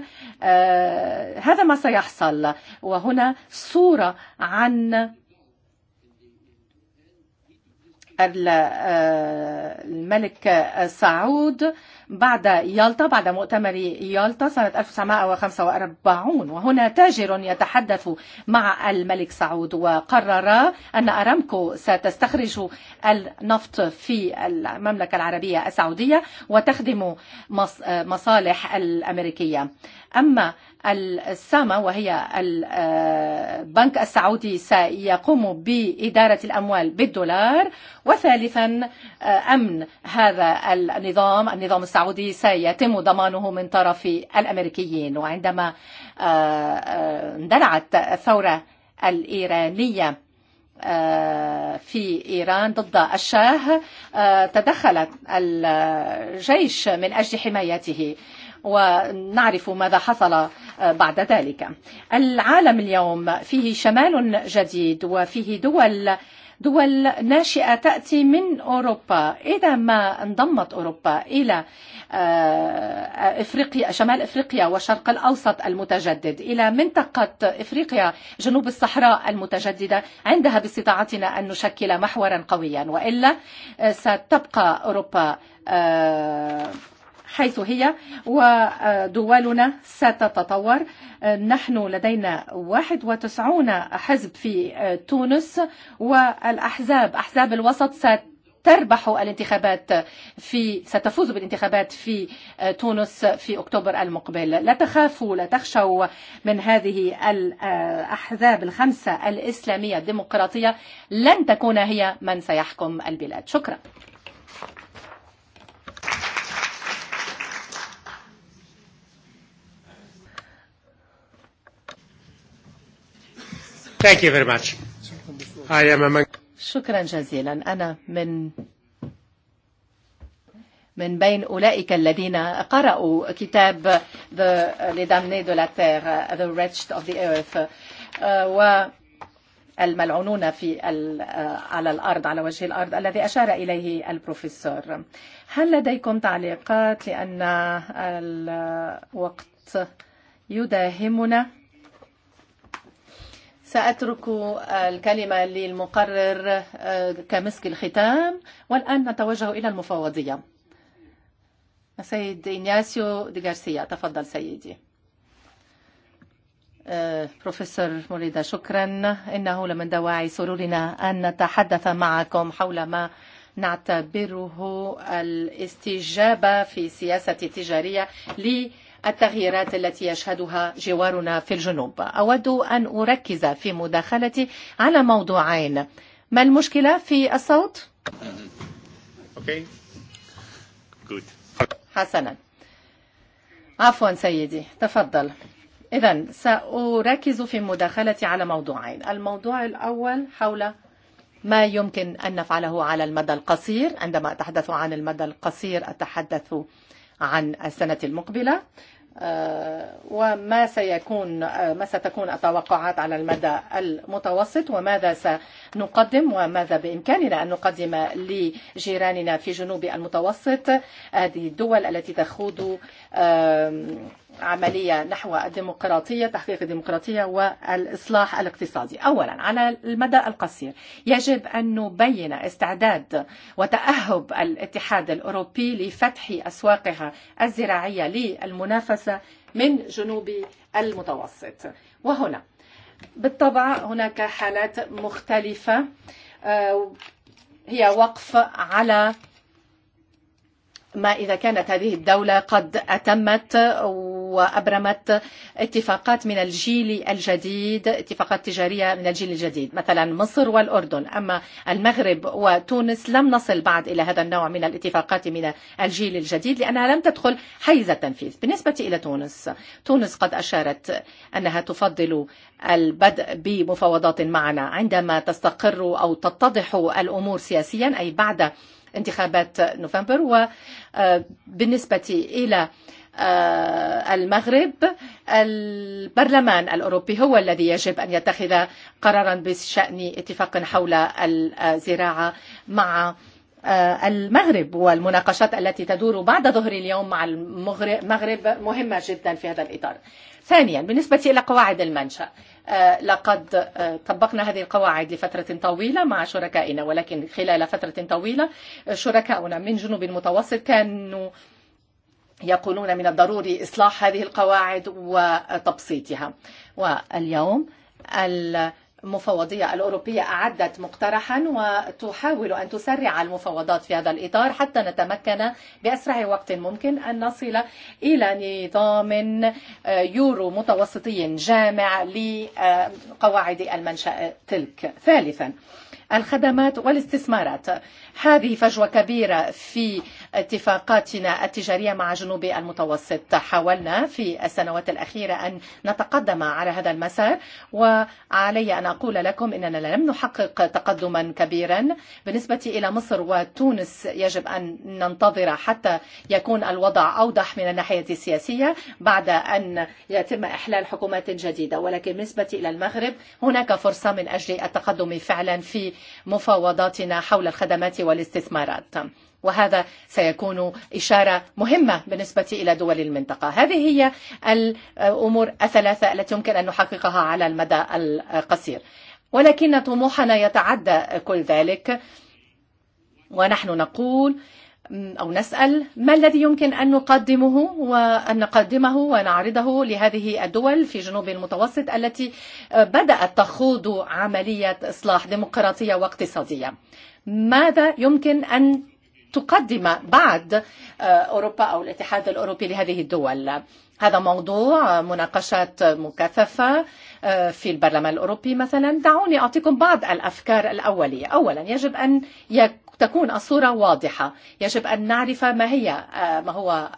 Speaker 2: هذا ما سيحصل وهنا صورة عن الملك سعود بعد يالطا بعد مؤتمر يالطا سنة 1945 وهنا تاجر يتحدث مع الملك سعود وقرر أن أرامكو ستستخرج النفط في المملكة العربية السعودية وتخدم مصالح الأمريكية أما السامة وهي البنك السعودي سيقوم بإدارة الأموال بالدولار وثالثا أمن هذا النظام النظام السعودي سيتم ضمانه من طرف الأمريكيين وعندما اندلعت الثورة الإيرانية في إيران ضد الشاه تدخلت الجيش من أجل حمايته ونعرف ماذا حصل بعد ذلك العالم اليوم فيه شمال جديد وفيه دول دول ناشئة تأتي من أوروبا إذا ما انضمت أوروبا إلى إفريقيا شمال إفريقيا وشرق الأوسط المتجدد إلى منطقة إفريقيا جنوب الصحراء المتجددة عندها باستطاعتنا أن نشكل محورا قويا وإلا ستبقى أوروبا حيث هي ودولنا ستتطور نحن لدينا 91 حزب في تونس والأحزاب أحزاب الوسط ست تربح الانتخابات في ستفوز بالانتخابات في تونس في اكتوبر المقبل لا تخافوا لا تخشوا من هذه الاحزاب الخمسة الإسلامية الديمقراطية لن تكون هي من سيحكم البلاد شكرا
Speaker 1: Thank you very much. I am among...
Speaker 2: Shukran jazilan. Ana min من بين أولئك الذين قرأوا كتاب The Lidamne de la Terre, The Wretched of the Earth والملعونون في على الأرض على وجه الأرض الذي أشار إليه البروفيسور هل لديكم تعليقات لأن الوقت يداهمنا سأترك الكلمة للمقرر كمسك الختام والآن نتوجه إلى المفوضية السيد إنياسيو دي غارسيا تفضل سيدي بروفيسور موريدا شكرا إنه لمن دواعي سرورنا أن نتحدث معكم حول ما نعتبره الاستجابة في سياسة تجارية لي التغييرات التي يشهدها جوارنا في الجنوب أود أن أركز في مداخلتي على موضوعين ما المشكلة في الصوت؟
Speaker 1: okay. Good.
Speaker 2: حسنا عفوا سيدي تفضل إذا سأركز في مداخلتي على موضوعين الموضوع الأول حول ما يمكن أن نفعله على المدى القصير عندما أتحدث عن المدى القصير أتحدث عن السنة المقبلة وما سيكون ما ستكون التوقعات على المدى المتوسط وماذا سنقدم وماذا بإمكاننا أن نقدم لجيراننا في جنوب المتوسط هذه الدول التي تخوض عملية نحو الديمقراطية تحقيق الديمقراطية والإصلاح الاقتصادي أولا على المدى القصير يجب أن نبين استعداد وتأهب الاتحاد الأوروبي لفتح أسواقها الزراعية للمنافسة من جنوب المتوسط وهنا بالطبع هناك حالات مختلفة هي وقف على ما إذا كانت هذه الدولة قد أتمت وأبرمت اتفاقات من الجيل الجديد اتفاقات تجارية من الجيل الجديد مثلا مصر والأردن أما المغرب وتونس لم نصل بعد إلى هذا النوع من الاتفاقات من الجيل الجديد لأنها لم تدخل حيز التنفيذ بالنسبة إلى تونس تونس قد أشارت أنها تفضل البدء بمفاوضات معنا عندما تستقر أو تتضح الأمور سياسيا أي بعد انتخابات نوفمبر وبالنسبة إلى المغرب البرلمان الأوروبي هو الذي يجب أن يتخذ قرارا بشأن اتفاق حول الزراعة مع المغرب والمناقشات التي تدور بعد ظهر اليوم مع المغرب مهمة جدا في هذا الإطار ثانيا بالنسبة إلى قواعد المنشأ لقد طبقنا هذه القواعد لفترة طويلة مع شركائنا ولكن خلال فترة طويلة شركاؤنا من جنوب المتوسط كانوا يقولون من الضروري إصلاح هذه القواعد وتبسيطها واليوم المفوضية الأوروبية أعدت مقترحا وتحاول أن تسرع المفاوضات في هذا الإطار حتى نتمكن بأسرع وقت ممكن أن نصل إلى نظام يورو متوسطي جامع لقواعد المنشأ تلك ثالثا الخدمات والاستثمارات هذه فجوة كبيرة في اتفاقاتنا التجارية مع جنوب المتوسط حاولنا في السنوات الأخيرة أن نتقدم على هذا المسار وعلي أن أقول لكم أننا لم نحقق تقدما كبيرا بالنسبة إلى مصر وتونس يجب أن ننتظر حتى يكون الوضع أوضح من الناحية السياسية بعد أن يتم إحلال حكومات جديدة ولكن بالنسبة إلى المغرب هناك فرصة من أجل التقدم فعلا في مفاوضاتنا حول الخدمات والاستثمارات وهذا سيكون إشارة مهمة بالنسبة إلى دول المنطقة هذه هي الأمور الثلاثة التي يمكن أن نحققها على المدى القصير ولكن طموحنا يتعدى كل ذلك ونحن نقول أو نسأل ما الذي يمكن أن نقدمه وأن نقدمه ونعرضه لهذه الدول في جنوب المتوسط التي بدأت تخوض عملية إصلاح ديمقراطية واقتصادية ماذا يمكن أن تقدم بعد أوروبا أو الاتحاد الأوروبي لهذه الدول هذا موضوع مناقشات مكثفة في البرلمان الأوروبي مثلا دعوني أعطيكم بعض الأفكار الأولية أولا يجب أن يكون تكون الصورة واضحة يجب أن نعرف ما هي ما هو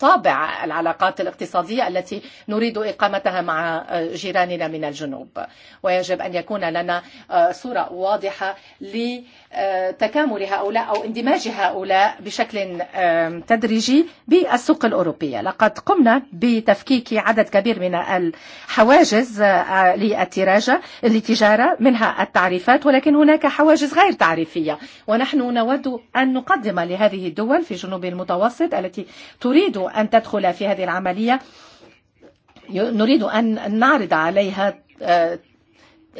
Speaker 2: طابع العلاقات الاقتصادية التي نريد إقامتها مع جيراننا من الجنوب ويجب أن يكون لنا صورة واضحة لتكامل هؤلاء أو اندماج هؤلاء بشكل تدريجي بالسوق الأوروبية لقد قمنا بتفكيك عدد كبير من الحواجز للتجارة منها التعريفات ولكن هناك حواجز غير تعريفية ونحن نحن نود أن نقدم لهذه الدول في جنوب المتوسط التي تريد أن تدخل في هذه العملية نريد أن نعرض عليها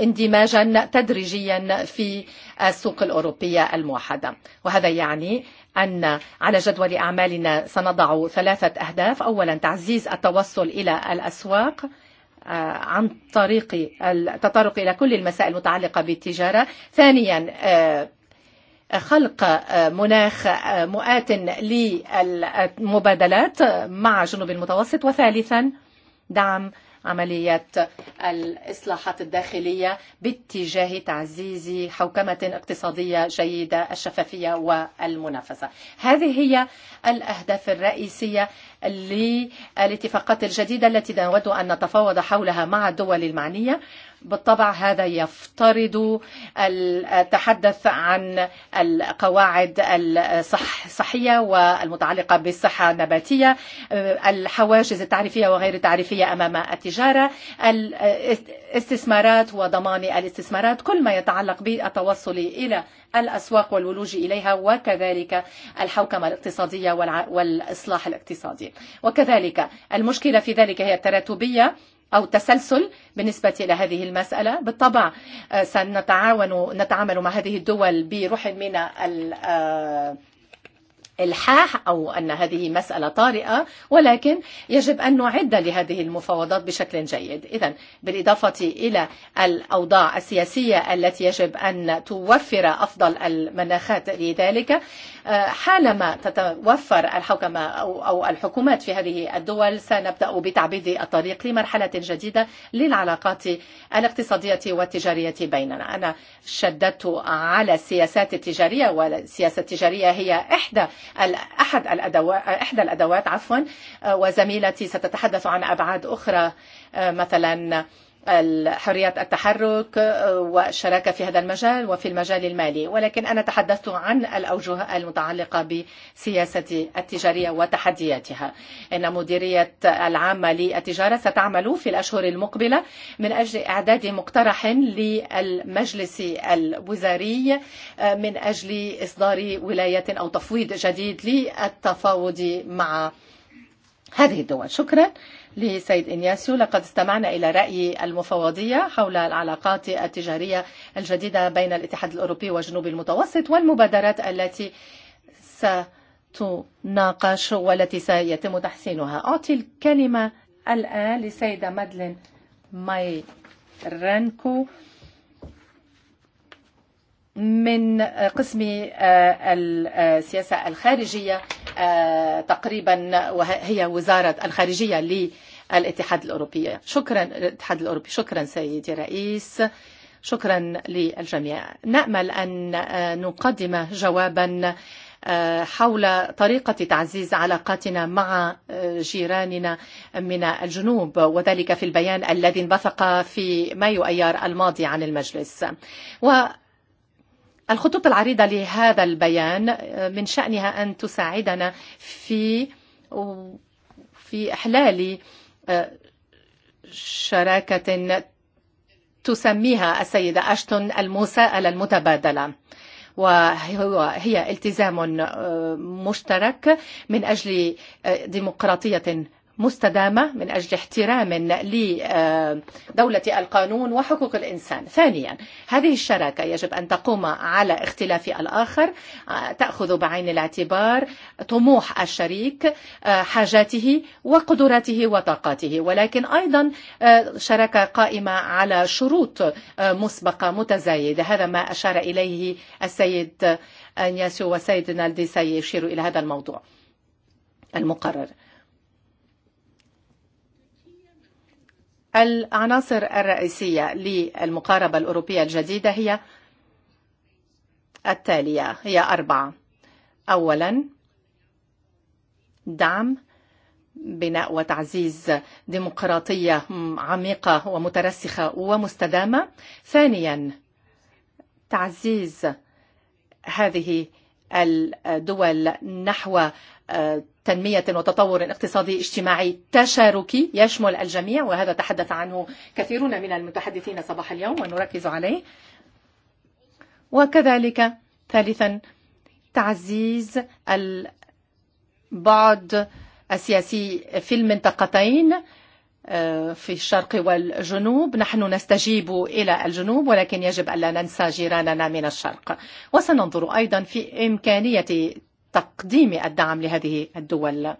Speaker 2: اندماجا تدريجيا في السوق الأوروبية الموحدة وهذا يعني أن على جدول أعمالنا سنضع ثلاثة أهداف أولا تعزيز التوصل إلى الأسواق عن طريق التطرق إلى كل المسائل المتعلقة بالتجارة ثانيا خلق مناخ مؤات للمبادلات مع جنوب المتوسط وثالثا دعم عملية الإصلاحات الداخلية باتجاه تعزيز حوكمة اقتصادية جيدة الشفافية والمنافسة هذه هي الأهداف الرئيسية للاتفاقات الجديدة التي نود أن نتفاوض حولها مع الدول المعنية بالطبع هذا يفترض التحدث عن القواعد الصحية والمتعلقة بالصحة النباتية الحواجز التعريفية وغير التعريفية أمام التجارة الاستثمارات وضمان الاستثمارات كل ما يتعلق بالتوصل إلى الأسواق والولوج إليها وكذلك الحوكمة الاقتصادية والإصلاح الاقتصادي وكذلك المشكلة في ذلك هي التراتبية أو تسلسل بالنسبة إلى هذه المسألة بالطبع سنتعاون نتعامل مع هذه الدول بروح من الحاح أو أن هذه مسألة طارئة ولكن يجب أن نعد لهذه المفاوضات بشكل جيد إذا بالإضافة إلى الأوضاع السياسية التي يجب أن توفر أفضل المناخات لذلك حالما تتوفر الحكمة أو الحكومات في هذه الدول سنبدأ بتعبيد الطريق لمرحلة جديدة للعلاقات الاقتصادية والتجارية بيننا أنا شددت على السياسات التجارية والسياسة التجارية هي إحدى أحد الأدوات إحدى الأدوات عفوا وزميلتي ستتحدث عن أبعاد أخرى مثلا حريات التحرك والشراكة في هذا المجال وفي المجال المالي ولكن أنا تحدثت عن الأوجه المتعلقة بسياسة التجارية وتحدياتها إن مديرية العامة للتجارة ستعمل في الأشهر المقبلة من أجل إعداد مقترح للمجلس الوزاري من أجل إصدار ولاية أو تفويض جديد للتفاوض مع هذه الدول شكراً لسيد إنياسيو لقد استمعنا إلى رأي المفوضية حول العلاقات التجارية الجديدة بين الاتحاد الأوروبي وجنوب المتوسط والمبادرات التي ستناقش والتي سيتم تحسينها أعطي الكلمة الآن لسيدة مادلين ماي رانكو من قسم السياسة الخارجية تقريبا وهي وزارة الخارجية للاتحاد الأوروبي شكرا الاتحاد الأوروبي شكرا سيدي رئيس شكرا للجميع نأمل أن نقدم جوابا حول طريقة تعزيز علاقاتنا مع جيراننا من الجنوب وذلك في البيان الذي انبثق في مايو أيار الماضي عن المجلس و الخطوط العريضة لهذا البيان من شأنها أن تساعدنا في في إحلال شراكة تسميها السيدة أشتون المساءلة المتبادلة وهي التزام مشترك من أجل ديمقراطية مستدامة من أجل احترام لدولة القانون وحقوق الإنسان ثانيا هذه الشراكة يجب أن تقوم على اختلاف الآخر تأخذ بعين الاعتبار طموح الشريك حاجاته وقدراته وطاقاته ولكن أيضا شراكة قائمة على شروط مسبقة متزايدة هذا ما أشار إليه السيد أنياسيو وسيد نالدي سيشير إلى هذا الموضوع المقرر العناصر الرئيسية للمقاربة الأوروبية الجديدة هي التالية هي أربعة أولا دعم بناء وتعزيز ديمقراطية عميقة ومترسخة ومستدامة ثانيا تعزيز هذه الدول نحو تنمية وتطور اقتصادي اجتماعي تشاركي يشمل الجميع وهذا تحدث عنه كثيرون من المتحدثين صباح اليوم ونركز عليه وكذلك ثالثا تعزيز البعد السياسي في المنطقتين في الشرق والجنوب نحن نستجيب إلى الجنوب ولكن يجب أن لا ننسى جيراننا من الشرق وسننظر أيضا في إمكانية تقديم الدعم لهذه الدول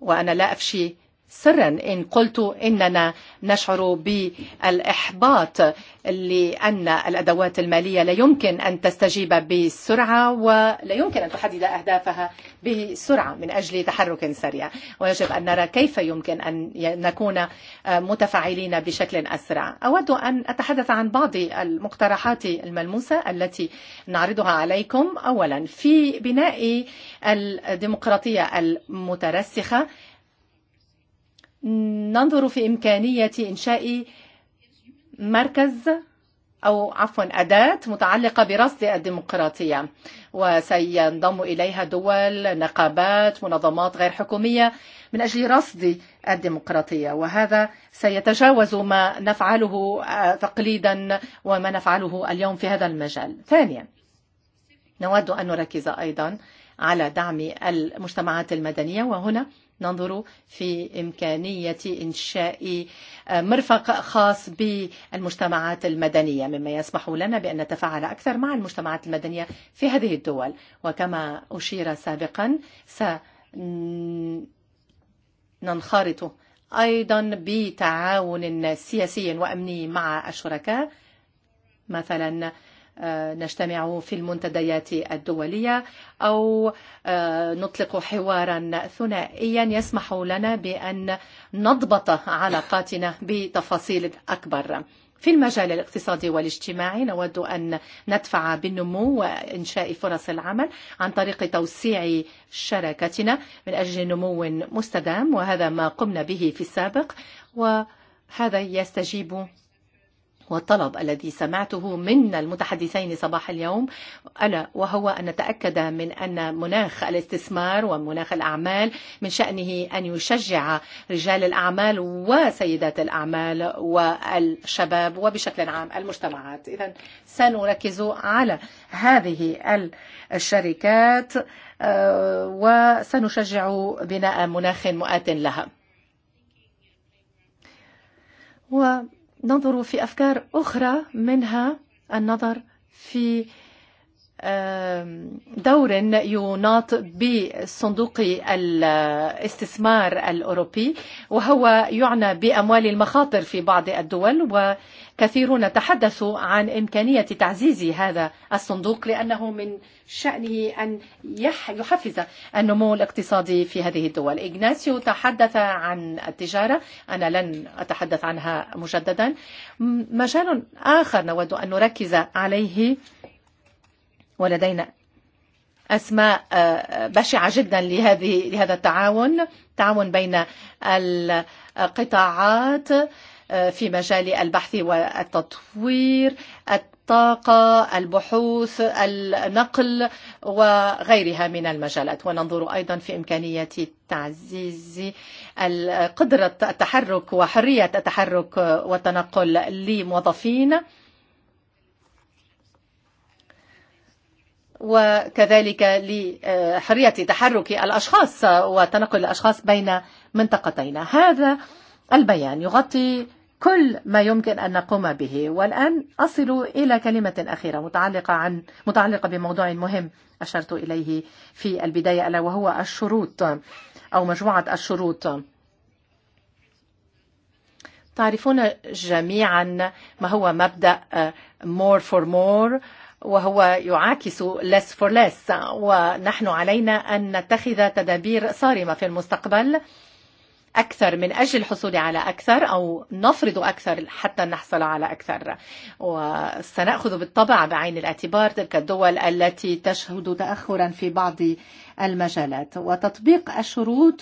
Speaker 2: وأنا لا أفشي سرا إن قلت إننا نشعر بالإحباط لأن الأدوات المالية لا يمكن أن تستجيب بسرعة ولا يمكن أن تحدد أهدافها بسرعة من أجل تحرك سريع ويجب أن نرى كيف يمكن أن نكون متفاعلين بشكل أسرع أود أن أتحدث عن بعض المقترحات الملموسة التي نعرضها عليكم أولا في بناء الديمقراطية المترسخة ننظر في إمكانية إنشاء مركز أو عفوا أداة متعلقة برصد الديمقراطية وسينضم إليها دول نقابات منظمات غير حكومية من أجل رصد الديمقراطية وهذا سيتجاوز ما نفعله تقليدا وما نفعله اليوم في هذا المجال ثانيا نود أن نركز أيضا على دعم المجتمعات المدنية وهنا ننظروا في إمكانية إنشاء مرفق خاص بالمجتمعات المدنية مما يسمح لنا بأن نتفاعل أكثر مع المجتمعات المدنية في هذه الدول وكما أشير سابقا سننخرط أيضا بتعاون سياسي وأمني مع الشركاء مثلا نجتمع في المنتديات الدولية أو نطلق حوارا ثنائيا يسمح لنا بأن نضبط علاقاتنا بتفاصيل أكبر في المجال الاقتصادي والاجتماعي نود أن ندفع بالنمو وإنشاء فرص العمل عن طريق توسيع شراكتنا من أجل نمو مستدام وهذا ما قمنا به في السابق وهذا يستجيب والطلب الذي سمعته من المتحدثين صباح اليوم أنا وهو أن نتأكد من أن مناخ الاستثمار ومناخ الأعمال من شأنه أن يشجع رجال الأعمال وسيدات الأعمال والشباب وبشكل عام المجتمعات إذا سنركز على هذه الشركات وسنشجع بناء مناخ مؤات لها و ننظر في أفكار أخرى منها النظر في دور يناط بصندوق الاستثمار الأوروبي وهو يعنى بأموال المخاطر في بعض الدول وكثيرون تحدثوا عن إمكانية تعزيز هذا الصندوق لأنه من شأنه أن يحفز النمو الاقتصادي في هذه الدول إغناسيو تحدث عن التجارة أنا لن أتحدث عنها مجددا مجال آخر نود أن نركز عليه ولدينا أسماء بشعة جدا لهذه لهذا التعاون تعاون بين القطاعات في مجال البحث والتطوير الطاقة البحوث النقل وغيرها من المجالات وننظر أيضا في إمكانية تعزيز قدرة التحرك وحرية التحرك والتنقل لموظفين وكذلك لحرية تحرك الأشخاص وتنقل الأشخاص بين منطقتين هذا البيان يغطي كل ما يمكن أن نقوم به والآن أصل إلى كلمة أخيرة متعلقة, عن متعلقة بموضوع مهم أشرت إليه في البداية ألا وهو الشروط أو مجموعة الشروط تعرفون جميعا ما هو مبدأ more for more وهو يعاكس less for less ونحن علينا أن نتخذ تدابير صارمة في المستقبل أكثر من أجل الحصول على أكثر أو نفرض أكثر حتى نحصل على أكثر وسنأخذ بالطبع بعين الاعتبار تلك الدول التي تشهد تأخرا في بعض المجالات وتطبيق الشروط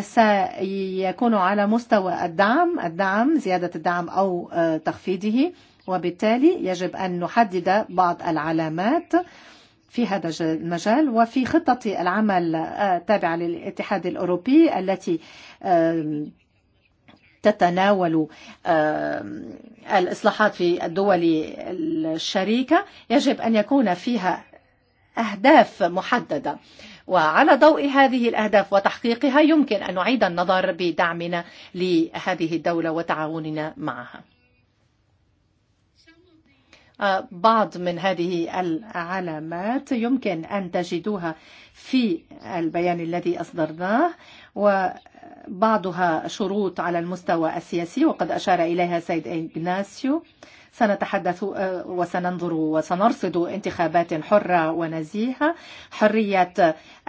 Speaker 2: سيكون على مستوى الدعم الدعم زيادة الدعم أو تخفيضه وبالتالي يجب أن نحدد بعض العلامات في هذا المجال وفي خطة العمل التابعة للاتحاد الأوروبي التي تتناول الإصلاحات في الدول الشريكة يجب أن يكون فيها أهداف محددة وعلى ضوء هذه الأهداف وتحقيقها يمكن أن نعيد النظر بدعمنا لهذه الدولة وتعاوننا معها بعض من هذه العلامات يمكن أن تجدوها في البيان الذي أصدرناه وبعضها شروط على المستوى السياسي وقد أشار إليها سيد إغناسيو سنتحدث وسننظر وسنرصد انتخابات حرة ونزيهة حرية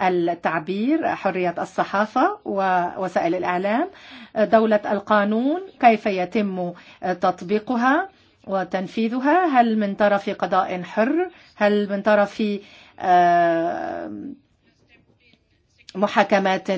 Speaker 2: التعبير حرية الصحافة ووسائل الإعلام دولة القانون كيف يتم تطبيقها وتنفيذها هل من طرف قضاء حر هل من طرف محاكمات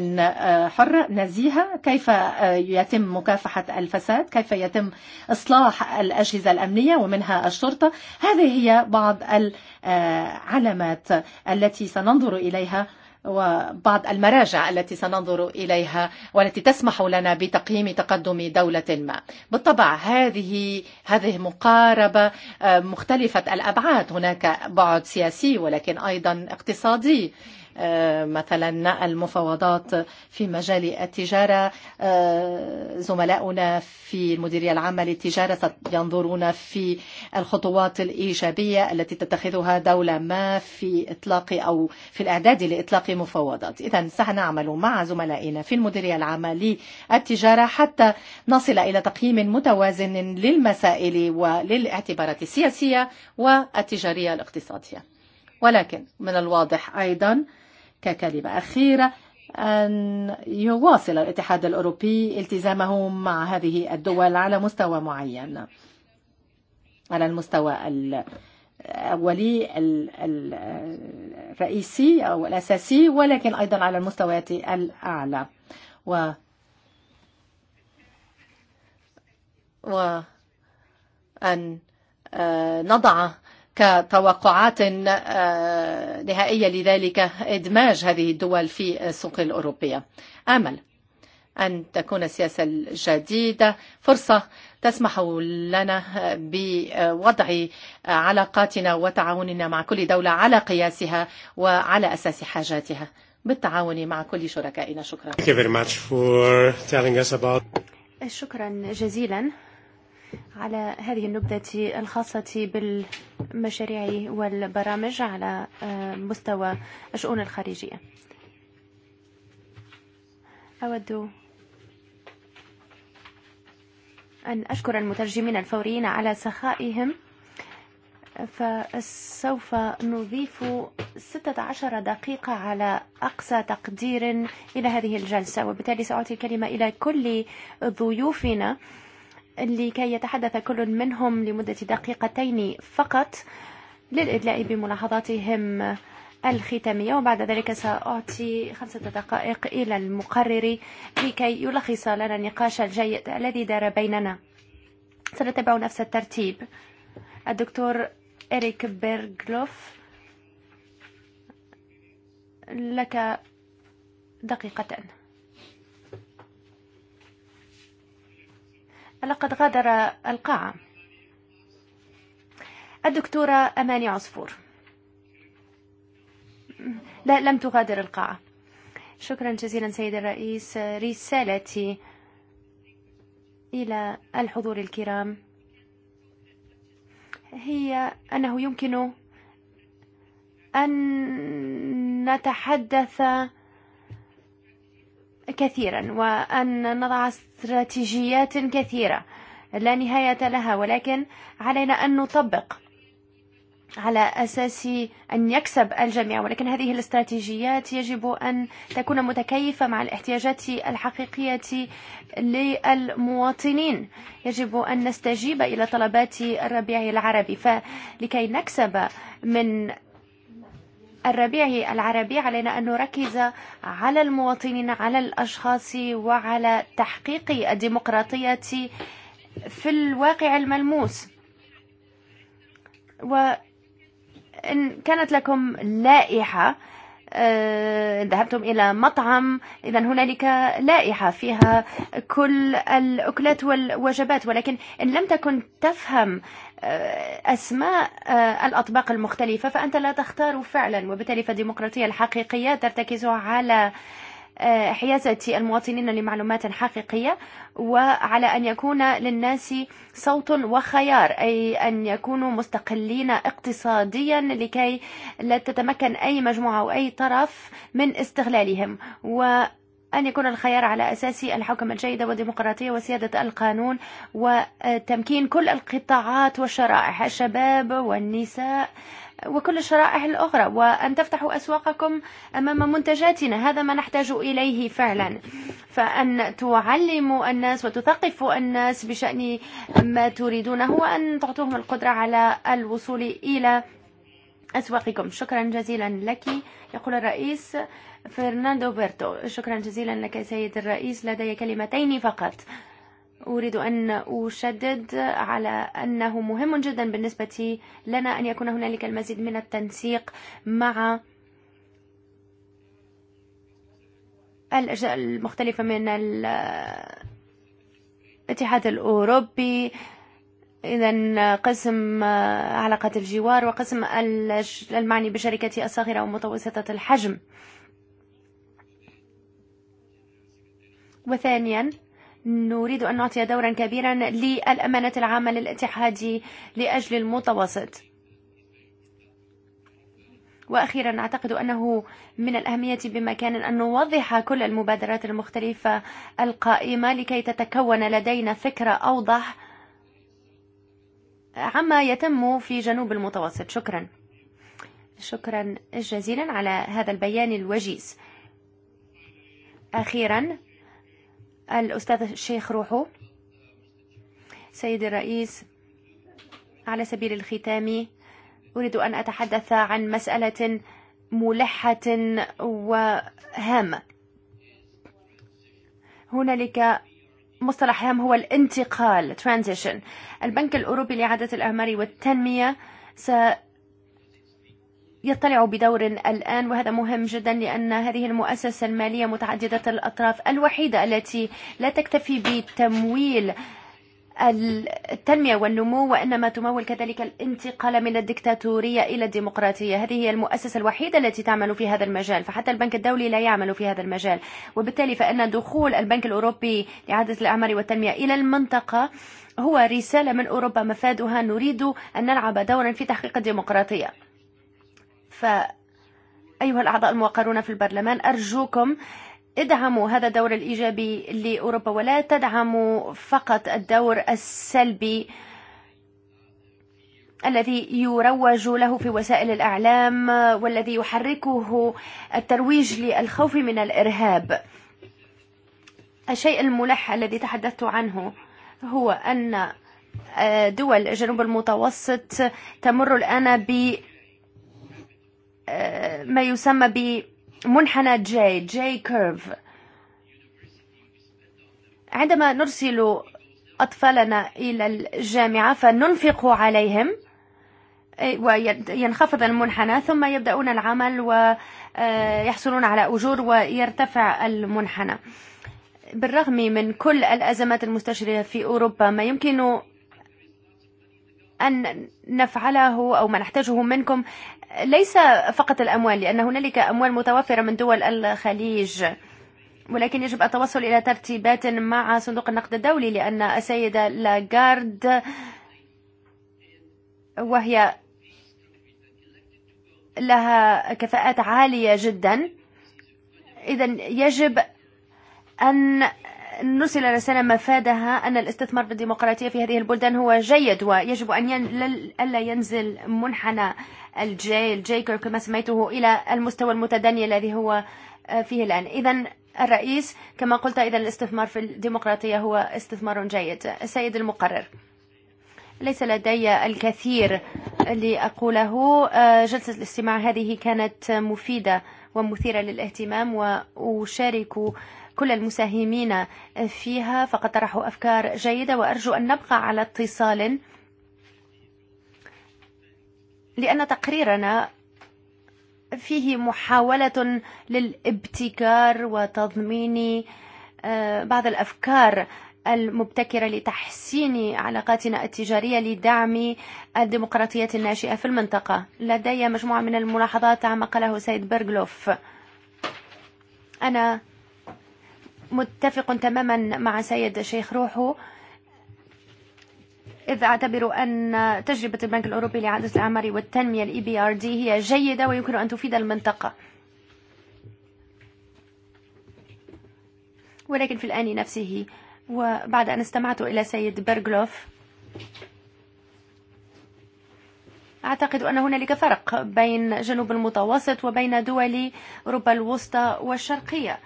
Speaker 2: حرة نزيهة كيف يتم مكافحة الفساد كيف يتم إصلاح الأجهزة الأمنية ومنها الشرطة هذه هي بعض العلامات التي سننظر إليها وبعض المراجع التي سننظر إليها والتي تسمح لنا بتقييم تقدم دولة ما بالطبع هذه هذه مقاربة مختلفة الأبعاد هناك بعد سياسي ولكن أيضا اقتصادي مثلا المفاوضات في مجال التجارة زملاؤنا في المديرية العامة للتجارة ينظرون في الخطوات الإيجابية التي تتخذها دولة ما في إطلاق أو في الإعداد لإطلاق مفاوضات إذا سنعمل مع زملائنا في المديرية العامة للتجارة حتى نصل إلى تقييم متوازن للمسائل وللاعتبارات السياسية والتجارية الاقتصادية ولكن من الواضح أيضا ككلمة أخيرة أن يواصل الاتحاد الأوروبي التزامه مع هذه الدول على مستوى معين على المستوى الأولي الرئيسي أو الأساسي ولكن أيضا على المستويات الأعلى و وأن نضع كتوقعات نهائية لذلك إدماج هذه الدول في السوق الأوروبية آمل أن تكون السياسة الجديدة فرصة تسمح لنا بوضع علاقاتنا وتعاوننا مع كل دولة على قياسها وعلى أساس حاجاتها بالتعاون مع كل شركائنا شكرا
Speaker 9: شكرا جزيلا على هذه النبذة الخاصة بالمشاريع والبرامج على مستوى الشؤون الخارجية أود أن أشكر المترجمين الفوريين على سخائهم فسوف نضيف 16 دقيقة على أقصى تقدير إلى هذه الجلسة وبالتالي سأعطي الكلمة إلى كل ضيوفنا لكي يتحدث كل منهم لمدة دقيقتين فقط للإدلاء بملاحظاتهم الختامية وبعد ذلك سأعطي خمسة دقائق إلى المقرر لكي يلخص لنا النقاش الجيد الذي دار بيننا سنتبع نفس الترتيب الدكتور إريك بيرغلوف لك دقيقتان لقد غادر القاعة الدكتورة أماني عصفور لا لم تغادر القاعة شكرا جزيلا سيد الرئيس رسالتي إلى الحضور الكرام هي أنه يمكن أن نتحدث عن كثيرا وأن نضع استراتيجيات كثيرة لا نهاية لها ولكن علينا أن نطبق على أساس أن يكسب الجميع ولكن هذه الاستراتيجيات يجب أن تكون متكيفة مع الاحتياجات الحقيقية للمواطنين يجب أن نستجيب إلى طلبات الربيع العربي فلكي نكسب من الربيع العربي علينا أن نركز على المواطنين على الأشخاص وعلى تحقيق الديمقراطية في الواقع الملموس وإن كانت لكم لائحة ذهبتم إلى مطعم إذا هنالك لائحة فيها كل الأكلات والوجبات ولكن إن لم تكن تفهم أسماء الأطباق المختلفة فأنت لا تختار فعلا وبالتالي فالديمقراطية الحقيقية ترتكز على حيازة المواطنين لمعلومات حقيقية وعلى أن يكون للناس صوت وخيار أي أن يكونوا مستقلين اقتصاديا لكي لا تتمكن أي مجموعة أو أي طرف من استغلالهم و أن يكون الخيار على أساس الحكم الجيدة والديمقراطية وسيادة القانون وتمكين كل القطاعات والشرائح الشباب والنساء وكل الشرائح الأخرى وأن تفتحوا أسواقكم أمام منتجاتنا هذا ما نحتاج إليه فعلا فأن تعلموا الناس وتثقفوا الناس بشأن ما تريدونه وأن تعطوهم القدرة على الوصول إلى أسواقكم شكرا جزيلا لك يقول الرئيس فرناندو بيرتو شكرا جزيلا لك سيد الرئيس لدي كلمتين فقط أريد أن أشدد على أنه مهم جدا بالنسبة لنا أن يكون هنالك المزيد من التنسيق مع الأجزاء المختلفة من الاتحاد الأوروبي إذا قسم علاقات الجوار وقسم المعني بشركات الصغيرة ومتوسطة الحجم وثانيا نريد أن نعطي دورا كبيرا للأمانة العامة للاتحادي لأجل المتوسط وأخيرا أعتقد أنه من الأهمية بمكان أن نوضح كل المبادرات المختلفة القائمة لكي تتكون لدينا فكرة أوضح عما يتم في جنوب المتوسط شكرا شكرا جزيلا على هذا البيان الوجيز أخيرا الأستاذ الشيخ روحو سيد الرئيس على سبيل الختام أريد أن أتحدث عن مسألة ملحة وهامة هنالك مصطلح هام هو الانتقال transition البنك الأوروبي لإعادة الأعمار والتنمية س يطلع بدور الآن وهذا مهم جدا لأن هذه المؤسسة المالية متعددة الأطراف الوحيدة التي لا تكتفي بتمويل التنمية والنمو وإنما تمول كذلك الانتقال من الدكتاتورية إلى الديمقراطية هذه هي المؤسسة الوحيدة التي تعمل في هذا المجال فحتى البنك الدولي لا يعمل في هذا المجال وبالتالي فإن دخول البنك الأوروبي لإعادة الأعمار والتنمية إلى المنطقة هو رسالة من أوروبا مفادها نريد أن نلعب دورا في تحقيق الديمقراطية ف أيها الأعضاء الموقرون في البرلمان أرجوكم ادعموا هذا الدور الإيجابي لأوروبا ولا تدعموا فقط الدور السلبي الذي يروج له في وسائل الإعلام والذي يحركه الترويج للخوف من الإرهاب الشيء الملح الذي تحدثت عنه هو أن دول جنوب المتوسط تمر الآن ب ما يسمى ب منحنى جي جي كيرف عندما نرسل أطفالنا إلى الجامعة فننفق عليهم وينخفض المنحنى ثم يبدأون العمل ويحصلون على أجور ويرتفع المنحنى بالرغم من كل الأزمات المستشرية في أوروبا ما يمكن أن نفعله أو ما نحتاجه منكم ليس فقط الأموال لأن هنالك أموال متوفرة من دول الخليج ولكن يجب التوصل إلى ترتيبات مع صندوق النقد الدولي لأن السيدة لاغارد وهي لها كفاءات عالية جدا إذا يجب أن نسل رسالة مفادها أن الاستثمار بالديمقراطية في هذه البلدان هو جيد ويجب أن ين... ألا ينزل منحنى الجاي الجيكر كما سميته إلى المستوى المتدني الذي هو فيه الآن إذا الرئيس كما قلت إذا الاستثمار في الديمقراطية هو استثمار جيد السيد المقرر ليس لدي الكثير لأقوله جلسة الاستماع هذه كانت مفيدة ومثيرة للاهتمام وأشارك كل المساهمين فيها فقد طرحوا أفكار جيدة وأرجو أن نبقى على اتصال لأن تقريرنا فيه محاولة للابتكار وتضمين بعض الأفكار المبتكرة لتحسين علاقاتنا التجارية لدعم الديمقراطية الناشئة في المنطقة لدي مجموعة من الملاحظات عما قاله سيد بيرغلوف أنا متفق تماما مع سيد الشيخ روحو إذ أعتبر أن تجربة البنك الأوروبي لإعادة الأعمار والتنمية الـ EBRD هي جيدة ويمكن أن تفيد المنطقة ولكن في الآن نفسه وبعد أن استمعت إلى سيد برغلوف أعتقد أن هنالك فرق بين جنوب المتوسط وبين دول أوروبا الوسطى والشرقية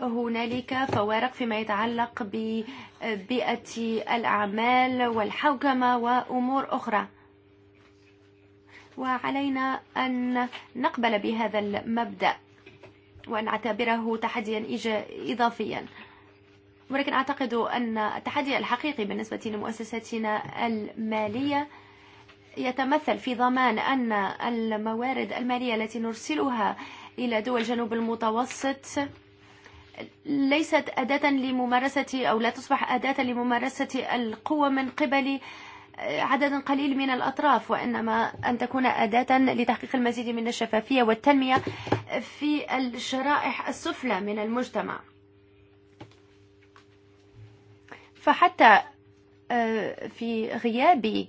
Speaker 9: هنالك فوارق فيما يتعلق ببيئة الأعمال والحوكمة وأمور أخرى وعلينا أن نقبل بهذا المبدأ وأن نعتبره تحديا إضافيا ولكن أعتقد أن التحدي الحقيقي بالنسبة لمؤسساتنا المالية يتمثل في ضمان أن الموارد المالية التي نرسلها إلى دول جنوب المتوسط ليست أداة لممارسة أو لا تصبح أداة لممارسة القوة من قبل عدد قليل من الأطراف وإنما أن تكون أداة لتحقيق المزيد من الشفافية والتنمية في الشرائح السفلى من المجتمع فحتى في غياب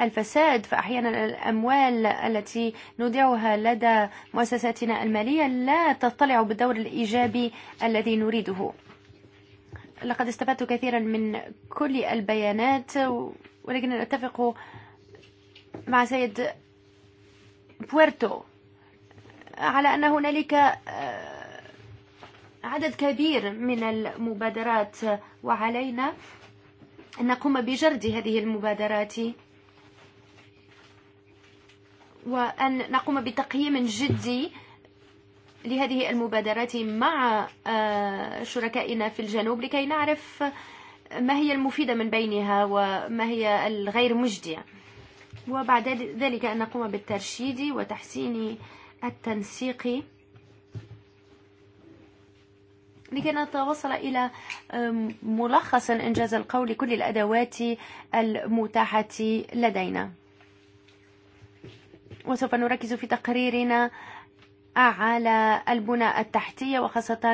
Speaker 9: الفساد فأحيانا الأموال التي نودعها لدى مؤسساتنا المالية لا تطلع بالدور الإيجابي الذي نريده لقد استفدت كثيرا من كل البيانات ولكن أتفق مع سيد بويرتو على أن هنالك عدد كبير من المبادرات وعلينا أن نقوم بجرد هذه المبادرات وأن نقوم بتقييم جدي لهذه المبادرات مع شركائنا في الجنوب لكي نعرف ما هي المفيدة من بينها وما هي الغير مجدية وبعد ذلك أن نقوم بالترشيد وتحسين التنسيق لكي نتوصل إلى ملخص إنجاز القول لكل الأدوات المتاحة لدينا وسوف نركز في تقريرنا على البناء التحتية وخاصة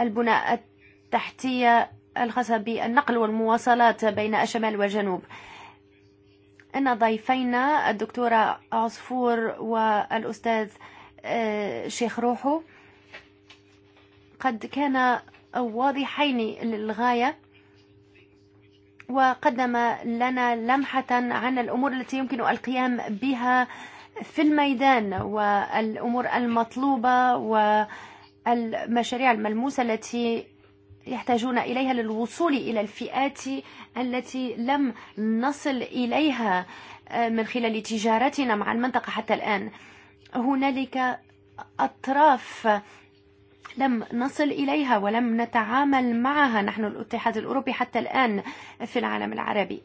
Speaker 9: البناء التحتية الخاصة بالنقل والمواصلات بين الشمال والجنوب أن ضيفينا الدكتورة عصفور والأستاذ شيخ روحو قد كان واضحين للغاية وقدم لنا لمحة عن الأمور التي يمكن القيام بها في الميدان والأمور المطلوبة والمشاريع الملموسة التي يحتاجون إليها للوصول إلى الفئات التي لم نصل إليها من خلال تجارتنا مع المنطقة حتى الآن هنالك أطراف لم نصل إليها ولم نتعامل معها نحن الاتحاد الأوروبي حتى الآن في العالم العربي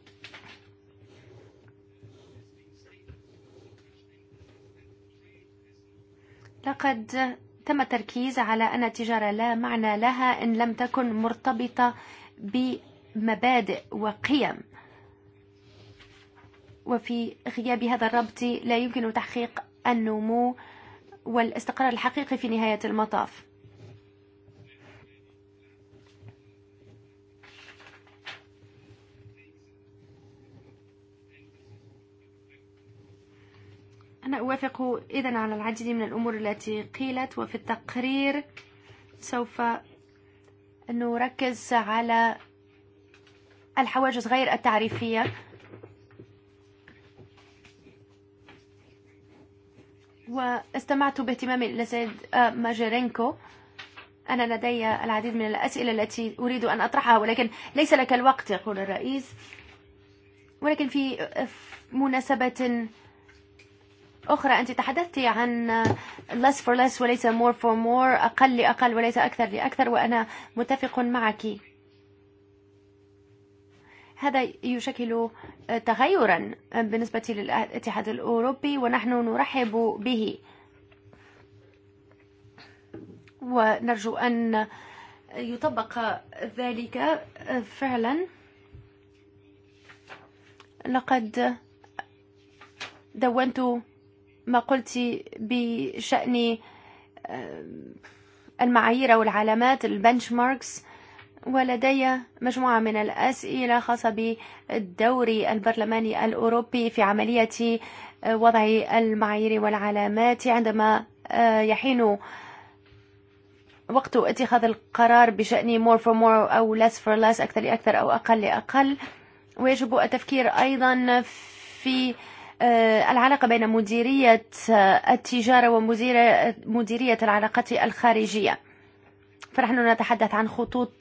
Speaker 9: لقد تم التركيز على أن التجارة لا معنى لها إن لم تكن مرتبطة بمبادئ وقيم وفي غياب هذا الربط لا يمكن تحقيق النمو والاستقرار الحقيقي في نهاية المطاف أنا أوافق إذا على العديد من الأمور التي قيلت وفي التقرير سوف نركز على الحواجز غير التعريفية واستمعت باهتمام إلى سيد ماجرينكو أنا لدي العديد من الأسئلة التي أريد أن أطرحها ولكن ليس لك الوقت يقول الرئيس ولكن في مناسبة أخرى أنت تحدثت عن less for less وليس more for more أقل لأقل وليس أكثر لأكثر وأنا متفق معك هذا يشكل تغيرا بالنسبة للاتحاد الأوروبي ونحن نرحب به ونرجو أن يطبق ذلك فعلا لقد دونت ما قلت بشأن المعايير أو العلامات البنش ماركس ولدي مجموعة من الأسئلة خاصة بالدور البرلماني الأوروبي في عملية وضع المعايير والعلامات عندما يحين وقت اتخاذ القرار بشأن more for more أو less for less أكثر لأكثر أو أقل لأقل ويجب التفكير أيضا في العلاقة بين مديرية التجارة ومديرية العلاقات الخارجية فنحن نتحدث عن خطوط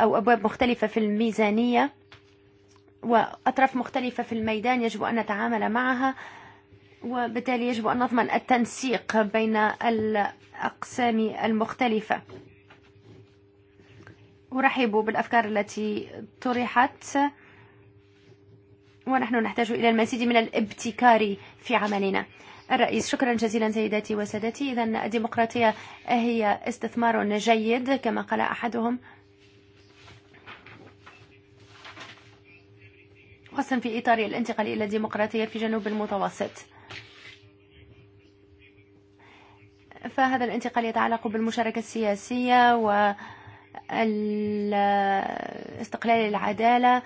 Speaker 9: أو أبواب مختلفة في الميزانية وأطراف مختلفة في الميدان يجب أن نتعامل معها وبالتالي يجب أن نضمن التنسيق بين الأقسام المختلفة أرحب بالأفكار التي طرحت ونحن نحتاج إلى المزيد من الابتكار في عملنا الرئيس شكرا جزيلا سيداتي وسادتي إذا الديمقراطية هي استثمار جيد كما قال أحدهم خاصة في إطار الانتقال إلى الديمقراطية في جنوب المتوسط فهذا الانتقال يتعلق بالمشاركة السياسية والاستقلال العدالة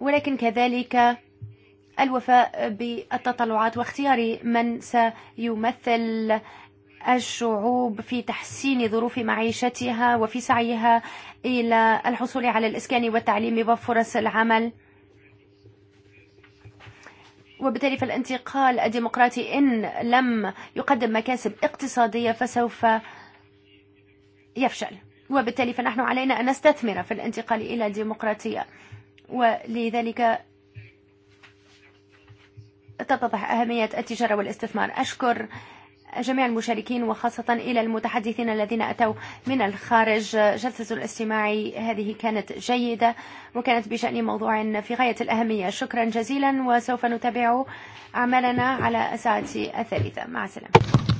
Speaker 9: ولكن كذلك الوفاء بالتطلعات واختيار من سيمثل الشعوب في تحسين ظروف معيشتها وفي سعيها إلى الحصول على الإسكان والتعليم وفرص العمل وبالتالي فالانتقال الديمقراطي إن لم يقدم مكاسب اقتصادية فسوف يفشل وبالتالي فنحن علينا أن نستثمر في الانتقال إلى ديمقراطية ولذلك تتضح أهمية التجارة والاستثمار أشكر جميع المشاركين وخاصة إلى المتحدثين الذين أتوا من الخارج جلسة الاستماعي هذه كانت جيدة وكانت بشأن موضوع في غاية الأهمية شكرا جزيلا وسوف نتابع أعمالنا على الساعة الثالثة مع السلامة